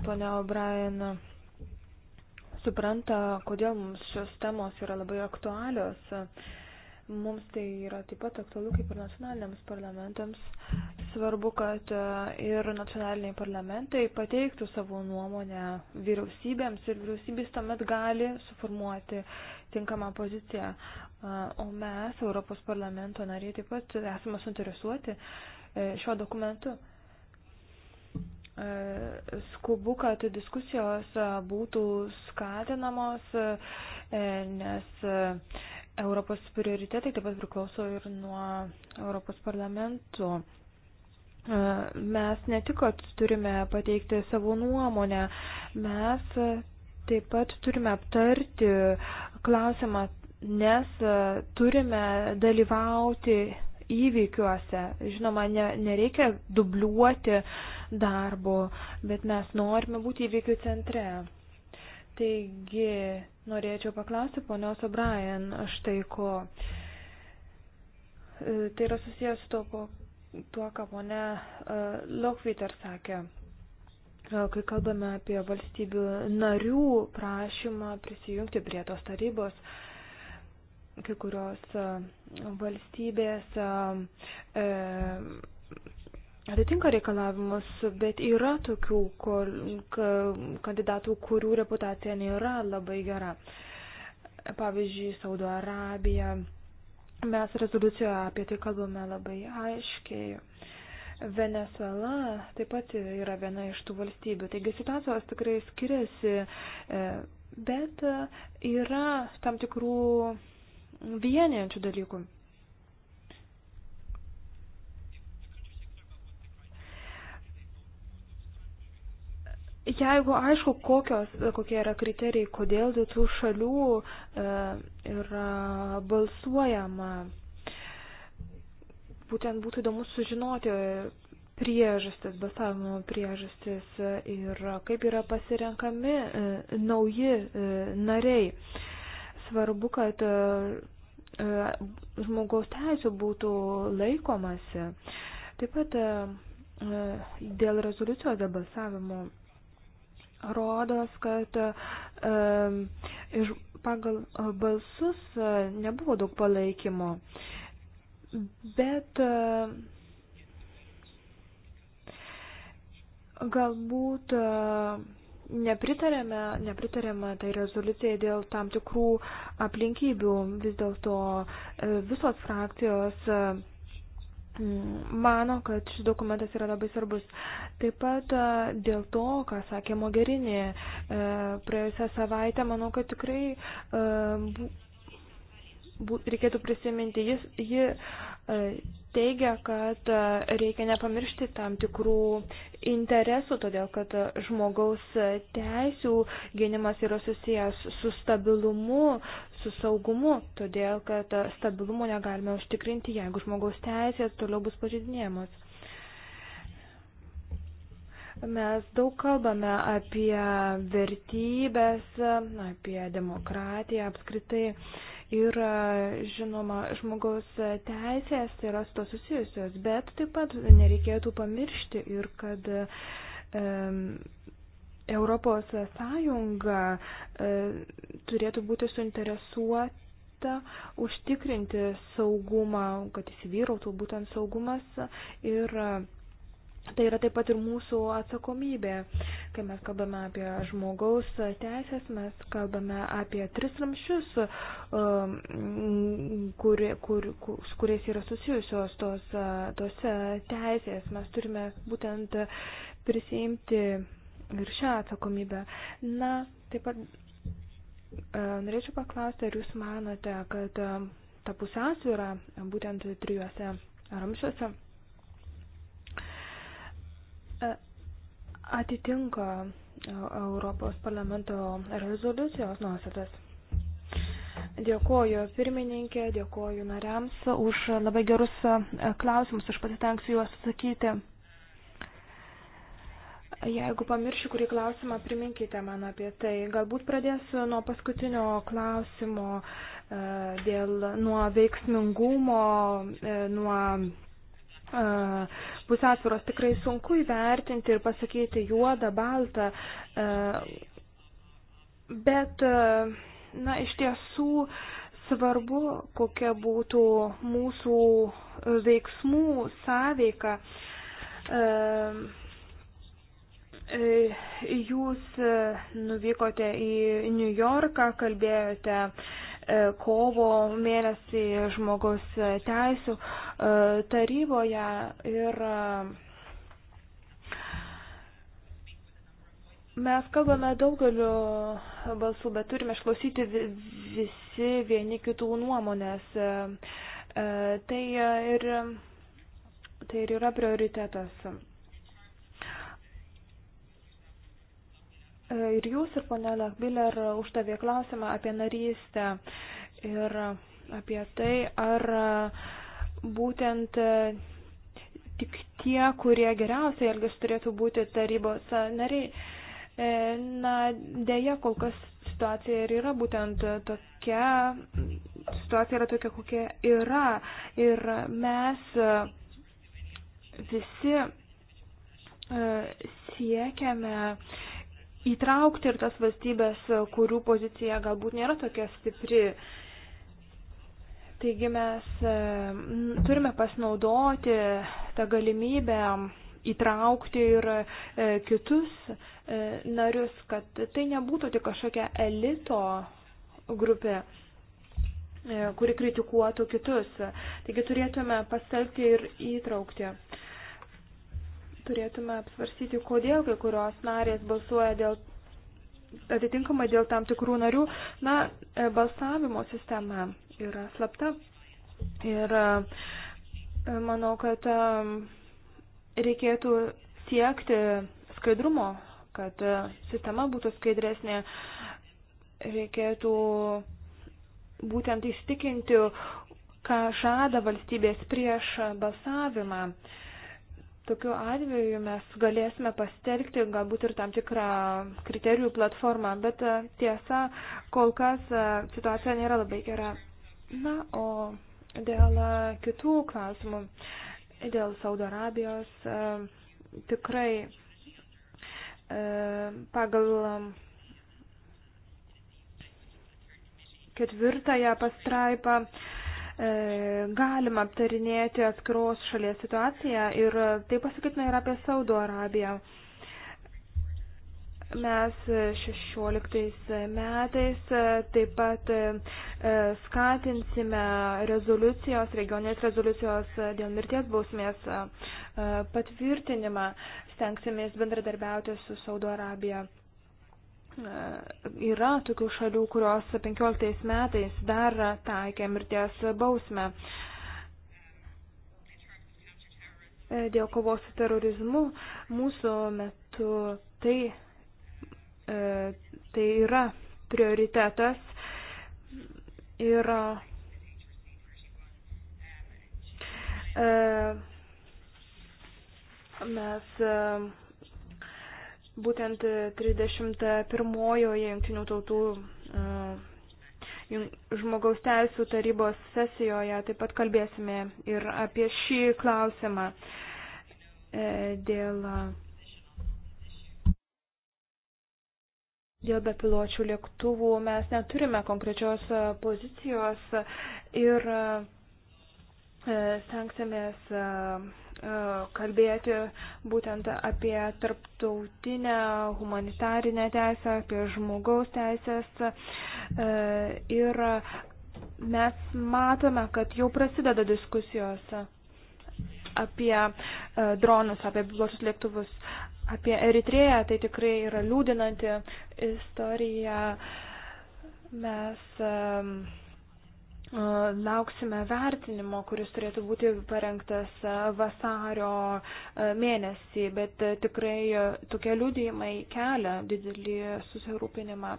ponia O'Brien supranta, kodėl mums šios temos yra labai aktualios. Mums tai yra taip pat aktualu kaip ir nacionaliniams parlamentams Svarbu, kad e, ir nacionaliniai parlamentai pateiktų savo nuomonę vyriausybėms ir vyriausybės tuomet gali suformuoti tinkamą poziciją. E, o mes, Europos parlamento nariai, taip pat esame suinteresuoti e, šiuo dokumentu. Skubu, kad diskusijos būtų skatinamos, nes Europos prioritetai taip pat priklauso ir nuo Europos parlamentų. E, mes ne tik, kad turime pateikti savo nuomonę, mes taip pat turime aptarti klausimą, nes turime dalyvauti įvykiuose. Žinoma, ne, nereikia dubliuoti darbo, bet mes norime būti įvykių centre. Taigi, norėčiau paklausti ponios O'Brien štai ko. E, tai yra susijęs su to, tuo, ką ponė e, Lokviter sakė. E, kai kalbame apie valstybių narių prašymą prisijungti prie tos tarybos, kai kurios e, valstybės e, atitinka reikalavimus, bet yra tokių kol, ka, kandidatų, kurių reputacija nėra labai gera. Pavyzdžiui, Saudo Arabija. E, Mes rezoliucijoje apie tai kalbame labai aiškiai. Venezuela taip pat yra viena iš tų valstybių. Taigi situacijos tikrai skiriasi, e, bet yra tam tikrų vieniančių dalykų. Jeigu aišku, kokios, kokie yra kriterijai, kodėl dėl tų šalių e, yra balsuojama, būtent būtų įdomu sužinoti priežastis, balsavimo priežastis ir kaip yra pasirenkami e, nauji e, nariai. Svarbu, kad e, žmogaus teisų būtų laikomasi. Taip pat e, dėl rezoliucijos dėl balsavimo rodos, kad iš pagal balsus e, nebuvo daug palaikymo. Bet e, galbūt e, nepritarėme, nepritarėme tai rezoliucijai dėl tam tikrų aplinkybių. Vis dėlto visos frakcijos mano, kad šis dokumentas yra labai svarbus. Taip pat dėl to, ką sakė Mogerinė e, praėjusią savaitę, manau, kad tikrai e, reikėtų prisiminti. Jis, ji e, teigia, kad reikia nepamiršti tam tikrų interesų, todėl kad žmogaus teisų gynimas yra susijęs su stabilumu, su saugumu, todėl kad stabilumo negalime užtikrinti, jeigu žmogaus teisės toliau bus pažydinėjamos. Mes daug kalbame apie vertybės, apie demokratiją apskritai ir žinoma, žmogaus teisės yra su to susijusios, bet taip pat nereikėtų pamiršti ir kad e, Europos Sąjunga e, turėtų būti suinteresuota užtikrinti saugumą, kad įsivyrautų būtent saugumas ir e, Tai yra taip pat ir mūsų atsakomybė. Kai mes kalbame apie žmogaus teisės, mes kalbame apie tris ramšius, e, kur, kur, kur, su kuriais yra susijusios tos, tos teisės. Mes turime būtent prisijimti ir šią atsakomybę. Na, taip pat e, norėčiau paklausti, ar jūs manote, kad e, ta pusiausvyrą būtent trijuose ramšiuose e, atitinka Europos parlamento rezoliucijos nuostatas. Dėkuoju pirmininkė, dėkuoju nariams už labai gerus klausimus, aš pasitengsiu juos atsakyti. Jeigu pamiršiu kurį klausimą, priminkite man apie tai. Galbūt pradėsiu nuo paskutinio klausimo e, dėl nuo veiksmingumo, e, nuo e, pusiausvėros. Tikrai sunku įvertinti ir pasakyti juodą, baltą. Bet, na, iš tiesų svarbu, kokia būtų mūsų veiksmų sąveika. E, E, jūs e, nuvykote į New Yorką, kalbėjote e, kovo mėnesį žmogaus teisų taryboje ir Mes kalbame daugeliu balsų, bet turime išklausyti visi vieni kitų nuomonės. Tai ir, tai ir yra prioritetas. Ir jūs ir ponė Lachbiller uždavė klausimą apie narystę ir apie tai, ar būtent tik tie, kurie geriausiai elgesi turėtų būti tarybos nariai. E, na, dėja, kol kas situacija ir yra būtent tokia, situacija yra tokia, kokia yra. Ir mes visi e, siekiame uh, įtraukti ir tas valstybės, kurių pozicija galbūt nėra tokia stipri. Taigi mes e, turime pasinaudoti tą galimybę įtraukti ir e, kitus e, narius, kad tai nebūtų tik kažkokia elito grupė kuri kritikuotų kitus. Taigi turėtume pasitelkti ir įtraukti turėtume apsvarstyti, kodėl kai kurios narės balsuoja dėl atitinkamai dėl tam tikrų narių. Na, e, balsavimo sistema yra slapta ir e, manau, kad e, reikėtų siekti skaidrumo, kad sistema būtų skaidresnė, reikėtų būtent įstikinti, ką žada valstybės prieš balsavimą. Tokiu atveju mes galėsime pasitelkti galbūt ir tam tikrą kriterijų platformą, bet e, tiesa, kol kas e, situacija nėra labai gera. Na, o dėl e, kitų klausimų, dėl Saudo Arabijos, tikrai pagal ketvirtąją pastraipą E, galima aptarinėti atskiros šalies situaciją ir tai pasakytina ir apie Saudo Arabiją. Mes 16 metais taip pat e, skatinsime rezoliucijos, regioninės rezoliucijos dėl mirties bausmės e, patvirtinimą, stengsimės bendradarbiauti su Saudo Arabija. E, yra tokių šalių, kurios 15 metais dar taikė mirties bausmę e, dėl kovos su terorizmu. Mūsų metu tai, e, tai yra prioritetas ir mes Būtent 31-ojoje Junktinių tautų e, žmogaus teisų tarybos sesijoje taip pat kalbėsime ir apie šį klausimą e, dėl, dėl bepiločių lėktuvų. Mes neturime konkrečios pozicijos ir e, stengsimės E, kalbėti būtent apie tarptautinę humanitarinę teisę, apie žmogaus teisės. E, ir mes matome, kad jau prasideda diskusijos apie e, dronus, apie blosius lėktuvus, apie Eritreją. Tai tikrai yra liūdinanti istorija. Mes Lauksime vertinimo, kuris turėtų būti parengtas vasario mėnesį, bet tikrai tokie liūdėjimai kelia didelį susirūpinimą.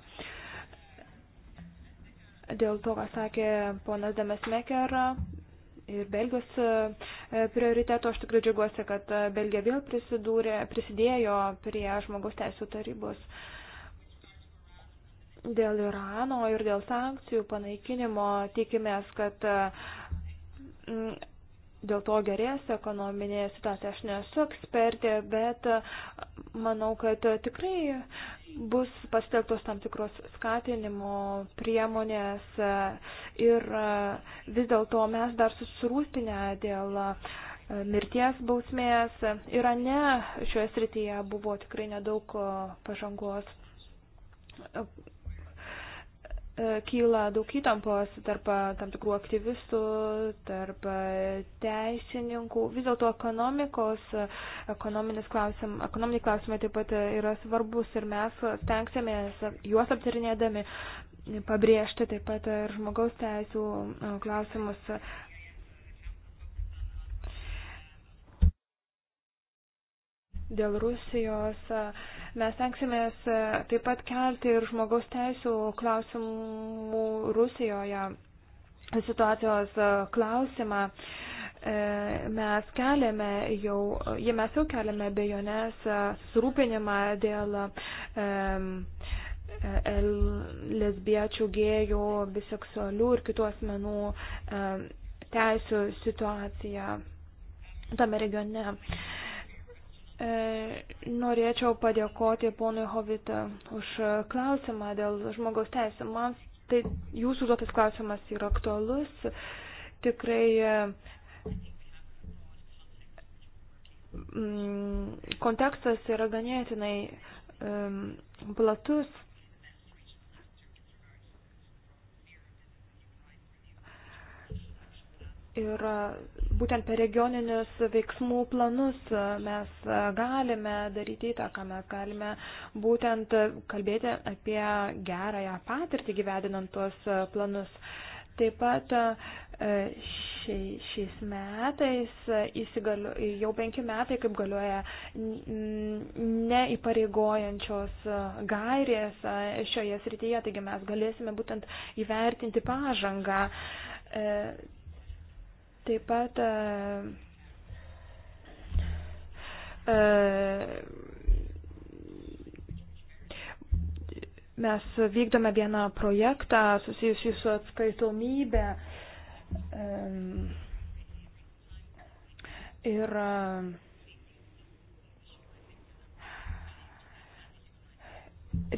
Dėl to, ką sakė ponas Demesmeker ir Belgijos prioriteto, aš tikrai džiaugiuosi, kad Belgija vėl prisidūrė, prisidėjo prie žmogaus teisų tarybos. Uh, Dėl Irano ir dėl sankcijų panaikinimo tikimės, kad mm, dėl to gerės ekonominė situacija. Aš nesu ekspertė, bet manau, kad tikrai bus pasteltos tam tikros skatinimo priemonės ir vis dėlto mes dar susirūpinę dėl mirties bausmės. Irane šioje srityje buvo tikrai nedaug pažangos. E, kyla daug įtampos tarp e, tam tikrų aktyvistų, tarp e, teisininkų. Vis dėlto ekonomikos, ekonominis klausim, ekonominiai klausimai taip pat yra svarbus ir mes stengsimės juos aptarinėdami pabrėžti taip pat ir žmogaus teisų klausimus. Dėl Rusijos Mes tenksimės e, taip pat kelti ir žmogaus teisų klausimų Rusijoje situacijos e, klausimą. E, mes keliame jau, jie mes jau keliame bejonės susirūpinimą dėl lesbiečių, gėjų, biseksualių ir kitų asmenų teisų situaciją tame regione. E, norėčiau padėkoti ponui Hovita už klausimą dėl žmogaus teisų. Man tai jūsų duotas klausimas yra aktualus. Tikrai mm, kontekstas yra ganėtinai mm, platus Ir e, būtent per regioninius veiksmų planus e, mes e, galime daryti įtaką, mes galime būtent kalbėti apie gerąją patirtį gyvedinant tuos planus. Taip pat šiais metais įsigaliu, jau penki metai, kaip galioja neįpareigojančios gairės šioje srityje, taigi mes galėsime būtent įvertinti pažangą Taip pat e, e, mes vykdome vieną projektą susijusį su atskaitomybė e, ir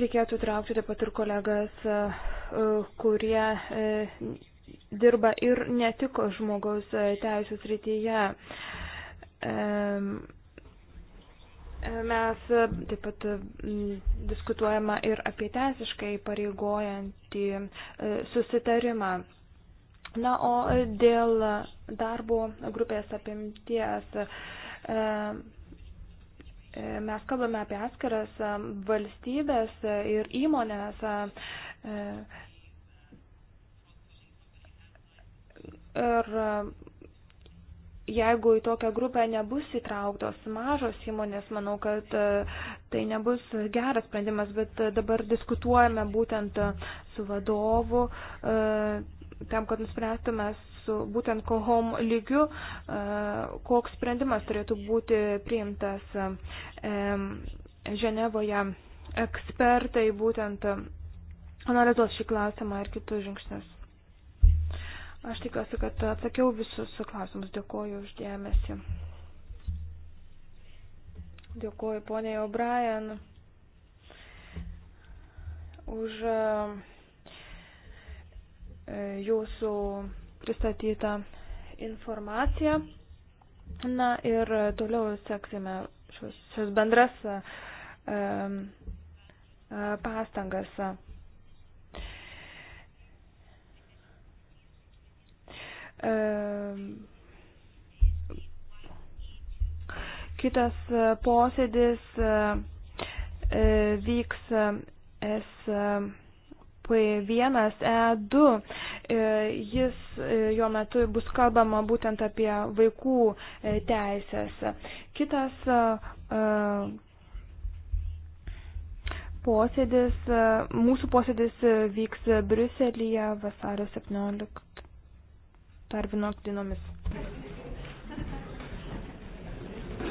reikėtų traukti taip pat ir kolegas, kurie dirba ir ne tik žmogaus teisų srityje. Mes taip pat diskutuojama ir apie teisiškai pareigojantį e, susitarimą. Na, o dėl darbo grupės apimties e, e, mes kalbame apie atskiras valstybės ir įmonės Ir e, jeigu į tokią grupę nebus įtrauktos mažos įmonės, manau, kad e, tai nebus geras sprendimas, bet dabar diskutuojame būtent su vadovu, e, tam, kad nuspręstume su būtent kohom lygiu, koks sprendimas turėtų būti priimtas Ženevoje. Ekspertai būtent analizuos šį klausimą ir kitus žingsnius. Aš tikiuosi, kad atsakiau visus klausimus. Dėkuoju uždėmesi. Dėkuoju poniai O'Brien už e, jūsų pristatytą informaciją. Na ir toliau seksime šios, šios bendras e, e, pastangas. Kitas e, posėdis e, e, vyks SP1E2. Jis jo metu bus kalbama būtent apie vaikų teisės. Kitas posėdis, mūsų posėdis vyks Briuselyje vasario 17 dar vienos dienomis.